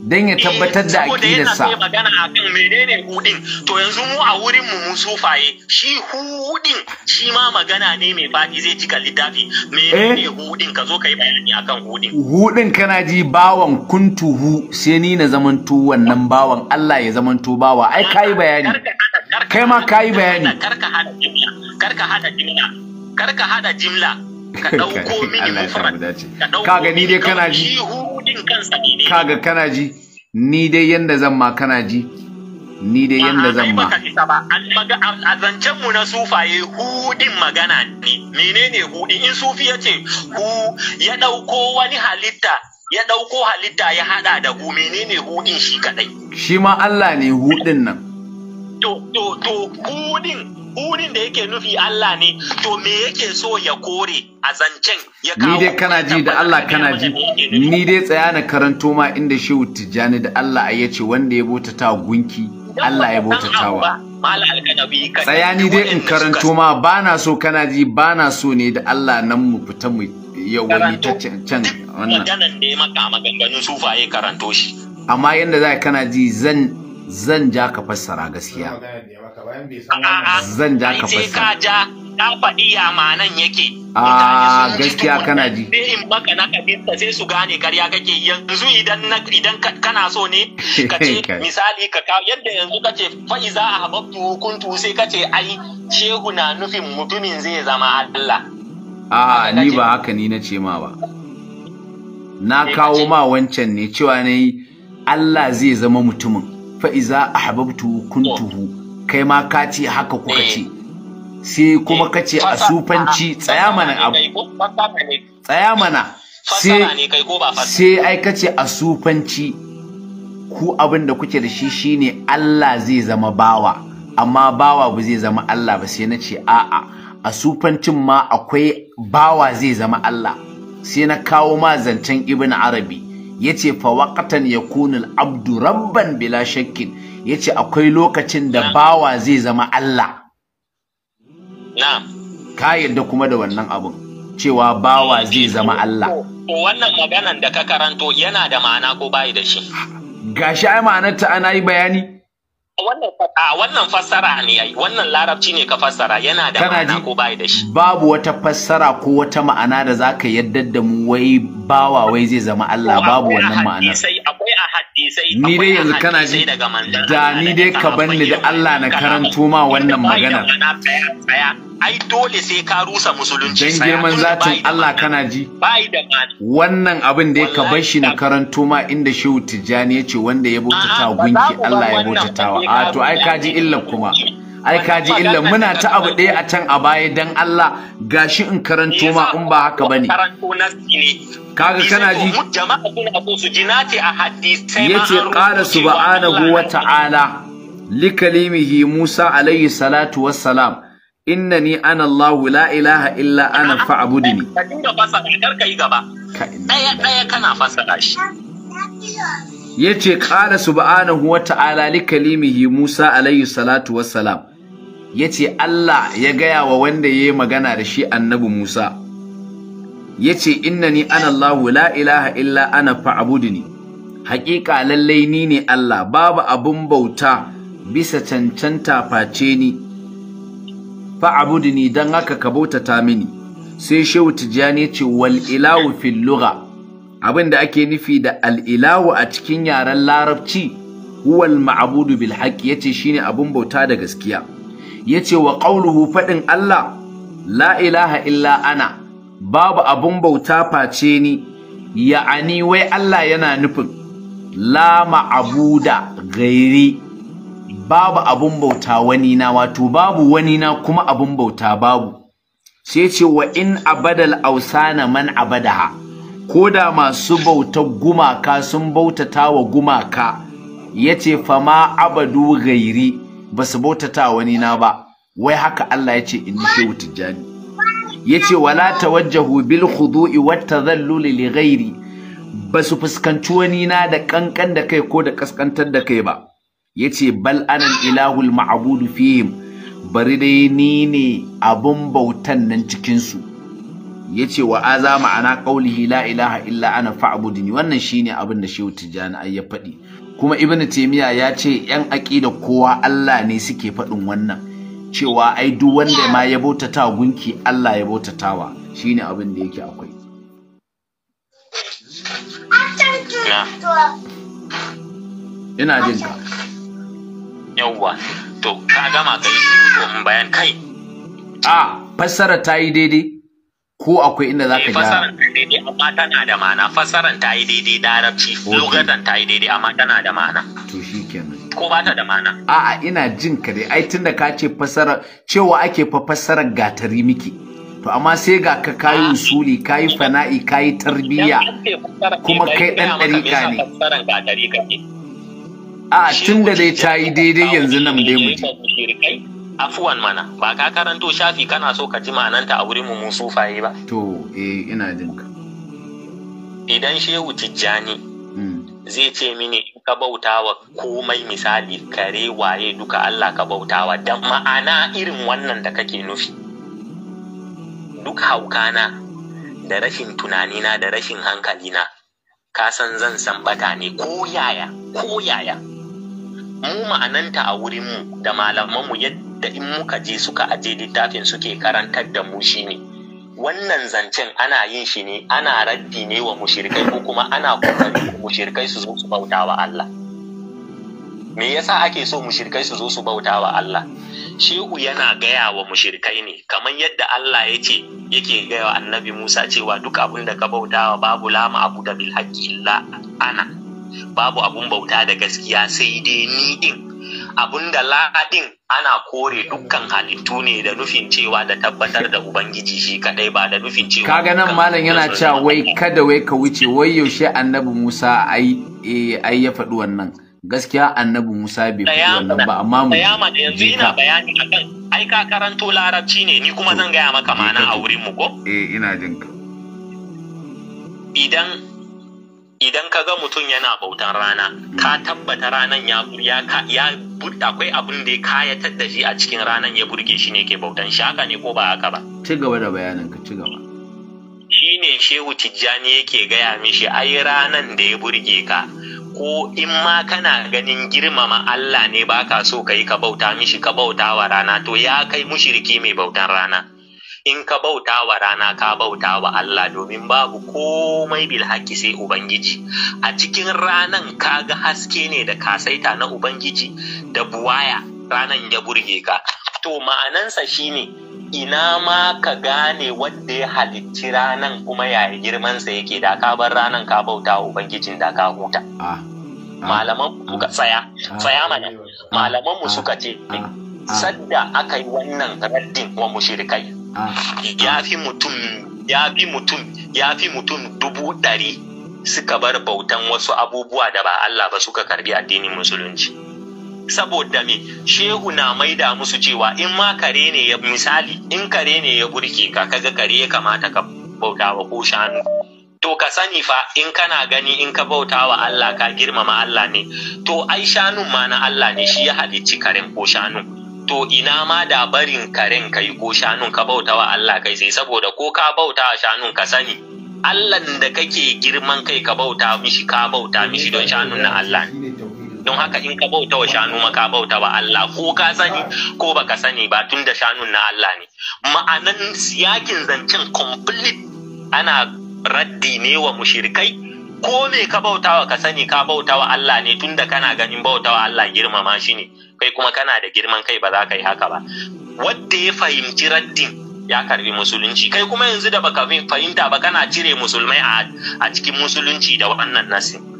[SPEAKER 1] don ya tabbatar da aƙidarsa. Saboda yana magana a kan
[SPEAKER 6] menene hudin, to yanzu mu a wurin mu sufaye shi hudin shi ma magana ne mai faɗi zai cika
[SPEAKER 1] littafi menene eh? hudin ka zo ka yi bayani a kan hudin. Hudin kana ji bawan kuntuhu sai ni na zamanto wannan bawan Allah ya zamanto bawa ai ka yi bayani kai ma ka yi bayani. Karka hada jimla karka hada jimla karka hada jimla ka dauko mini mufrad ka dauko kaga ni dai kana ji kaga kana ji ni dai yanda zan ma kana ji ni dai yanda zan ma
[SPEAKER 6] a zancen mu na sufaye hudin magana ne menene hudi in sufi ce, hu ya dauko wani halitta ya dauko halitta ya hada da hu menene hudin shi kadai
[SPEAKER 1] shi ma Allah ne hudin nan
[SPEAKER 6] to to to hudin burin da yake nufi Allah ne to me yake so ya kore a zancen
[SPEAKER 1] ya kawo ni dai kana ji da Allah kana ji ni dai tsaya na karanto ma inda shehu tijjani da Allah ya ce wanda ya bota ta gunki Allah ya bota tawa tsaya ni dai in karanto ma bana so kana ji bana so ne da Allah nan mu fita mu yau wani ta can wannan maganan ne maka maganganun
[SPEAKER 6] sufaye karanto shi
[SPEAKER 1] amma yanda za kana ji zan zan ja ka fassara gaskiya zan ja ka fassara
[SPEAKER 6] Ka faɗi yama nan
[SPEAKER 1] yake a ah, gaskiya kana ji
[SPEAKER 6] sai in baka na kabinta sai su gane karya kake yanzu idan
[SPEAKER 1] idan kana so ne kace
[SPEAKER 5] misali ka ka yadda yanzu kace fa'iza a hababtu kuntu sai
[SPEAKER 6] kace ai shehu na nufin mutumin zai zama Allah
[SPEAKER 1] ah, a ni ba haka ni na ce ma ba na kawo ma wancan ne cewa ne Allah zai zama mutumin fa iza ahbabtu kuntuhu kai ma ka ce haka kuka ce sai kuma ka ce a sufanci tsaya mana abu tsaya mana sai ai ka ce a sufanci ku abin da kuke da shi shine Allah zai zama bawa amma bawa ba zai zama Allah ba sai na ce a'a a sufancin ma akwai bawa zai zama Allah sai na kawo ma zancen ibn arabi ya fa fawakatan ya al-abdu rabban bila shakkin ce akwai lokacin da bawa zai zama Allah ka yarda kuma da wannan abun cewa bawa zai zama Allah
[SPEAKER 6] wannan maganan da ka karanto yana
[SPEAKER 1] da ma'ana ko bayi da shi gashi ai ma'anarta ana yi bayani
[SPEAKER 6] wannan fassara ne yayi wannan larabci ne ka fassara yana
[SPEAKER 1] da ma'ana ko bai da shi babu wata fassara ko wata ma'ana da zaka yarda da mu wai bawa wai zai zama Allah babu wannan ma'ana sai a ni dai yanzu kana ji
[SPEAKER 5] da ni dai ka banni
[SPEAKER 1] da Allah na karanto ma wannan magana ai dole sai ka rusa musulunci dan girman zatin Allah kana ji wannan abin da ka bar shi na karanto ma inda Shehu Tijjani yace wanda ya bautata gunki Allah ya wa. a to ai ka ji illa kuma ai kaji illa muna ta abu ɗaya a can a baya dan Allah gashi in karanto ma in ba haka bane kaga kana ji yace qala subhanahu wa ta'ala kalimihi Musa alayhi salatu wassalam innani ana Allah la ilaha illa ana fa'budni
[SPEAKER 6] ka dinga fasara karka yi gaba daya daya
[SPEAKER 1] kana fasara shi yace qala subhanahu wa ta'ala kalimihi Musa alayhi salatu wassalam Ya ce Allah ya gaya wa wanda ya yi magana da shi annabi Musa Ya yace innani ana Allah la ilaha illa ana fa'budni haƙiƙa lallai ni ne Allah babu abun bauta bisa cancanta face ni ni don haka ka bautata mini sai Shehu Tijjani yace wal ilahu fil Abin da ake nufi da al ilahu a cikin yaren Larabci huwal ma'budu bil ce shi ne abun bauta da gaskiya yace wa qauluhu faɗin Allah la ilaha illa ana babu abun bauta face ni ya'ani wai Allah yana nufin la ma'abuda gairi babu abun bauta wani na wato babu wani na kuma abun bauta babu sai ce wa in abadal ausana man abadaha ko da masu bautar gumaka sun bautata wa gumaka yace fama abadu gairi ba su bautata wani na ba wai haka Allah ya ce in ni shehu tijjani ya ce wala tawajjahu bil khudu'i wat tadhalluli li ghairi ba su fuskanci wani na da kankan da kai ko da kaskantar da kai ba ya ce bal anan ilahul ma'budu fihim bari dai ni ne abun bautan nan cikinsu ya ce wa aza ma'ana ƙaulihi la ilaha illa ana fa'abudini wannan shine abin da shehu tijjani ai ya faɗi kuma ibn taymiya ya ce yan aqida kowa Allah ne suke faɗin wannan cewa ai duk wanda ma ya bautata gunki Allah ya bautatawa shine abin da yake akwai ina jin ka yawwa
[SPEAKER 6] to ka gama kai mun bayan kai a
[SPEAKER 1] fassara ta yi daidai ko akwai inda za ka eh, gyara.
[SPEAKER 6] Fasaran ta daidai amma tana da ma'ana fasaran ta yi daidai larabci lugatan ta yi daidai amma tana da ma'ana. To shi kenan. Ko ba ta da ma'ana.
[SPEAKER 1] A'a ina jin ka dai ai tunda ka ce fasarar cewa ake fa fasarar gatari miki. To amma sai ga ka kayi usuli kayi fana'i kayi tarbiyya
[SPEAKER 5] kuma kai dan
[SPEAKER 1] ɗarika ne. A tunda dai ta yi daidai yanzu nan dai mu
[SPEAKER 6] ji. afuwan mana ba ka karanto shafi kana so ka ji ma'ananta a wurin mu sufaye ba
[SPEAKER 1] to eh ina jin ka
[SPEAKER 6] idan shehu tijjani hmm. zai ce mini ka bauta wa komai misali kare waye duka Allah ka bauta wa,' dan ma'ana irin wannan da kake nufi duk haukana da rashin tunanina da rashin hankalina ka san zan san bata ne ko yaya ko yaya mu ma'ananta a wurinmu da malamanmu yadda da in muka je suka aje littafin suke karantar da mu shine wannan zancen ana yin shi ne ana raddi ne wa mushirikai ko kuma ana ko mushirikai su zo su bauta wa Allah me yasa ake so mushirikai su zo su bauta wa Allah shehu yana gaya wa mushirikai ne kamar yadda Allah ya ce yake gaya wa annabi Musa cewa duk abin da ka bauta wa babu lama abu da bil ana babu abun bauta da gaskiya sai dai ni din abinda ladin ana kore dukkan halittu ne da nufin cewa da tabbatar da ubangiji shi kadai ba da nufin cewa kaga nan malam yana cewa
[SPEAKER 1] wai kada wai ka wuce wai yaushe annabi Musa ai eh, ai ya faɗi wannan gaskiya annabi Musa bai faɗi wannan ba amma mu yanzu ina
[SPEAKER 6] bayani akan ai ka karanto larabci ne ni kuma zan gaya maka mana a wurin
[SPEAKER 1] mu ko eh ina jinka
[SPEAKER 6] idan idan ka ga mutum yana bautan rana ka tabbata ranan ya ya akwai abin da ya kayatar da shi a cikin ranan ya burge shi ne ke bautan shi haka ne ko ba haka ba
[SPEAKER 1] ci gaba da bayanin ka ci gaba
[SPEAKER 6] ne shehu tijjani yake gaya mishi ai ranan da ya burge ka ko in ma kana ganin girmama Allah ne ba ka so ka yi ka bauta mishi ka bauta wa rana to ya kai mushiriki mai bautan rana in ka bauta wa rana ka bauta wa Allah domin babu komai bil haƙi sai ubangiji a cikin ranan ka ga haske ne da ka saita na ubangiji da buwaya ranan ya burge ka to ma'anansa shine ina ma ka gane wanda ya halicci ranan kuma yaya girmansa yake da ka bar ranan ka bauta wa ubangijin da ka huta ah, ah. malaman mu ah. tsaya mana malaman suka ce sadda aka yi wannan raddin wa mushrikai ya fi mutum ya mutum ya mutum dubu ɗari suka bar bautan wasu abubuwa da ba Allah ba suka karbi addinin musulunci saboda me shehu na maida musu cewa in ma kare ne ya misali in kare ne ya burke ka kaga kare ya kamata ka bautawa ko shanu to ka sani fa in kana gani in ka bauta wa Allah ka girmama Allah ne to ai shanun ma na Allah ne shi ya halicci karen ko shanun to ina ma da barin karen kai ko shanun ka bauta wa Allah kai sai saboda ko ka bauta wa shanun ka sani Allahn da kake girman kai ka bauta mishi ka bauta mishi don shanun na Allah don haka in ka bauta wa shanu ma ka bauta wa Allah ko ka sani ko baka sani ba tun da shanun na Allah ne ma'anan siyakin zancen complete ana raddi ne wa mushirikai ko me ka bautawa ka sani ka bautawa Allah ne tunda kana ganin bautawa Allah girmama shi ne kai kuma kana da girman kai ba za ka yi haka ba wanda ya fahimci raddin ya karbi musulunci kai kuma yanzu da baka fahimta ba kana cire musulmai a cikin musulunci da wannan nasin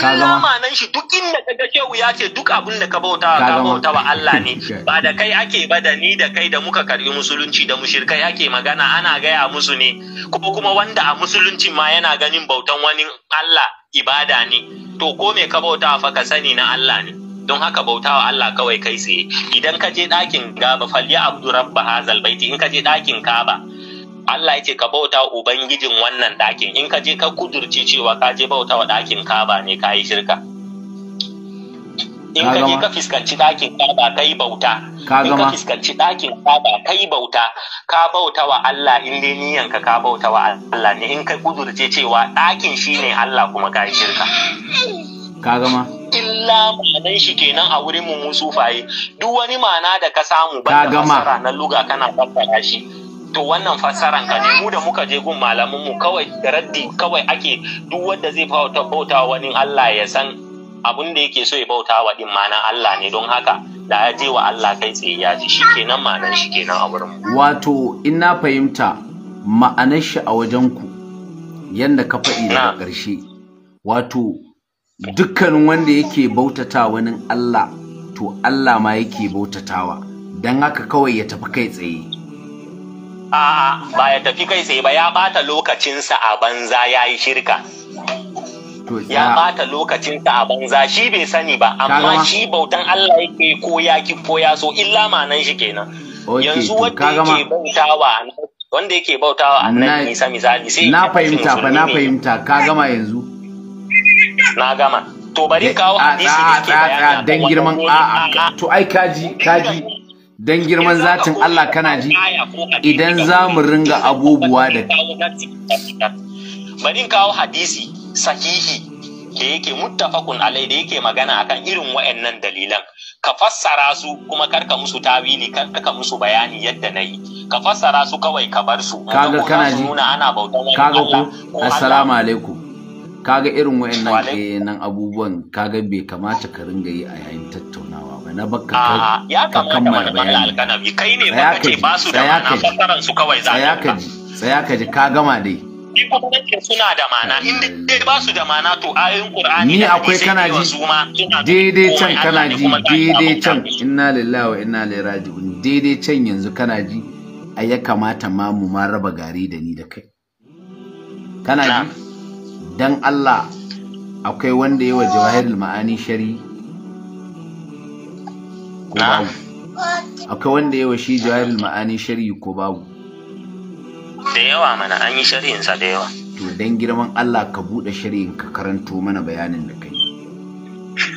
[SPEAKER 6] illa nan shi duk inda ka ga shehu ya ce duk abin da ka bauta ka bauta wa Allah ne ba da kai ake ba da ni da kai da muka karbi musulunci da mushirkai ake magana ana gaya musu ne ko kuma wanda a musulunci ma yana ganin bautan wani Allah ibada ne to ko me ka bauta fa ka sani na Allah ne don haka bauta wa Allah kawai kai tsaye idan ka je ɗakin gaba falya abdu rabba hazal baiti in ka je ɗakin kaba Allah yake ka bauta ubangijin wannan ɗakin in ka je ka kudurci cewa ka je bauta wa ɗakin kaba ne ka yi shirka in ka je ka fiskanci ɗakin kaba ka yi bauta in ka fiskanci ɗakin kaba ka yi bauta ka bauta wa Allah in dai niyan ka ka bauta wa Allah ne in ka kudurce cewa ɗakin shi ne Allah kuma ka yi shirka ka gama illa ma'anan shi kenan a wurin mu sufaye duk wani ma'ana da ka samu ba da na luga kana fassara shi to wannan fassaran ka ne mu da muka je gun malamin mu kawai da raddi kawai ake duk wanda zai bauta wani Allah ya san abin da yake so ya bauta wa din Allah ne don haka da ya je wa Allah kai tsaye ya ji shi kenan ma'anar shi kenan a wurin
[SPEAKER 1] wato in na fahimta ma'anar shi a wajen ku yanda ka faɗi daga ƙarshe wato dukkanin wanda yake bautata wani Allah to Allah ma yake bautatawa don haka kawai ya tafi kai tsaye
[SPEAKER 5] a'a ba
[SPEAKER 6] ya tafi kai sai ba ya bata lokacinsa a banza ya yi shirka ya bata lokacinsa a banza shi bai sani ba amma shi bautan Allah yake ko ya ki ko ya so illa manan shi kenan yanzu wanda yake bautawa wanda yake bautawa annabi Isa misali sai na fahimta fa na
[SPEAKER 1] fahimta ka gama yanzu na gama to bari kawo hadisi da ke bayani dan girman a'a to ai kaji kaji dan girman zatin Allah kana ji idan za mu ringa abubuwa da bari kawo hadisi sahihi
[SPEAKER 6] da yake muttafaqun alai da yake magana akan irin wa'annan dalilan ka fassara su kuma karka musu tawili karka musu bayani yadda nayi yi ka fassara su kawai ka bar su kaga kana ji kaga ku assalamu alaikum
[SPEAKER 1] kaga irin wa'annan nan abubuwan kaga bai kamata ka ringa yi a yayin tattauna na baka ya kamata mana mala alkanabi kai ne baka ce ba su da ma'ana fasaran
[SPEAKER 6] su kawai za ka
[SPEAKER 1] tsaya ka ji ka gama dai
[SPEAKER 6] ni kuma nake suna da ma'ana in dai ba su da ma'ana to ayoyin
[SPEAKER 5] qur'ani ni akwai kana ji daidai can kana ji daidai can
[SPEAKER 1] inna lillahi wa inna ilaihi raji'un daidai can yanzu kana ji ai ya kamata ma mu ma raba gari da ni da kai kana ji dan Allah akwai wanda yawa jawahirul ma'ani shari'i ko babu akwai wanda yawa shi jawarul ma'ani shari'i ko babu
[SPEAKER 6] da yawa mana an yi shari'insa da yawa
[SPEAKER 1] to don girman Allah ka buɗe shari'in ka karanto mana bayanin da kai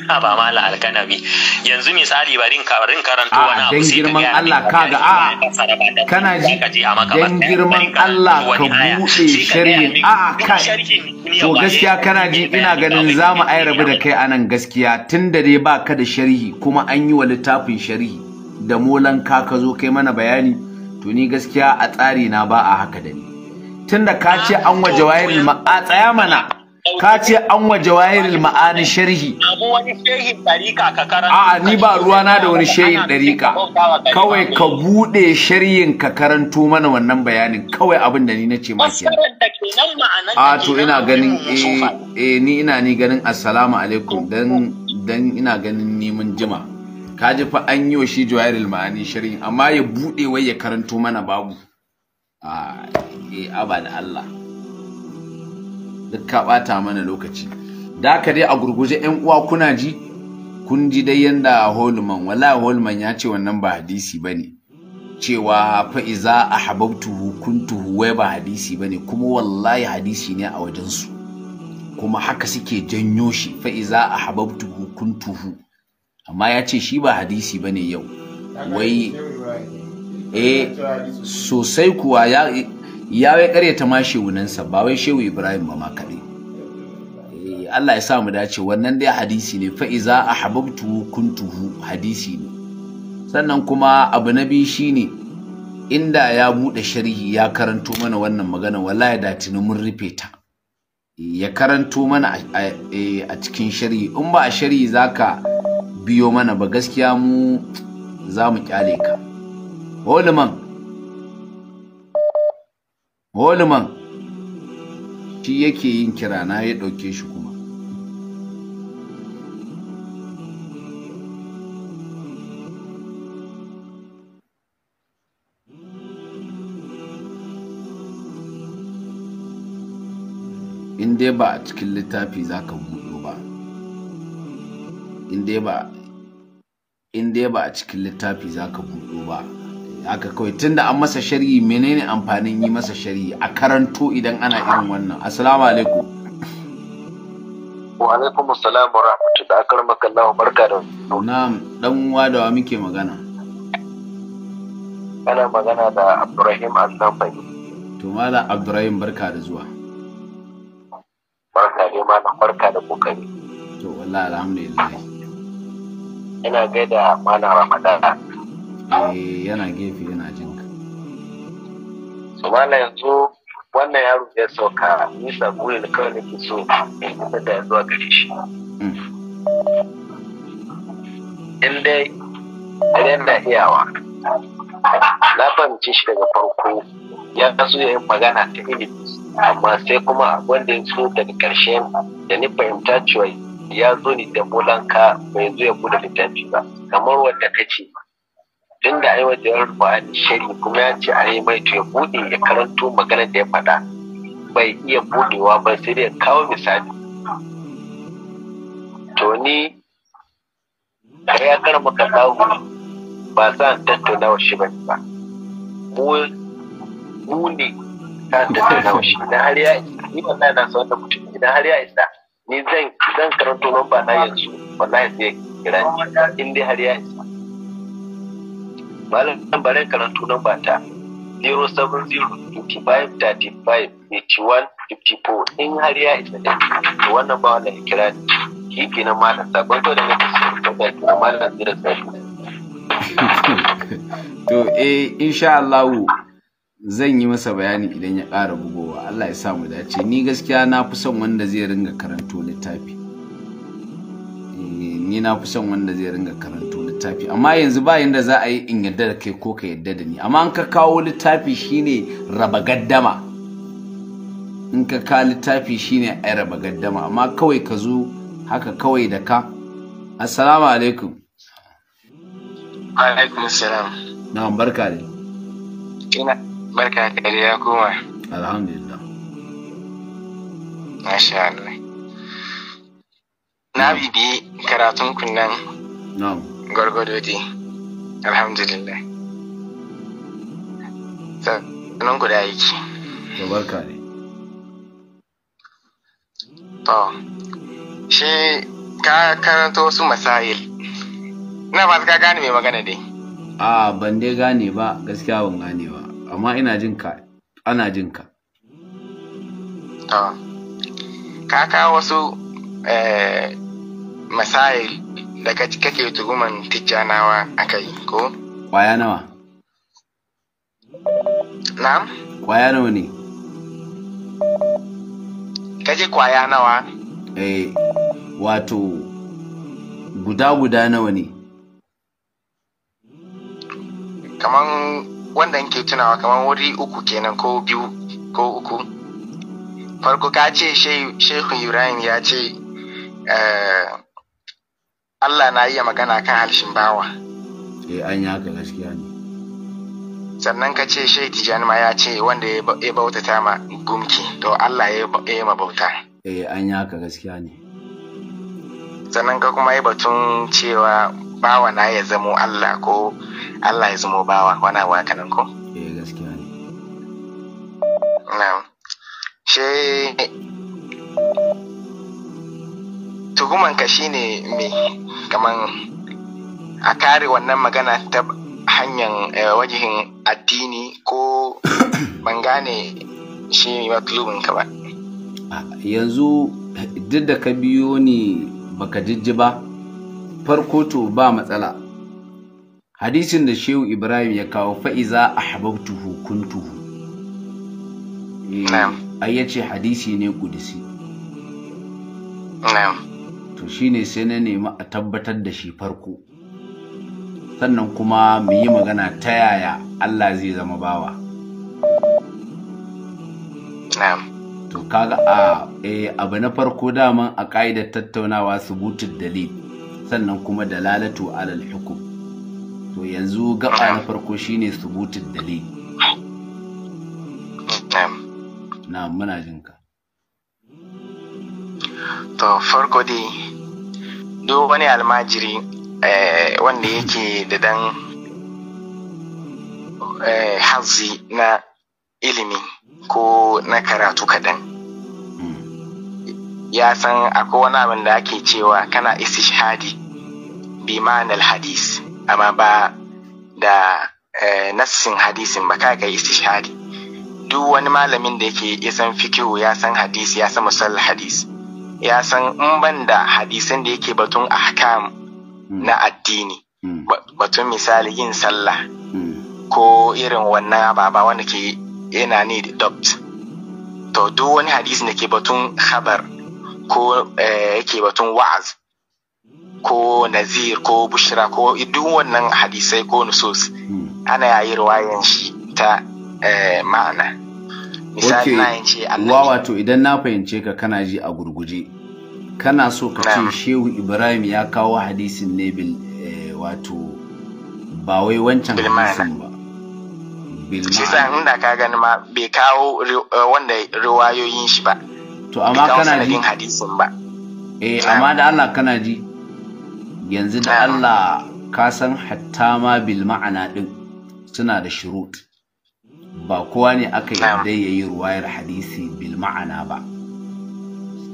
[SPEAKER 6] a ba mala bi yanzu misali barin karin
[SPEAKER 1] karanto wani abu sai girman Allah kaga a kana ji dan girman Allah ka buɗe sharhi
[SPEAKER 5] a kai
[SPEAKER 1] to gaskiya kana ji ina ganin zamu ai rabu da kai anan gaskiya da dai ba ka da sharhi kuma an yi wa littafin sharhi da molan ka ka zo kai mana bayani to ni gaskiya a tsari na ba a haka da ni tunda ka ce an waje wayar ma a tsaya mana ka ce an wa jawahirul ma'ani sharhi
[SPEAKER 4] abu wani shehin dariƙa ka karanta a'a ni ba ruwa na da wani shehin dariƙa
[SPEAKER 1] kawai ka buɗe sharhin ka karanto mana wannan bayanin kawai abin da ni nace ma kenan
[SPEAKER 5] a to ina ganin eh,
[SPEAKER 1] eh ni ina ni ganin assalamu alaikum dan dan ina ganin neman jima ka ji fa an yi wa shi jawahirul ma'ani sharhin amma ya buɗe wai ya karanto mana babu a eh aba da Allah duk ka bata mana lokaci da ka dai a gurguje yan uwa kuna ji kun ji dai yanda holman wala holman ya ce wannan ba hadisi bane cewa fa iza ahbabtuhu kuntuhu wai ba hadisi bane kuma wallahi hadisi ne a wajen su kuma haka suke janyo shi fa iza ahbabtuhu kuntuhu amma ya ce shi ba hadisi bane yau wai eh sosai kuwa ya ya wai ta ma shewunansa ba wai shehu ibrahim ba ma kaɗai eh, Allah ya sa mu dace wannan dai hadisi ne fa'iza a hababtu kuntuhu hadisi ne sannan kuma abu na biyu shine inda ya buɗe sharhi ya karanto mana wannan magana wallahi da tuni mun rufe ta eh, ya karanto mana eh, a cikin sharhi in ba a sharhi zaka biyo mana ba gaskiya mu za mu kyale ka Holman holman shi yake yin kirana ya ɗauke shi kuma in dai ba a cikin littafi za ka buɗo ba in ba a cikin littafi za ka buɗo ba haka kawai tunda an masa sharhi menene amfanin yi masa sharhi a karanto idan ana irin wannan assalamu alaikum
[SPEAKER 2] wa alaikum assalam wa rahmatullahi akramakallahu barka da
[SPEAKER 1] na'am dan uwa da wa muke magana
[SPEAKER 2] ana magana da Abdurrahim Al-Nafai
[SPEAKER 1] to malam Abdurrahim barka da zuwa
[SPEAKER 2] barka ne malam barka da kokari
[SPEAKER 1] to wallahi alhamdulillah
[SPEAKER 2] ina gaida malam Ramadan
[SPEAKER 1] Eh, yana gefe yana jinka
[SPEAKER 2] so malam yanzu wannan yaro ya sauka ni sabo ne kawai nake so in kuma da zuwa gare shi hmm. in dai idan na iyawa na fahimci shi daga farko ya kasu yin magana ta ilimi amma sai kuma wanda ya so daga ƙarshe da ni fahimta cewa ya zo ni da bolanka bai zo ya bude littafi ba kamar wanda ka ce da aiwa da yawan rufa shari kuma ya ce a yi mai to ya bude ya karanto maganar da ya faɗa bai iya budewa ba sai dai kawo misali to ni ya kar maka dawo ba za a tattauna wa shi ba ba mu ne ta tattauna wa shi idan har ya isa ni wallahi na sa wanda mutum idan har ya isa ni zan zan karanto lamba na yanzu wallahi sai ni in dai har ya isa malam bare karantu nan ba ta 070-55-35-81-54 in har ya isa da ke wannan ba wannan kira ki ke nan malam sakon to da nake so da kira malam zira tsari
[SPEAKER 1] to eh insha Allah zan yi masa bayani idan ya ƙara bugowa Allah ya sa mu dace ni gaskiya na fi son wanda zai ringa karanto littafi eh, ni na fi son wanda zai ringa karanto littafi amma yanzu ba yanda za a yi in yadda da kai ko ka yadda da ni amma in ka kawo littafi shine raba gaddama in ka kawo littafi shine a raba gaddama amma kawai ka zo haka kawai da ka assalamu alaikum
[SPEAKER 3] alaikum na
[SPEAKER 1] na'am barka ne
[SPEAKER 3] ina barka da dai ya koma
[SPEAKER 1] alhamdulillah
[SPEAKER 3] masha Allah na bibi karatun kunnan. gwargwado alhamdulillah sannan guda aiki da barka ne to shi ka karanta wasu masayil. ina ba ka gane mai magana dai
[SPEAKER 1] a ban dai gane ba gaskiya ban gane ba amma ina jin ka ana jin ka to ka kawo wasu
[SPEAKER 3] masayil. Daga kake tuhuman tijjanawa aka yi ko?
[SPEAKER 1] Kwaya nawa? Na'am? Kwaya nawa ne? Kaje kwaya nawa? Eh, wato guda-guda nawa ne?
[SPEAKER 3] Kaman wanda nke tunawa kaman wuri uku kenan ko biyu ko uku. Farko ka ce Shehu Ibrahim ya ce eh, Allah na iya magana kan halshin bawa
[SPEAKER 4] eh
[SPEAKER 1] an yi haka gaskiya ne
[SPEAKER 3] sannan ka ce shai tijani ma ya ce wanda ya bautata ma gumki to Allah ya yi ma bauta
[SPEAKER 1] eh an yi haka gaskiya ne
[SPEAKER 3] sannan ka kuma yi batun cewa bawa na ya zamo Allah ko Allah ya zamo bawa wani abu haka nan ko eh gaskiya ne na'am she ka shine me kaman a kare wannan magana ta hanyar eh, wajihin addini ko ban gane
[SPEAKER 1] shi ka ba yanzu duk da ka biyo ni baka jijji ba farko to ba matsala hadisin da shehu ibrahim ya kawo fa'iza ahbabtuhu kuntuhu ai hadisi ne kudisi to shine sai na nemi a tabbatar da shi farko sannan kuma mu yi magana ta yaya Allah zai zama bawa to kaga a eh, abu na farko daman a ka'idar tattaunawa subutul dalil sannan kuma dalalatu alal hukum to yanzu gaba na farko shine subutul dalil na muna jinka to farko
[SPEAKER 3] dai duk wani almajiri eh, wanda yake da dan eh, hazi na ilimi ko na karatu kaɗan hmm. ya san akwai wani abin da ake cewa kana istishhadi bi ma'anar hadis amma ba da eh, nassin hadisin ba ka kai istishhadi duk wani malamin da yake ya san fikihu ya san hadisi ya san musal hadisi. ya san in ban da hadisan da yake batun ahkam hmm. na addini hmm. batun misali yin sallah hmm. ko irin wannan ababa wanda ke yana ne da dopt to duk wani hadisi da ke batun habar ko eh, yake batun wa'az ko nazir ko bushira ko duk wannan hadisai ko nusus ana yayi ruwayan shi ta eh, ma'ana
[SPEAKER 1] misali na yin ce wato idan na fahimce ka kana ji a gurguje kana so ka ce shehu ibrahim ya kawo hadisin ne bil eh, wato ba wai wancan hadisin ba shi sa
[SPEAKER 3] inda ka gani ma bai kawo eh, wanda riwayoyin shi ba to amma kana ji
[SPEAKER 1] hadisin ba eh amma da Allah kana ji yanzu da Allah ka san hatta ma bil ma'ana din suna da shurut ba kowa ne aka yarda yayi ruwayar hadisi bil ma'ana ba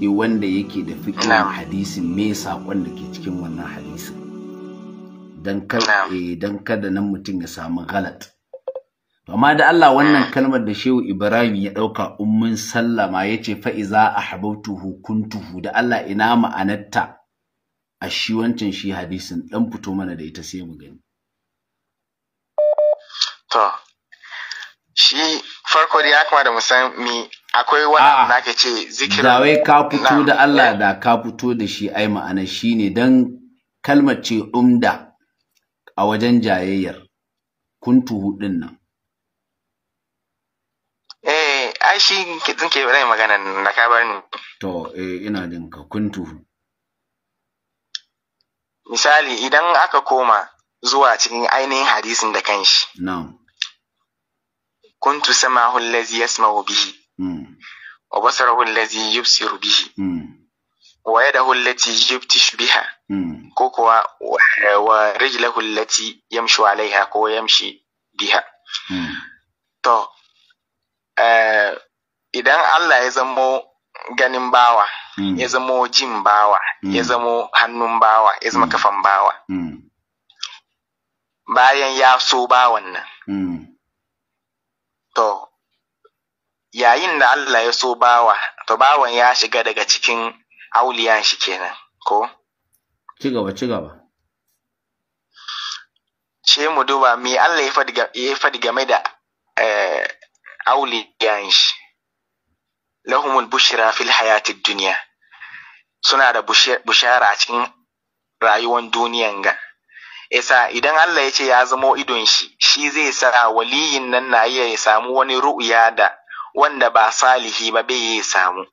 [SPEAKER 1] wanda yake da fikirin hadisin me saƙon da ke cikin wannan hadisin don eh, kada nan mutum ya samu galat amma da Allah wannan kalmar da Shehu Ibrahim ya ɗauka ummin sallama ya ce fa'iza a habautuhu kuntuhu da Allah ina ma'anarta a shi wancan shi hadisin ɗan fito mana da ita sai mu gani.
[SPEAKER 3] To, shi farko da ya kama da musammi akwai wani abu ah, da ake ce zikirin da wai ka fito da Allah eh.
[SPEAKER 1] da ka fito da shi ai ma'ana shi ne kalmar ce umda a wajen jayayyar kuntu hudin nan
[SPEAKER 3] eh ai shi kin ke rai magana na ka bar ni
[SPEAKER 1] to eh ina jin ka kuntu
[SPEAKER 3] misali idan aka koma zuwa cikin ainihin hadisin da kanshi na'am kuntu samahu allazi yasma'u bihi وبصره الذي يبصر به bihi التي يبتش بها yubtish biha ko kuwa wa كو يمشي بها alaiha ko yamshi biha idan Allah ya zamo ganin bawa ya zamo jin bawa ya zamo hannun bawa ya zama kafan bawa bayan ya so bawan nan to yayin da Allah ya so bawa to bawan ya shiga daga cikin auliyan shi kenan ko
[SPEAKER 1] ci gaba ci gaba ce
[SPEAKER 3] mu duba me Allah ya faɗi game da eh, auliyan shi lahumul bushira fil hayatid duniya suna da bushara a cikin rayuwar duniyan ga isa idan Allah ya ce ya zamo idon shi shi zai sa waliyin nan na iya ya samu wani ru'ya da wanda ba salihi ba bai yi samu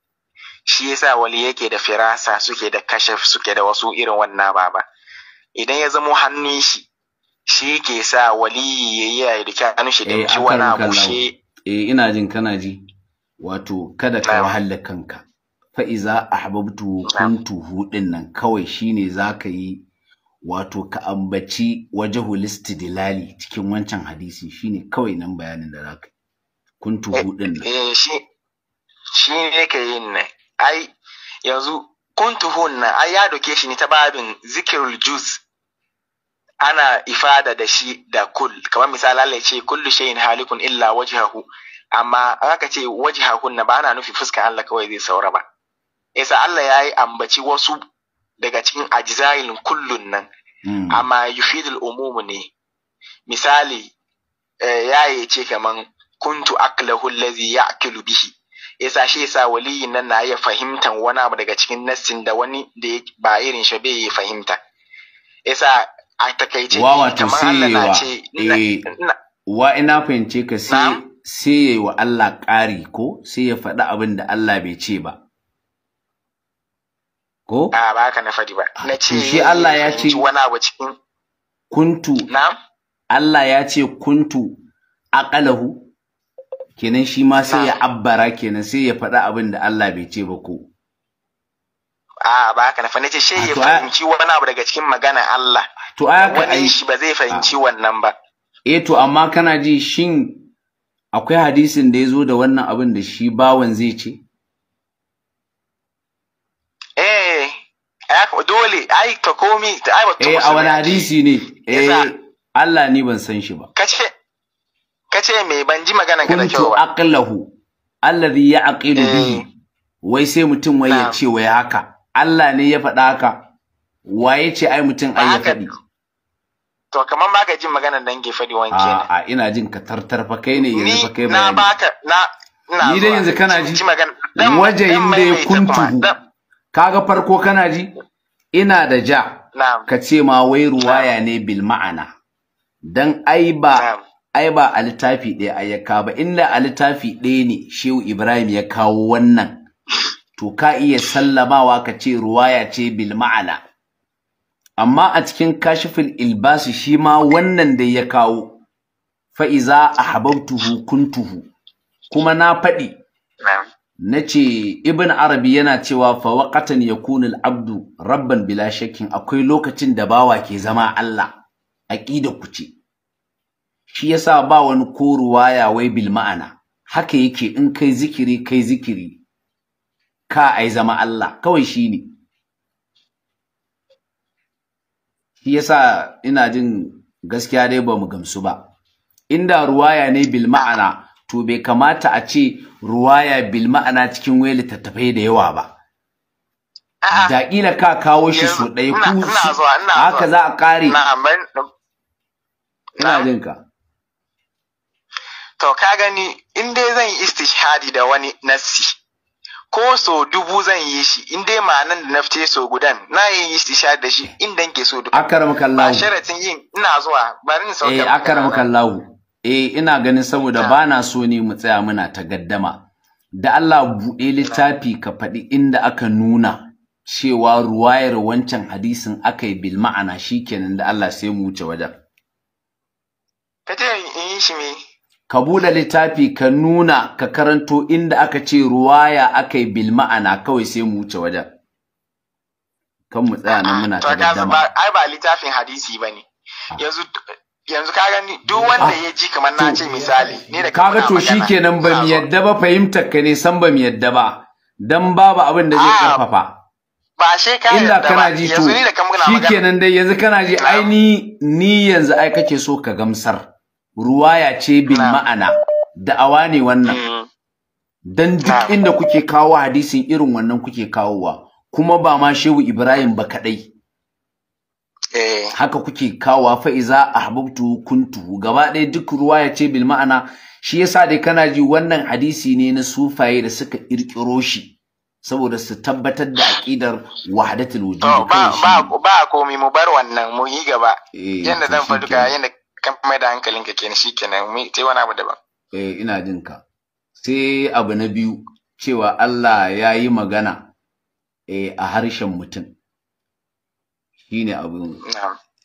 [SPEAKER 3] shi yasa wali yake da firasa suke da kashaf suke da wasu irin wannan baba idan ya zamo hannun shi shi ke sa wali ya yi a rike hannun shi da eh, wani abu shi
[SPEAKER 1] eh ina jin kana ji wato kada ka wahala kanka fa iza ahbabtu kuntu nan kawai shine zaka yi wato ka ambaci wajahul dilali cikin wancan hadisi shine kawai nan bayanin da zaka yi kuntuhu eh, din nan eh
[SPEAKER 3] shi shi ne ke yin nan ai yanzu kuntuhun nan ai ya doke shi ne ta babin zikirul juz ana ifada da shi da kul kamar misali Allah ya ce kullu shay'in halikun illa wajhahu amma aka ce wajhahun na ba ana nufi fuskan Allah kawai zai saura ba yasa Allah ya yi ambaci wasu daga cikin ajizayil kullun nan hmm. amma yufidul umumu ne misali eh, ya yi ce kaman kuntu aklahu allazi ya'kulu bihi yasa shi yasa waliyin nan na iya fahimtan wani abu daga cikin nassin da wani da ba irin shi bai fahimta yasa a takaice kamar Allah na ce eh,
[SPEAKER 1] wa ina fahimce ka sai sai ya yi wa Allah ƙari ko sai ya faɗi abin da Allah bai ce ba. Ko? A
[SPEAKER 3] ba ka na faɗi ba. Ah, na ce shi Allah ya ce
[SPEAKER 1] kuntu. Allah ya ce kuntu aqalahu kenan shi ma sai ya ah. abbara kenan sai ya faɗa abin da Allah bai ce ba ko a ah, ba haka
[SPEAKER 3] na fahimci shi ah, ya fahimci wani abu daga cikin magana Allah to a haka ai shi ba zai fahimci wannan
[SPEAKER 1] ba eh to amma kana ji shin akwai hadisin da ya zo da wannan abin da shi bawan zai ce?
[SPEAKER 3] Eh, dole, ai ka komi, ai ba Eh, a wani
[SPEAKER 1] hadisi ne, eh, Allah ni ban san shi ba. Kace, kace me ban ji magana ka da kyau ba aqlahu allazi ya'qilu eh. bihi wai sai mutum wai ya ce wai haka Allah ne ya faɗa haka waye ce ai mutum ai ya faɗi to kaman ka jin maganar dan ke faɗi wanke ne a ina jin ka tartar fa kai ne yanzu fa kai bayani na baka na ni dai yanzu kana ji wajayin da ya kuntu kaga farko kana ji ina da ja ka ce ma wai ruwaya ne bil ma'ana dan ai ba ai ba a littafi ɗaya a yaka ba inda a littafi ɗaya ne shehu ibrahim ya kawo wannan to ka iya sallamawa ka ce ruwaya ce bil ma'ana amma a cikin kashifin ilbasi shi ma wannan da ya kawo fa'iza a habautuhu kuntuhu kuma na faɗi na ce ibn arabi yana cewa fawakatan ya kunil abdu rabban bila shakkin akwai lokacin da bawa ke zama Allah aƙida ku ce shi yasa ba wani koruwa ya wai bil ma'ana haka yake in kai zikiri kai zikiri ka ai zama Allah kawai shi ne shi yasa ina jin gaskiya dai ba mu gamsu ba inda ruwaya ne bil ma'ana to bai kamata a ce ruwaya bil ma'ana cikin wai littattafai da yawa ba da kila ka kawo shi so ɗaya ku haka za a ƙare ina jinka
[SPEAKER 3] to ka gani in dai zan yi istishhadi da wani nassi ko so dubu zan yi shi in dai ma'anan da na so gudan na yi istishhadi da shi inda nke ke so dubu akaram kallahu ba sharatin yin ina zuwa bari in sauka eh akaram kallahu
[SPEAKER 1] eh ina ganin saboda ba na so ne mu tsaya muna ta gaddama da Allah buɗe littafi ka faɗi inda aka nuna cewa ruwayar wancan hadisin aka yi bil ma'ana shikenan da Allah sai mu wuce wajen
[SPEAKER 5] kace in yi shi me
[SPEAKER 1] ka bude littafi ka nuna ka karanto inda aka ce ruwaya aka yi bil ma'ana kawai sai mu wuce wajen kan mu tsaya nan muna ta gaddama
[SPEAKER 3] ai ba littafin hadisi bane ah. yanzu yanzu ka gani duk wanda ah. ya ji
[SPEAKER 1] kamar na ce misali ne da kaga to shikenan ba miyadda yadda ba fahimtar ka ne san ba ba, yadda ba dan babu abin da zai karfafa ah. ba she ka illa kana ji to shikenan dai yanzu kana ji ai ni ni yanzu ai kake so ka gamsar ruwaya ce bin ma'ana da'awa ne wannan mm. dan duk inda kuke kawo hadisin irin wannan kuke kawowa kuma ba ma shehu Ibrahim ba kaɗai. Eh. haka kuke kawowa fa'iza iza ahbabtu kuntu gaba ɗaya duk ruwaya ce bil ma'ana shi yasa dai kana ji wannan hadisi ne na sufaye da suka kirkiro shi saboda su tabbatar da aqidar wahdatul wujud ba
[SPEAKER 3] ba ba komai mu bar wannan mu yi gaba eh, yanda zan faɗi ga kan mai da hankalin ka kenan shi kenan sai wani abu daban
[SPEAKER 1] eh ina jin ka sai abu na biyu cewa Allah ya yi magana eh a harshen mutum shi abu abin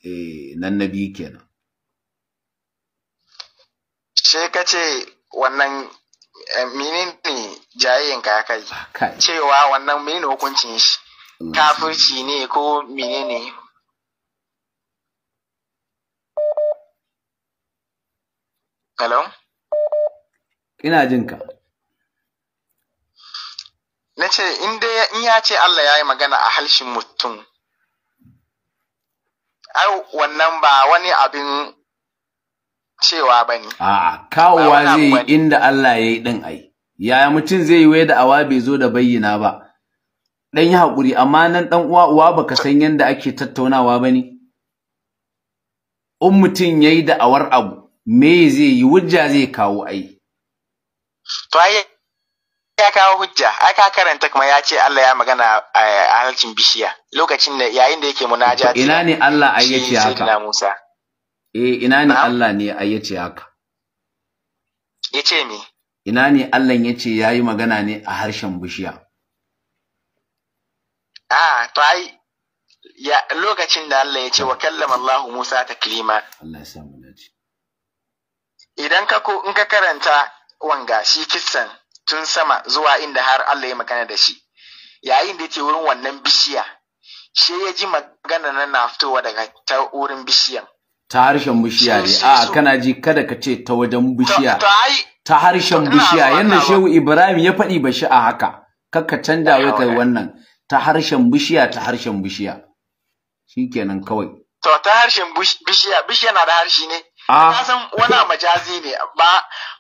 [SPEAKER 1] eh, nan na biyu kenan
[SPEAKER 3] ce ka ce wannan eh, menene jayayyanka ka kai cewa wannan menene hukuncin shi mm. kafirci
[SPEAKER 1] ne ko menene Hello? Ina jin ka.
[SPEAKER 3] Na ce, in ya ce Allah ya yi magana a halshin mutum, ai wannan ba wani abin
[SPEAKER 1] cewa ba ne. A kawowa zai yi inda Allah ya yi ɗin ai, yaya mutum zai yi wai da awa bai zo da bayyana ba. Ɗan yi haƙuri, amma nan ɗan uwa uwa baka san yadda ake tattaunawa ba ne? In mutum ya yi da awar abu, me zai yi hujja zai kawo ai to ai
[SPEAKER 3] ya kawo hujja ai ka karanta kuma ya ce Allah ya magana a halcin bishiya lokacin da yayin da yake munajati ina ne Allah ai ce haka Musa
[SPEAKER 1] eh ina ne Allah ne ai ce haka ce me ina ne Allah yace yayi magana ne a harshen bishiya
[SPEAKER 3] ah to ai ya lokacin da Allah ya ce wa kallama Allah Musa taklima Allah ya samu dace idan ka ko in ka karanta wanga shi kissan tun sama zuwa inda har Allah ya magana da shi yayin da yake wurin wannan bishiya shi ya ji magana na na fitowa daga ta wurin bishiyan
[SPEAKER 1] ta harshen bishiya ne a ah, kana ji kada ka ce ta wajen bishiya ta harshen bishiya yadda shehu ibrahim ya faɗi ba shi a haka kakka canja wai kai wannan ta harshen bishiya ta harshen bishiya shikenan kawai
[SPEAKER 3] to ta harshen bishiya bishiya na da harshe ne Ah. ka san wani majazi ne ba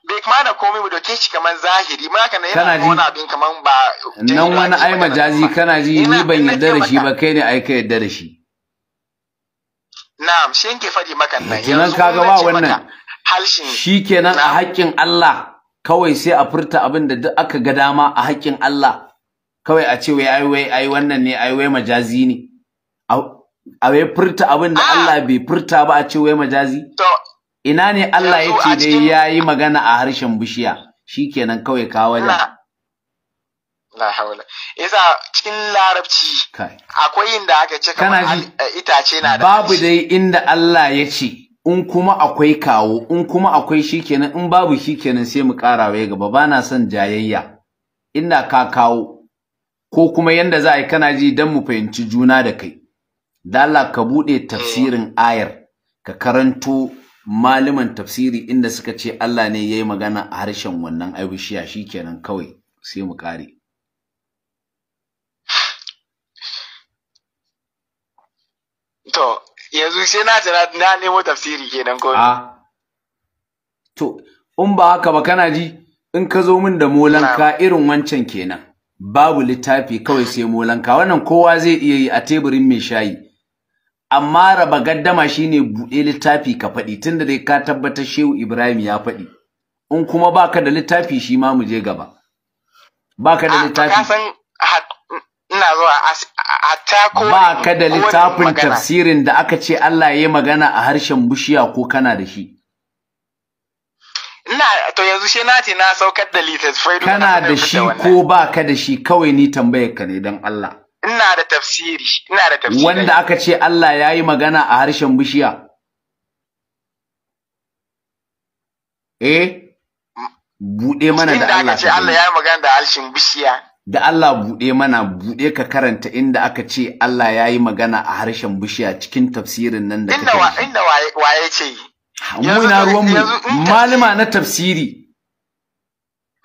[SPEAKER 3] bai kuma da komai mu doke shi kamar zahiri ma kana
[SPEAKER 1] yana wani abin kamar ba nan wani ai majazi kana ji ni ban yarda da shi ba kai ne ai ka yarda da shi
[SPEAKER 3] na'am shi yake fadi maka nan yanzu kaga ba wannan
[SPEAKER 1] shi kenan a haƙƙin Allah kawai sai a furta abin da duk aka ga dama a haƙƙin Allah kawai a ce wai ai wai ai wannan ne ai wai majazi ne a wai furta abin da ah. Allah bai furta ba a ce wai majazi to ina ne Allah ya ce dai ya yi magana a harshen bishiya shi kenan kawai kawai da
[SPEAKER 3] la haula isa cikin larabci akwai
[SPEAKER 1] inda aka ce kamar eh, itace na da babu dai inda Allah ya ce in kuma akwai kawo in kuma akwai shikenan in babu shikenan sai mu karawa gaba ba na son jayayya inda ka kawo ko kuma yanda za a yi kana ji don mu fahimci juna da kai da Allah ka buɗe tafsirin eh. ayar ka karanto maliman tafsiri inda suka ce Allah ne ya yi magana a harshen wannan aibishiya shi kenan kawai sai mu ƙare.
[SPEAKER 3] To, yanzu sai na na nemo tafsiri kenan kawai. Ah.
[SPEAKER 1] To, in ba haka ba kana ji in ka zo min da molanka irin wancan kenan. Babu littafi kawai sai molanka wannan kowa zai iya yi a teburin mai shayi. amma raba gaddama shine buɗe littafi ka faɗi tunda dai ka tabbatar Shehu Ibrahim ya faɗi in kuma baka da littafi shi ma mu je gaba baka da littafi ina zuwa hatta ko baka da littafin tafsirin da aka ce Allah ya yi magana a harshen bushiya ko kana da shi
[SPEAKER 3] ina to yanzu shi ce na saukar da littattafai kana da shi ko baka
[SPEAKER 1] da shi kawai ni tambayar ka ne dan Allah ina da tafsiri ina da tafsiri wanda aka ce Allah ya yi magana a harshen bishiya eh buɗe mana da Allah inda aka ce Allah ya yi
[SPEAKER 3] magana da harshen bishiya
[SPEAKER 1] da Allah buɗe mana buɗe ka karanta inda aka ce Allah ya yi magana a harshen bishiya cikin tafsirin nan da inda wa
[SPEAKER 3] inda waye ce
[SPEAKER 1] mu na ruwan mu malama na tafsiri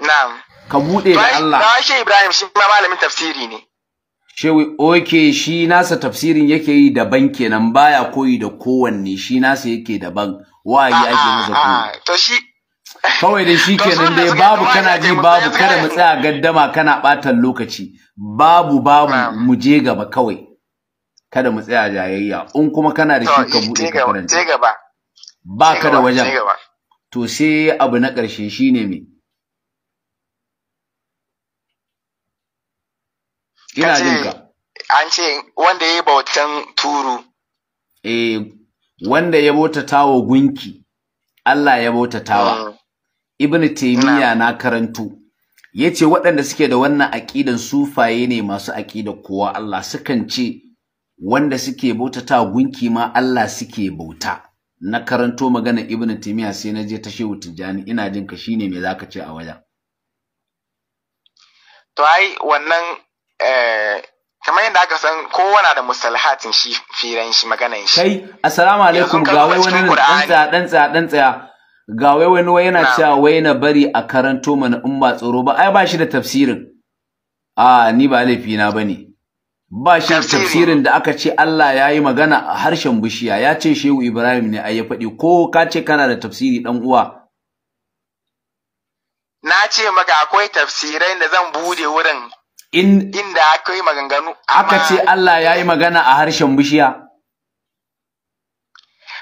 [SPEAKER 1] na'am ka buɗe da Allah ba shi
[SPEAKER 3] Ibrahim shi ma malamin
[SPEAKER 1] tafsiri ne shewi oke shi nasa tafsirin yake yi daban kenan baya koyi da kowanne shi nasa yake daban wayi ake masa koyi to shi kawai da shi kenan dai babu kana ji babu kada mu tsaya gaddama kana batan lokaci babu babu mu je gaba kawai kada mu tsaya jayayya in kuma kana da shi ka bude ka karanta ba ka da wajen to sai abu na karshe shine me ina jin ka
[SPEAKER 3] an ce wanda ya yi
[SPEAKER 1] bautan turu eh wanda ya bauta wa gunki Allah ya bautatawa tawa. Hmm. ibn taymiya na karantu ce waɗanda suke da wannan aƙidan sufaye ne masu aƙidan kowa Allah sukan ce wanda suke bautata gunki ma Allah suke bauta na karanto magana ibn taymiya sai na je ta shehu tijjani ina jin ka shine me zaka ce a wajen
[SPEAKER 3] to ai wannan Eh, kamar yadda aka san kowa na da
[SPEAKER 1] musalhatin shi firan shi maganan shi kai assalamu alaikum ga wai wani dan tsaya dan tsaya dan tsaya ga wai wani wai yana cewa wai na bari a karanto mana in ba tsoro ba ai ba shi da tafsirin a ni ba laifi na bane ba shi tafsirin da aka ce Allah ya yi magana a harshen bishiya ya ce shehu Ibrahim ne a ya faɗi ko ka ce kana da tafsiri ɗan uwa.
[SPEAKER 3] Na ce maka akwai tafsirai da zan bude wurin In inda aka yi maganganu. Aka ce Allah ya yi magana
[SPEAKER 1] a harshen bishiya.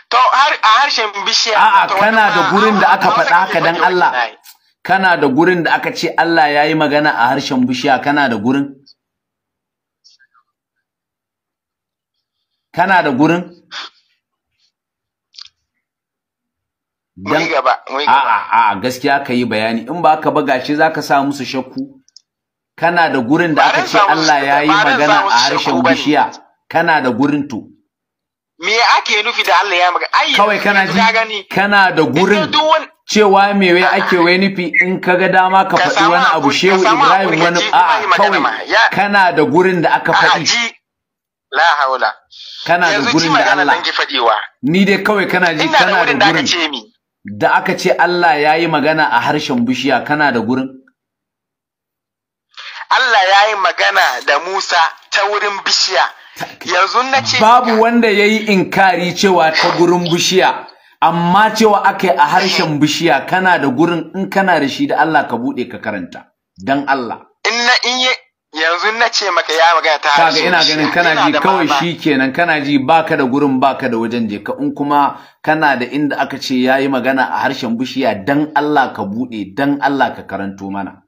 [SPEAKER 3] To a harshen bishiya. A'a
[SPEAKER 1] kana da gurin da aka faɗa haka dan Allah. Kana da gurin da aka ce Allah ya yi magana a harshen bishiya kana da gurin? Kana da gurin? Dan, gaba, a'a, a'a gaskiya ka yi bayani in ba ka ba gashi za ka sa musu shakku. kana da gurin da aka ce Allah ya yi magana a harshen bishiya kana da gurin to
[SPEAKER 3] me ake nufi da Allah ya magana kawai kana ji
[SPEAKER 1] kana da gurin cewa me wai ake wai nufi in ka ga dama ka faɗi wani abu shehu Ibrahim wani a kawai kana da gurin da aka faɗi la haula kana da gurin da Allah ni dai kawai kana ji kana da gurin da aka ce Allah ya yi magana a harshen bishiya kana da gurin Allah ya yi magana da Musa ta wurin bishiya yanzu na ce babu wanda ya yi inkari cewa ta gurin bishiya amma cewa aka yi a harshen bishiya kana da gurin in kana da shi da Allah ka buɗe ka karanta don Allah
[SPEAKER 3] in yanzu na ce maka ya magana ta harshen bishiya, ina ganin kana ji kawai shi
[SPEAKER 1] kenan kana ji baka da gurin baka da wajen je ka in kuma kana da inda aka ce ya yi magana a harshen bishiya dan Allah ka buɗe, dan Allah ka karanto mana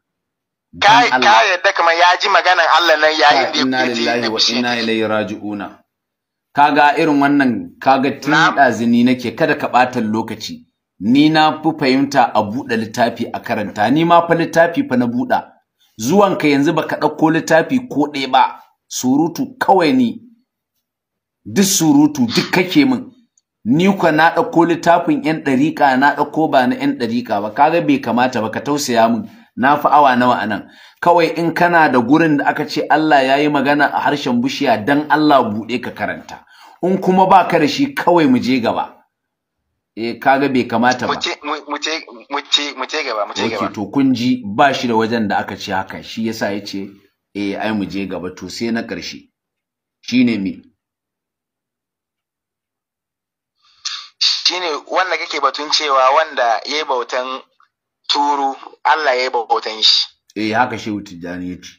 [SPEAKER 3] ka yadda ya ji maganan Allah nan yayin da
[SPEAKER 1] inna lillahi wa raji'una kaga irin wannan kaga tun ɗazini nake kada ka ɓata lokaci ni na fi fahimta a buɗe littafi a karanta ni ma fa littafi fa na buɗa zuwan ka yanzu baka ɗauko littafi ko ɗaya ba surutu kawai ni duk surutu duk kake min ni kwa na ɗauko littafin 'yan ɗariƙa na ɗauko ba na 'yan ɗariƙa ba kaga bai kamata ba ka tausaya min na fi awa nawa anan kawai in kana da gurin da aka ce Allah ya yi magana a harshen bishiya don Allah buɗe ka karanta in kuma ba ka da shi kawai mu je gaba eh, ka kaga bai kamata ba
[SPEAKER 3] mu ce mu ce gaba mu ce gaba
[SPEAKER 1] to kun ji ba shi da wajen da aka ce haka shi yasa ce e ai mu je gaba to sai na ƙarshe shine me
[SPEAKER 3] shine wanda kake batun cewa wanda ya yi bautan turu Allah ya yi bautan shi
[SPEAKER 1] eh haka shehu tijjani ya ci.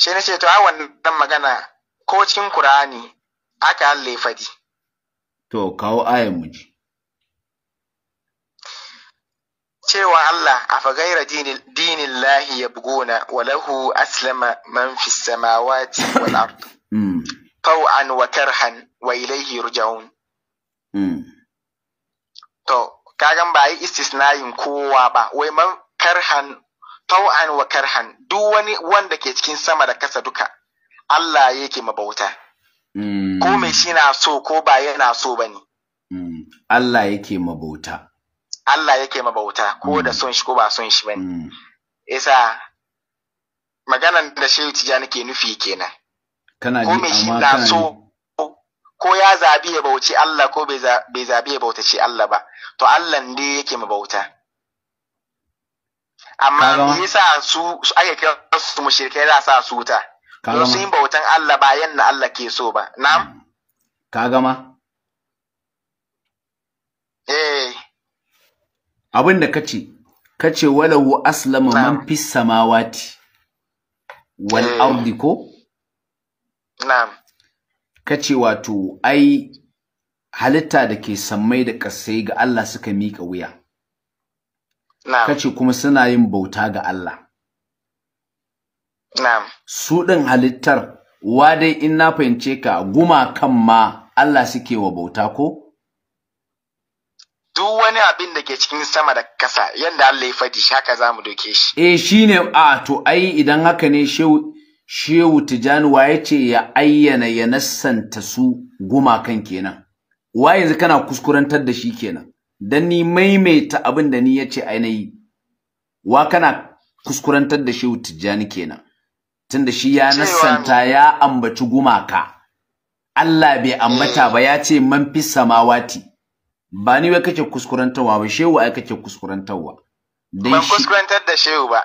[SPEAKER 3] shi na ce to a wannan magana ko cikin Kur'ani aka Allah ya fadi
[SPEAKER 1] to kawo ayan mu ji
[SPEAKER 3] cewa Allah a fagaira dinin lahi ya bugona walahu aslama man fi samawati wal ard taw'an hmm. wa karhan wa ilaihi yurja'un hmm. to kagan ba yi istisnayin kowa ba wai man karhan tau'an wa karhan duk wani wanda ke cikin sama da kasa duka Allah yake mabauta
[SPEAKER 5] mm. ko mai
[SPEAKER 3] shi na so ko ba yana so ba ne
[SPEAKER 5] mm.
[SPEAKER 1] Allah yake mabauta
[SPEAKER 3] Allah yake mabauta ko da mm. son shi ko ba son shi ba ne isa maganan da shi tijani ke nufi kenan
[SPEAKER 1] kana mai shi na so
[SPEAKER 3] ko ya zabi ya bauci Allah ko bai zabi ya bautaci Allah ba to Allah ne yake mabauta amma yasa su ake kira su mushrikai za sa su ta, don su yin bautan Allah ba yadda Allah ke so ba na'am hmm.
[SPEAKER 1] ka gama eh abin da kace kace walau aslama man fi samawati wal eh. ardi ko na'am kace wato ai halitta da ke sammai da ƙasai ga Allah suka miƙa wuya kace kuma suna yin bauta ga Allah su ɗin halittar wa dai in na fahimce ka guma kan ma Allah suke wa bauta ko
[SPEAKER 3] duk wani abin da ke cikin sama da kasa yadda Allah ya faɗi shaka za mu doke shi
[SPEAKER 1] eh shine a to ai idan haka ne shehu shehu tijani ya ce ya ayyana ya nassanta su gumakan kenan wa yanzu kana kuskurantar da shi kenan dan ni maimaita abin da ni yace ainihi wa kana kuskurantar da shehu tijani kenan tunda shi ya nassanta ya ambaci gumaka Allah bai ambata ba ya ce man fi samawati ba ni wai kake kuskurantarwa ba shehu ai kake kuskurantarwa
[SPEAKER 3] ban kuskurantar da shehu ba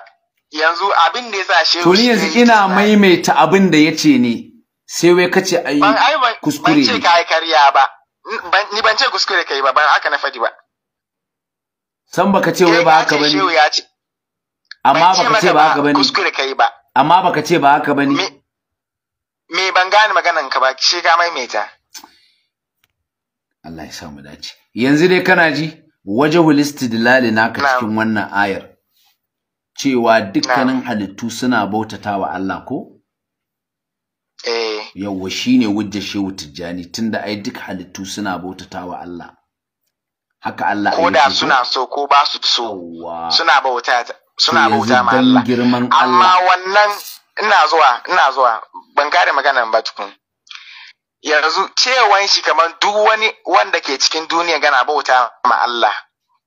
[SPEAKER 3] yanzu abin da sa shehu to ni yanzu
[SPEAKER 1] ina maimaita abin da ce ne sai wai kace ai kuskure ban ce kai
[SPEAKER 3] karya ba ni ban ce kuskure kai ba ban haka
[SPEAKER 1] na fadi ba san baka ce wai ba haka bane amma baka ce ba haka bane kuskure kai ba amma baka ce ba haka bane me ban
[SPEAKER 3] gane maganan ka ba shi ka maimaita
[SPEAKER 1] Allah ya samu dace yanzu dai kana ji wajahul lalina naka cikin wannan ayar cewa dukkanin halittu suna bautata wa Allah ko? Eh. Yawwa shi ne wujjar shehu tijjani tunda ai duk halittu suna bautata wa Allah. Haka Allah Ko da suna
[SPEAKER 3] so ko ba su so suna bauta suna bauta ma Allah. girman Allah. Amma wannan ina zuwa ina zuwa ban kare maganan ba tukun. Yanzu Cewa shi kamar duk wani wanda ke cikin duniya gana bauta ma Allah.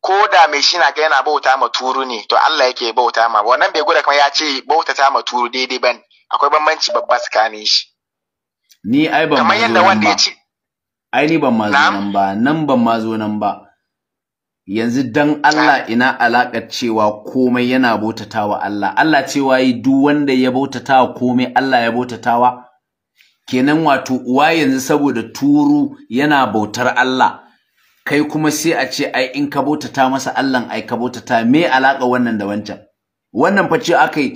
[SPEAKER 3] ko da mai shi na ga yana bauta ma turu ne to Allah yake bauta ma wannan bai gwada kuma ya ce ta ma turu daidai ba ne akwai bambanci babba tsakanin shi
[SPEAKER 1] ni ai ban kamar yadda wanda ya ce ai ni ban ma zo nan ba nan ban ma zo nan ba yanzu dan Allah ina alaka cewa komai yana bautatawa Allah Allah cewa yi duk wanda ya bautatawa komai Allah ya bautatawa kenan wato uwa yanzu saboda turu yana bautar Allah kai kuma sai a ce ai in ka bautata masa Allah ai ka bautata me alaka wannan da wancan wannan fa ce akai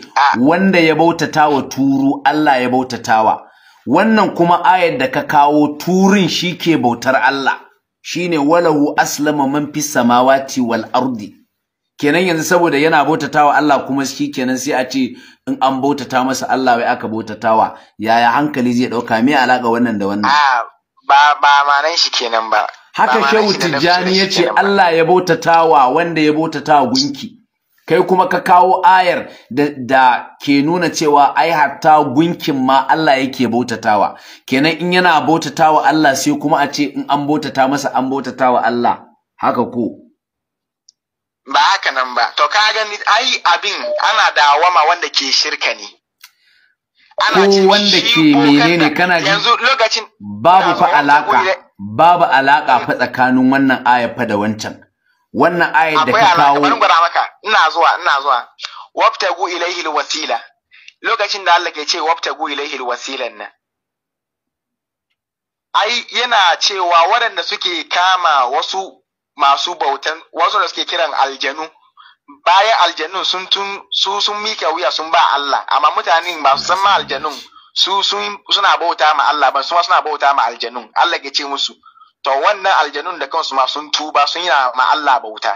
[SPEAKER 1] wanda ya bautata wa turu Allah ya bautatawa wannan kuma ayar da ka kawo turin shike bautar Allah shine walahu aslama man fi samawati wal ardi kenan yanzu saboda yana bautatawa Allah kuma shi kenan sai a ce in an bautata masa Allah wai aka bautatawa yaya hankali zai dauka me alaka wannan da wannan ba ba manan shi kenan ba haka shehu tijjani ya ce Allah ya wa wanda ya wa gunki kai kuma ka kawo ayar da, da ke nuna cewa ai hatta gunkin ma Allah yake bautatawa kenan in yana bautatawa Allah sai kuma a ce in an bautata masa an bautatawa Allah haka ko
[SPEAKER 3] ba haka nan ba to ka gani ai abin ana dawama wanda ke shirka ne
[SPEAKER 1] ko wanda ke menene kana ji babu fa alaka babu alaka fa tsakanin wannan aya fa da wancan wannan ayar da ka kawo maka
[SPEAKER 3] ina zuwa ina zuwa wabtagu ilaihi alwasila lokacin da Allah ke ce wabtagu ilaihi alwasilan nan ai yana cewa waɗanda suke kama wasu masu bautan wasu da suke kiran aljanu bayan aljanun sun tun su sun mika wuya sun ba Allah amma mutane ba su san ma aljanun su sun suna bauta ma Allah ba su ma suna bauta ma aljanun Allah ke ce musu to wannan aljanun da kansu ma sun tuba sun yi ma Allah bauta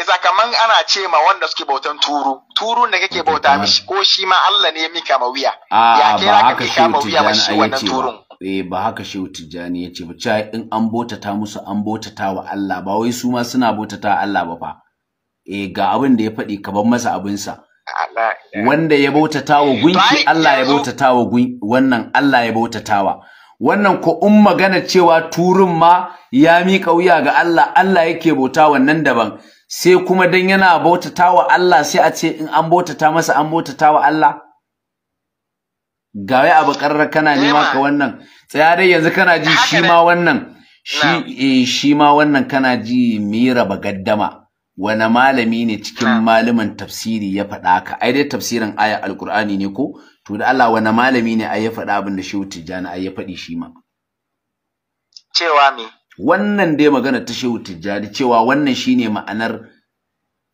[SPEAKER 3] Iza kaman ana ce ma wanda suke bautan turu, turun da kake bauta ah. mishi ko shi ma Allah ne ya mika ma wuya. Ah, ya ke ba shi wannan turun.
[SPEAKER 1] Eh ba haka shehu tijjani ya ce ba cewa in an bautata musu an bautata wa Allah ba wai su ma suna bautata Allah ba fa. E, ga abin da ya faɗi ka masa abinsa wanda ya wa gunki Allah ya wa wannan Allah ya wa. wannan ko in magana cewa turun ma ya miƙa wuya ga Allah Allah yake bauta wannan daban sai kuma dan yana wa Allah sai a ce in an bautata masa an wa Allah ga wai abu karrar kana nema ka wannan tsaya dai yanzu kana ji shi ma wannan shi eh, shi ma wannan kana ji mira gaddama. Wani malami ne cikin malaman tafsiri ya faɗa ka ai dai tafsirin aya alkur'ani ne ko to da Allah wane malami ne ai ya faɗa abin da shehu tijjani ai ya faɗi shi ma cewa me wannan dai magana ta shehu tijjani cewa wannan shine ma'anar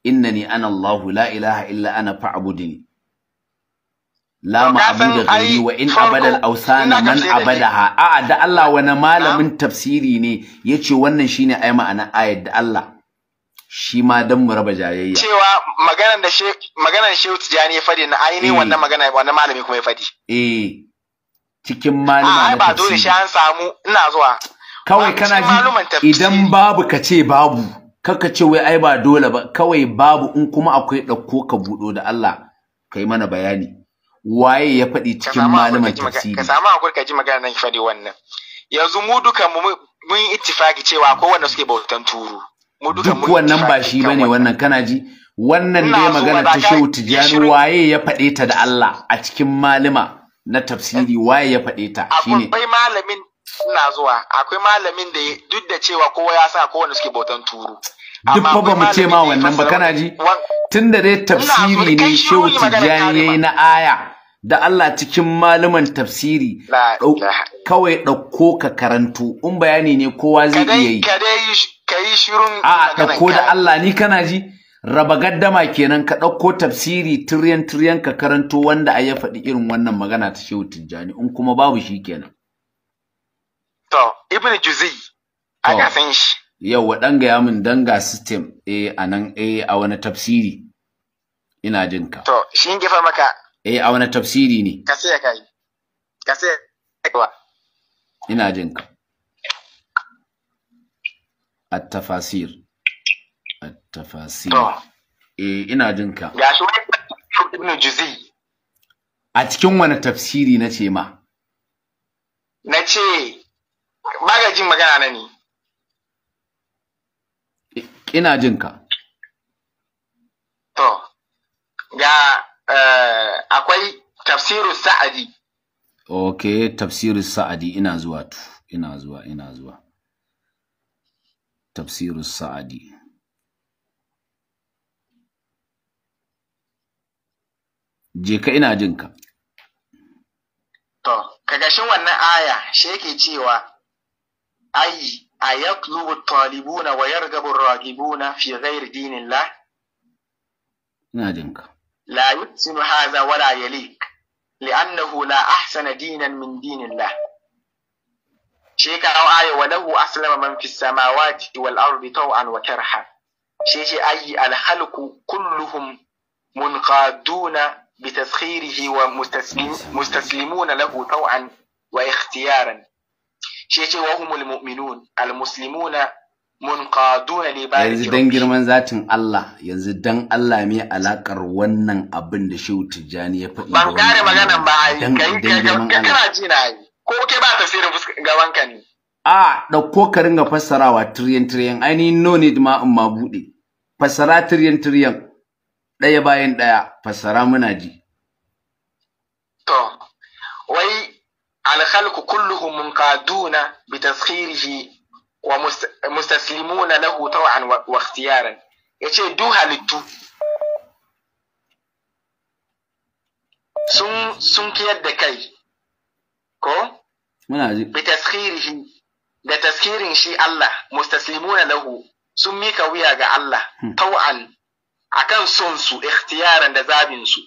[SPEAKER 1] innani ana Allahu la ilaha illa ana fa'budini la ma'budu ghairi wa in abada al-awsana man abadaha a'a da Allah wane malamin tafsiri ne yace wannan shine ai ma'anar ayar da Allah shi ma don mu raba jayayya. Cewa
[SPEAKER 3] maganar da maganar Shehu Tijjani ya fadi na ainihin eh. wannan magana wannan malami kuma ya fadi.
[SPEAKER 1] Eh. Cikin malama na tafsiri. ba dole shi
[SPEAKER 3] an samu ina zuwa. Kawai kana ji
[SPEAKER 1] idan babu ka ce babu. Kaka ce wai ai ba dole ba kawai babu in kuma akwai ɗauko ka buɗo da Allah kai mana bayani. Waye ya faɗi cikin malaman tafsiri. Ka samu hakuri ka ji magana nan ki
[SPEAKER 3] fadi wannan. Yanzu mu duka mu mun ittifaki cewa akwai wanda suke bautan turu.
[SPEAKER 1] duk wannan ba shi ba ne wannan kana ji wannan dai magana ta Shehu Tijjani waye ya faɗe ta da Allah a cikin malima na tafsiri waye ya faɗe ta shine
[SPEAKER 3] akwai malamin suna zuwa akwai malamin da duk da cewa kowa ya sa kowanne suke bautan
[SPEAKER 1] turu duk fa ba mu ce ma wannan ba kana ji tunda dai tafsiri ne Shehu Tijjani yayi na aya da Allah cikin malaman tafsiri kawai ɗauko ka karanto in bayani ne kowa zai iya yi
[SPEAKER 5] ka yi shirun a ɗauko da
[SPEAKER 1] Allah ni kana ji raba gaddama kenan ka ɗauko tafsiri tiryan tiryan ka karanto wanda a ya faɗi irin wannan magana ta shehu tijjani in kuma babu shi kenan
[SPEAKER 3] to ibn juzi a gasan
[SPEAKER 1] shi yau ɗan gaya min danga system a nan a a wani tafsiri ina jinka to
[SPEAKER 3] shi in gefa maka
[SPEAKER 1] Eh a wani tafsiri ne?
[SPEAKER 3] Ka sai kai. Ka sai
[SPEAKER 1] Ina jin ka. At-tafasir. At-tafasir. Eh ina jin ka. Ga
[SPEAKER 5] shi Ibn Juzi.
[SPEAKER 1] A cikin wani tafsiri na ce ma?
[SPEAKER 3] Na ce magajin magana na ne.
[SPEAKER 1] Eh, ina jin ka.
[SPEAKER 3] To, ga Eh, akwai tafsiru sa'adi
[SPEAKER 1] ok tafsiru sa'adi ina zuwa tu ina zuwa ina zuwa tafsiru sa'adi je ka ina jinka
[SPEAKER 5] to kagashin wannan
[SPEAKER 3] aya shi yake cewa ayi a yatlubu talibuna wa yargabu ragibuna fi ghairi la? ina jinka la yuqsimu hadha wa la yalik li'annahu la ahsana dinan min dinillah shi ka hau aya wa lahu aslama man fi samawati wal ardi taw'an wa karha shi ce ayi al khalqu kulluhum munqaduna bi taskhirihi wa mustaslimuna lahu taw'an wa ikhtiyaran shi ce wa humul mu'minun al yanzu
[SPEAKER 1] dan girman zatin Allah yanzu dan Allah mai alakar wannan abin da Shehu Tijjani ya faɗi ban gane maganan ba ai kai kana ji na ai ko ke ba tafsirin gaban ka ne a dauko ka ringa fassarawa tiriyan tiriyan ainihin no need ma in ma bude fassara tiriyan tiriyan ɗaya bayan ɗaya fassara muna ji to wai alkhalqu
[SPEAKER 3] kulluhum munqaduna bi tasghirihi wa mustaslimuna lahu taw'an wa ikhtiyaran yace du halittu
[SPEAKER 1] sun sun kiyar da kai ko muna ji bi taskhirihi da taskirin
[SPEAKER 3] shi Allah mustaslimuna lahu sun mika wuya ga Allah hmm. taw'an akan son su ikhtiyaran da zabin su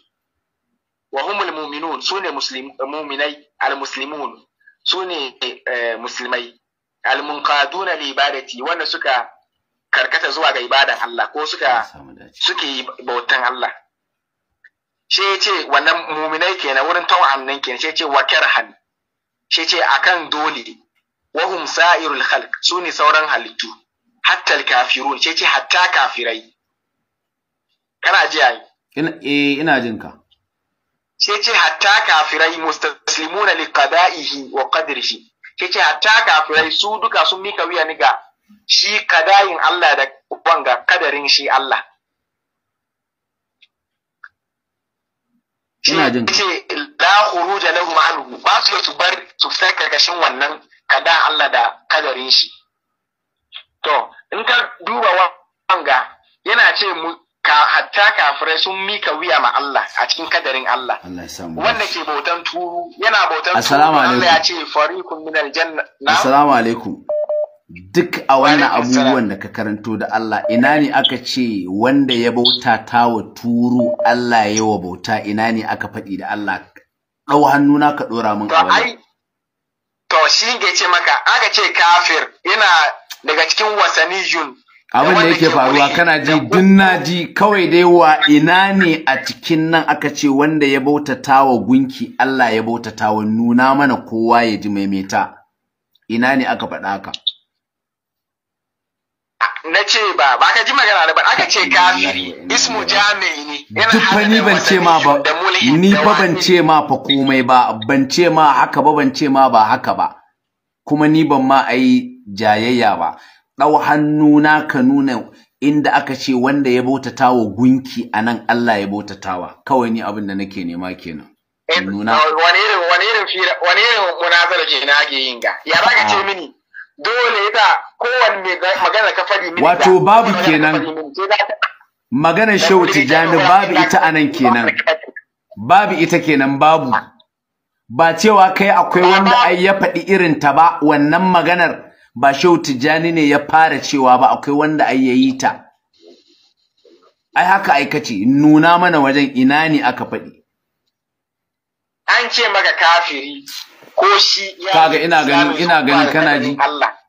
[SPEAKER 3] wa humul mu'minun sune mu'minai al muslimun sune eh, musulmai almunqaduna li ibadati wanda suka karkata zuwa ga ibadan Allah ko suka suke bautan Allah she ce wannan muminai kenan wurin tawa'an nan kenan she ce wa karhan she ce akan dole wahum sa'irul khalq suni sauran halittu hatta kafirun she ce hatta kafirai
[SPEAKER 5] kana ji ai ina eh ina jin ka she ce hatta kafirai mustaslimuna liqada'ihi wa
[SPEAKER 3] qadrihi yace hatta kafirai su duka sun mika wuya ni ga shi kadayin Allah da ga kadarin shi Allah ina jin ce la khuruja lahum anhu ba su su bar su fita karkashin wannan kada Allah da kadarin shi to in ka duba wanga yana ce mu ka hatta kafirai sun mika wuya ma Allah a cikin kadarin Allah wanda ke bautan turu yana bautan turu Allah ya ce fariqun min aljanna
[SPEAKER 1] assalamu alaikum duk a wannan abubuwan da ka karanto da Allah ina ne aka ce wanda ya bauta ta wa turu Allah ya wa bauta ina ne aka faɗi da Allah ɗau hannuna ka ɗora min a wani
[SPEAKER 3] to shi ke ce maka aka ce kafir yana daga cikin wasanni jun
[SPEAKER 1] abin da yake faruwa kana ji dinna ji kawai dai wa ina ne a cikin nan aka ce wanda ya bautata wa gunki Allah ya bautata wa nuna mana kowa ya ji maimaita ina ne aka faɗa ka?
[SPEAKER 5] na
[SPEAKER 3] ce ba ba ka ji magana da ba aka ce kafiri ismu jami'i
[SPEAKER 1] ne duk ba ni ban ce ma ba ni fa ban ce ma fa komai ba ban ce ma haka ba ban ce ma ba haka ba kuma ni ban ma ai jayayya ba ɗau hannuna ka nuna inda aka ce wanda ya bautata wa gunki a nan Allah ya bautatawa kawai ni abin da nake nema kenan. Nuna. Wani
[SPEAKER 3] irin wani irin wani irin munazara ce na ake yin ga ya ba ka ce mini dole ita kowanne magana ka fadi mini wato babu
[SPEAKER 1] kenan magana Shehu Tijjani babu ita anan kenan babu ita kenan babu ba cewa kai akwai wanda ai ya faɗi irin ta ba wannan maganar ba Shehu Tijjani ne ya fara cewa ba akwai wanda ai yayi ta ai haka ai kace nuna mana wajen ina ne aka faɗi
[SPEAKER 3] an ce maka kafiri ko shi kaga ina ganin ina ganin kana ji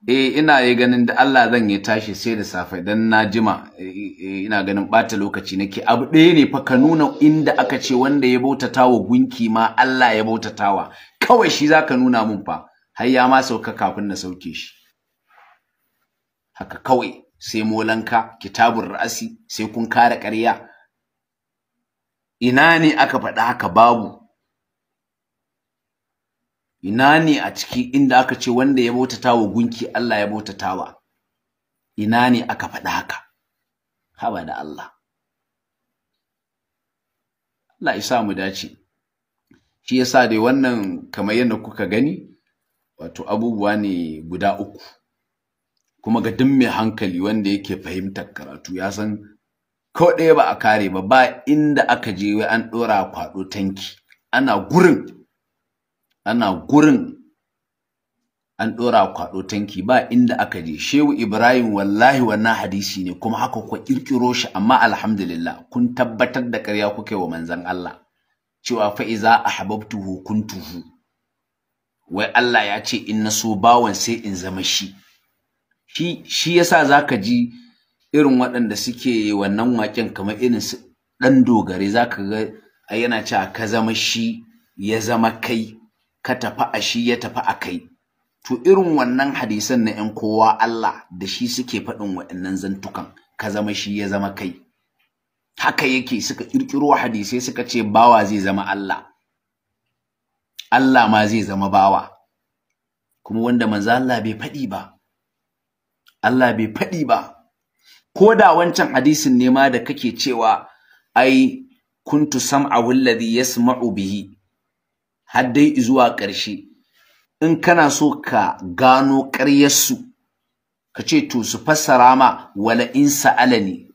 [SPEAKER 1] eh ina yi ganin da Allah zan yi tashi sai da safe dan na jima eh, eh, ina ganin bata lokaci nake abu ɗaya ne fa ka nuna inda aka ce wanda ya bautatawa gunki ma Allah ya bautatawa kawai shi zaka nuna mun fa har ya ma sauka kafin na sauke shi haka kawai sai molanka kitabun ra'asi sai kun kare karya? ina ne aka faɗa haka babu ina ne a ciki inda aka ce wanda ya bautata wa gunki Allah ya bautata wa ina ne aka faɗa haka haba da Allah Allah ya sa mu dace shi yasa dai wannan kamar yadda kuka gani wato abubuwa ne guda uku kuma ga duk mai hankali wanda yake fahimtar karatu ya san ko ɗaya ba a kare ba ba inda aka je wai an ɗora kwaɗo tanki ana gurin ana gurin an ɗora kwaɗo tanki ba inda aka je shehu ibrahim wallahi wannan hadisi ne kuma haka kuwa ƙirƙiro shi amma alhamdulillah kun tabbatar da ƙarya kuke wa manzon Allah cewa fa'iza a kun kuntuhu wai Allah ya ce in na so bawan sai in zama shi shi sa yasa zaka ji irin waɗanda suke wannan waƙen kamar irin su ɗan dogare zaka ga yana cewa ka zama shi ya zama kai ka tafi a shi ya tafi a kai to irin wannan hadisan na 'yan kowa Allah da shi suke faɗin waɗannan zantukan ka zama shi ya zama kai haka yake suka ƙirƙiro hadisai suka ce bawa zai zama Allah Allah ma zai zama bawa kuma wanda manzo Allah bai faɗi ba Allah bai faɗi ba ko da wancan hadisin ne ma da kake cewa ai kuntu sam'ahu alladhi yasma'u bihi har dai zuwa ƙarshe in kana so ka gano ƙaryarsu ka ce to su fassara ma wala in sa'alani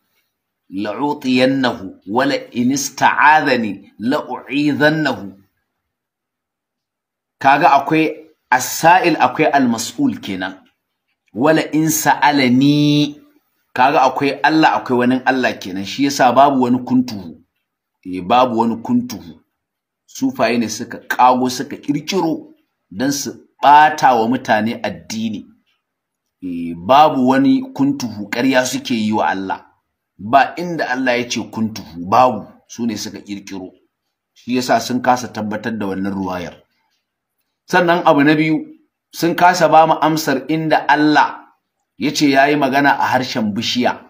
[SPEAKER 1] la'utiyannahu wala in ista'adani la'u'idhannahu kaga akwai asa'il sail akwai almas'ul kenan wala in sa'alani kaga akwai Allah akwai wani Allah kenan shi yasa babu wani kuntuhu eh babu wani kuntuhu sufaye ne suka kago suka kirkiro dan su bata wa mutane addini eh babu wani kuntuhu ƙarya suke yi wa Allah ba inda Allah ya ce kuntuhu babu sune suka kirkiro shi yasa sun kasa tabbatar da wannan ruwayar sannan abu na biyu sun kasa ba mu amsar inda Allah ya ce ya yi magana a harshen bishiya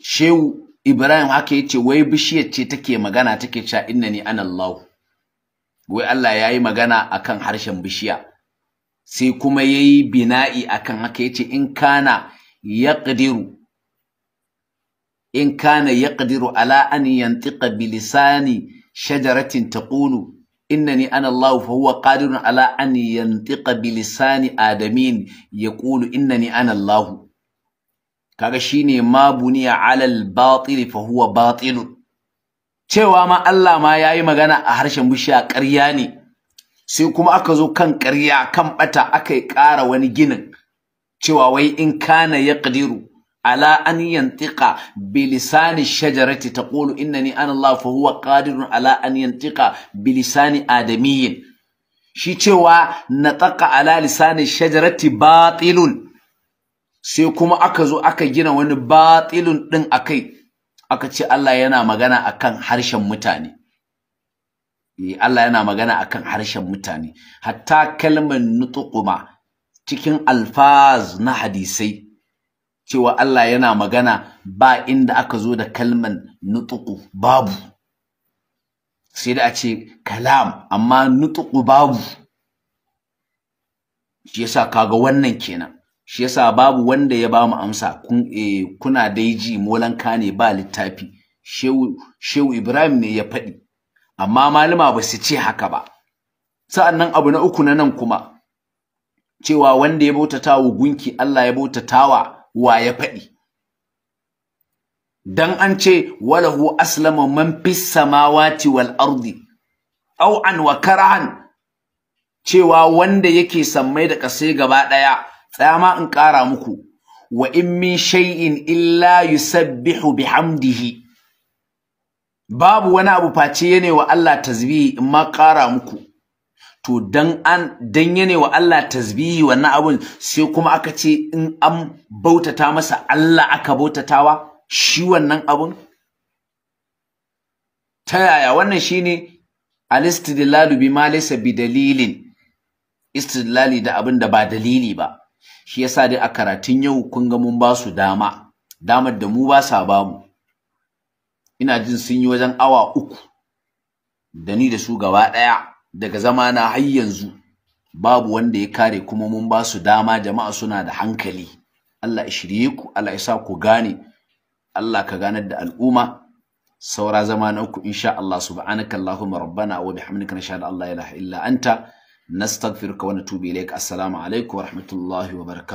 [SPEAKER 1] shehu ibrahim haka ya ce wai bishiyar ce take magana take cewa inna ni an wai Allah ya yi magana a kan harshen bishiya sai kuma ya yi bina'i a kan haka ya ce in kana ya ƙadiru in kana ya ƙadiru ala an yantiƙa bilisani shajaratin taƙulu innani ana Allah fa huwa qadirun ala an yantiqa bi lisani adamin yaqulu innani ana Allah kaga shine mabu buniya ala al-batil fa huwa batil cewa ma Allah ma yayi magana a harshen bishiya ƙarya ne sai kuma aka zo kan ƙarya kan ɓata aka ƙara wani ginin cewa wai in kana ya ƙadiru. Ala'anyan an yantiqa bi lisani shajarati taqulu innani ana Allah fa huwa qadirun ala an yantiqa bi lisani adamiyyin shi cewa nataqa ala lisani shajarati batilun sai kuma aka zo aka gina wani batilun din akai aka ce Allah yana magana akan harshen mutane eh, Allah yana magana akan harshen mutane hatta kalmar nutuquma cikin alfaz na hadisai cewa Allah yana magana ba inda aka zo da kalman nutuku babu sai da a ce kalam amma nutuku babu shi yasa kaga wannan kenan shi yasa babu wanda ya bamu amsa kun eh, kuna daiji molanka ne ba littafi shehu Ibrahim ne ya faɗi amma malama ba su ce haka ba sa'annan abu na uku na nan kuma cewa wanda ya bautatawa gunki Allah ya bautatawa wa ya faɗi dan an ce walahu aslama man fis samawati wal ardi aw an wa karhan cewa wanda yake sammai da ƙasai gaba ɗaya, tsaya ma in ƙara muku wa in min shay'in illa yusabbihu bihamdihi babu wani abu face yane wa Allah tasbihi in ma ƙara muku to dan an dan yane wa Allah tasbihi wannan abun sai kuma aka ce in an bautata masa Allah aka bautatawa shi wannan abun ta yaya wannan shine alistidlal bi ma laysa dalilin istidlali da abin da ba dalili ba shi yasa dai a karatun yau kun ga mun basu su dama damar da mu ba sa ba mu ina jin sun yi wajen awa uku da ni da su gaba ɗaya daga zama na har yanzu babu wanda ya kare kuma mun ba su dama jama'a suna da hankali Allah ya shirye ku Allah ya sa ku gane Allah ka ganar da al'umma saura zama na uku insha Allah subhanaka allahumma rabbana wa bihamdika nashhadu an la ilaha illa anta nastaghfiruka wa natubu ilayk assalamu alaikum wa rahmatullahi wa barakatuh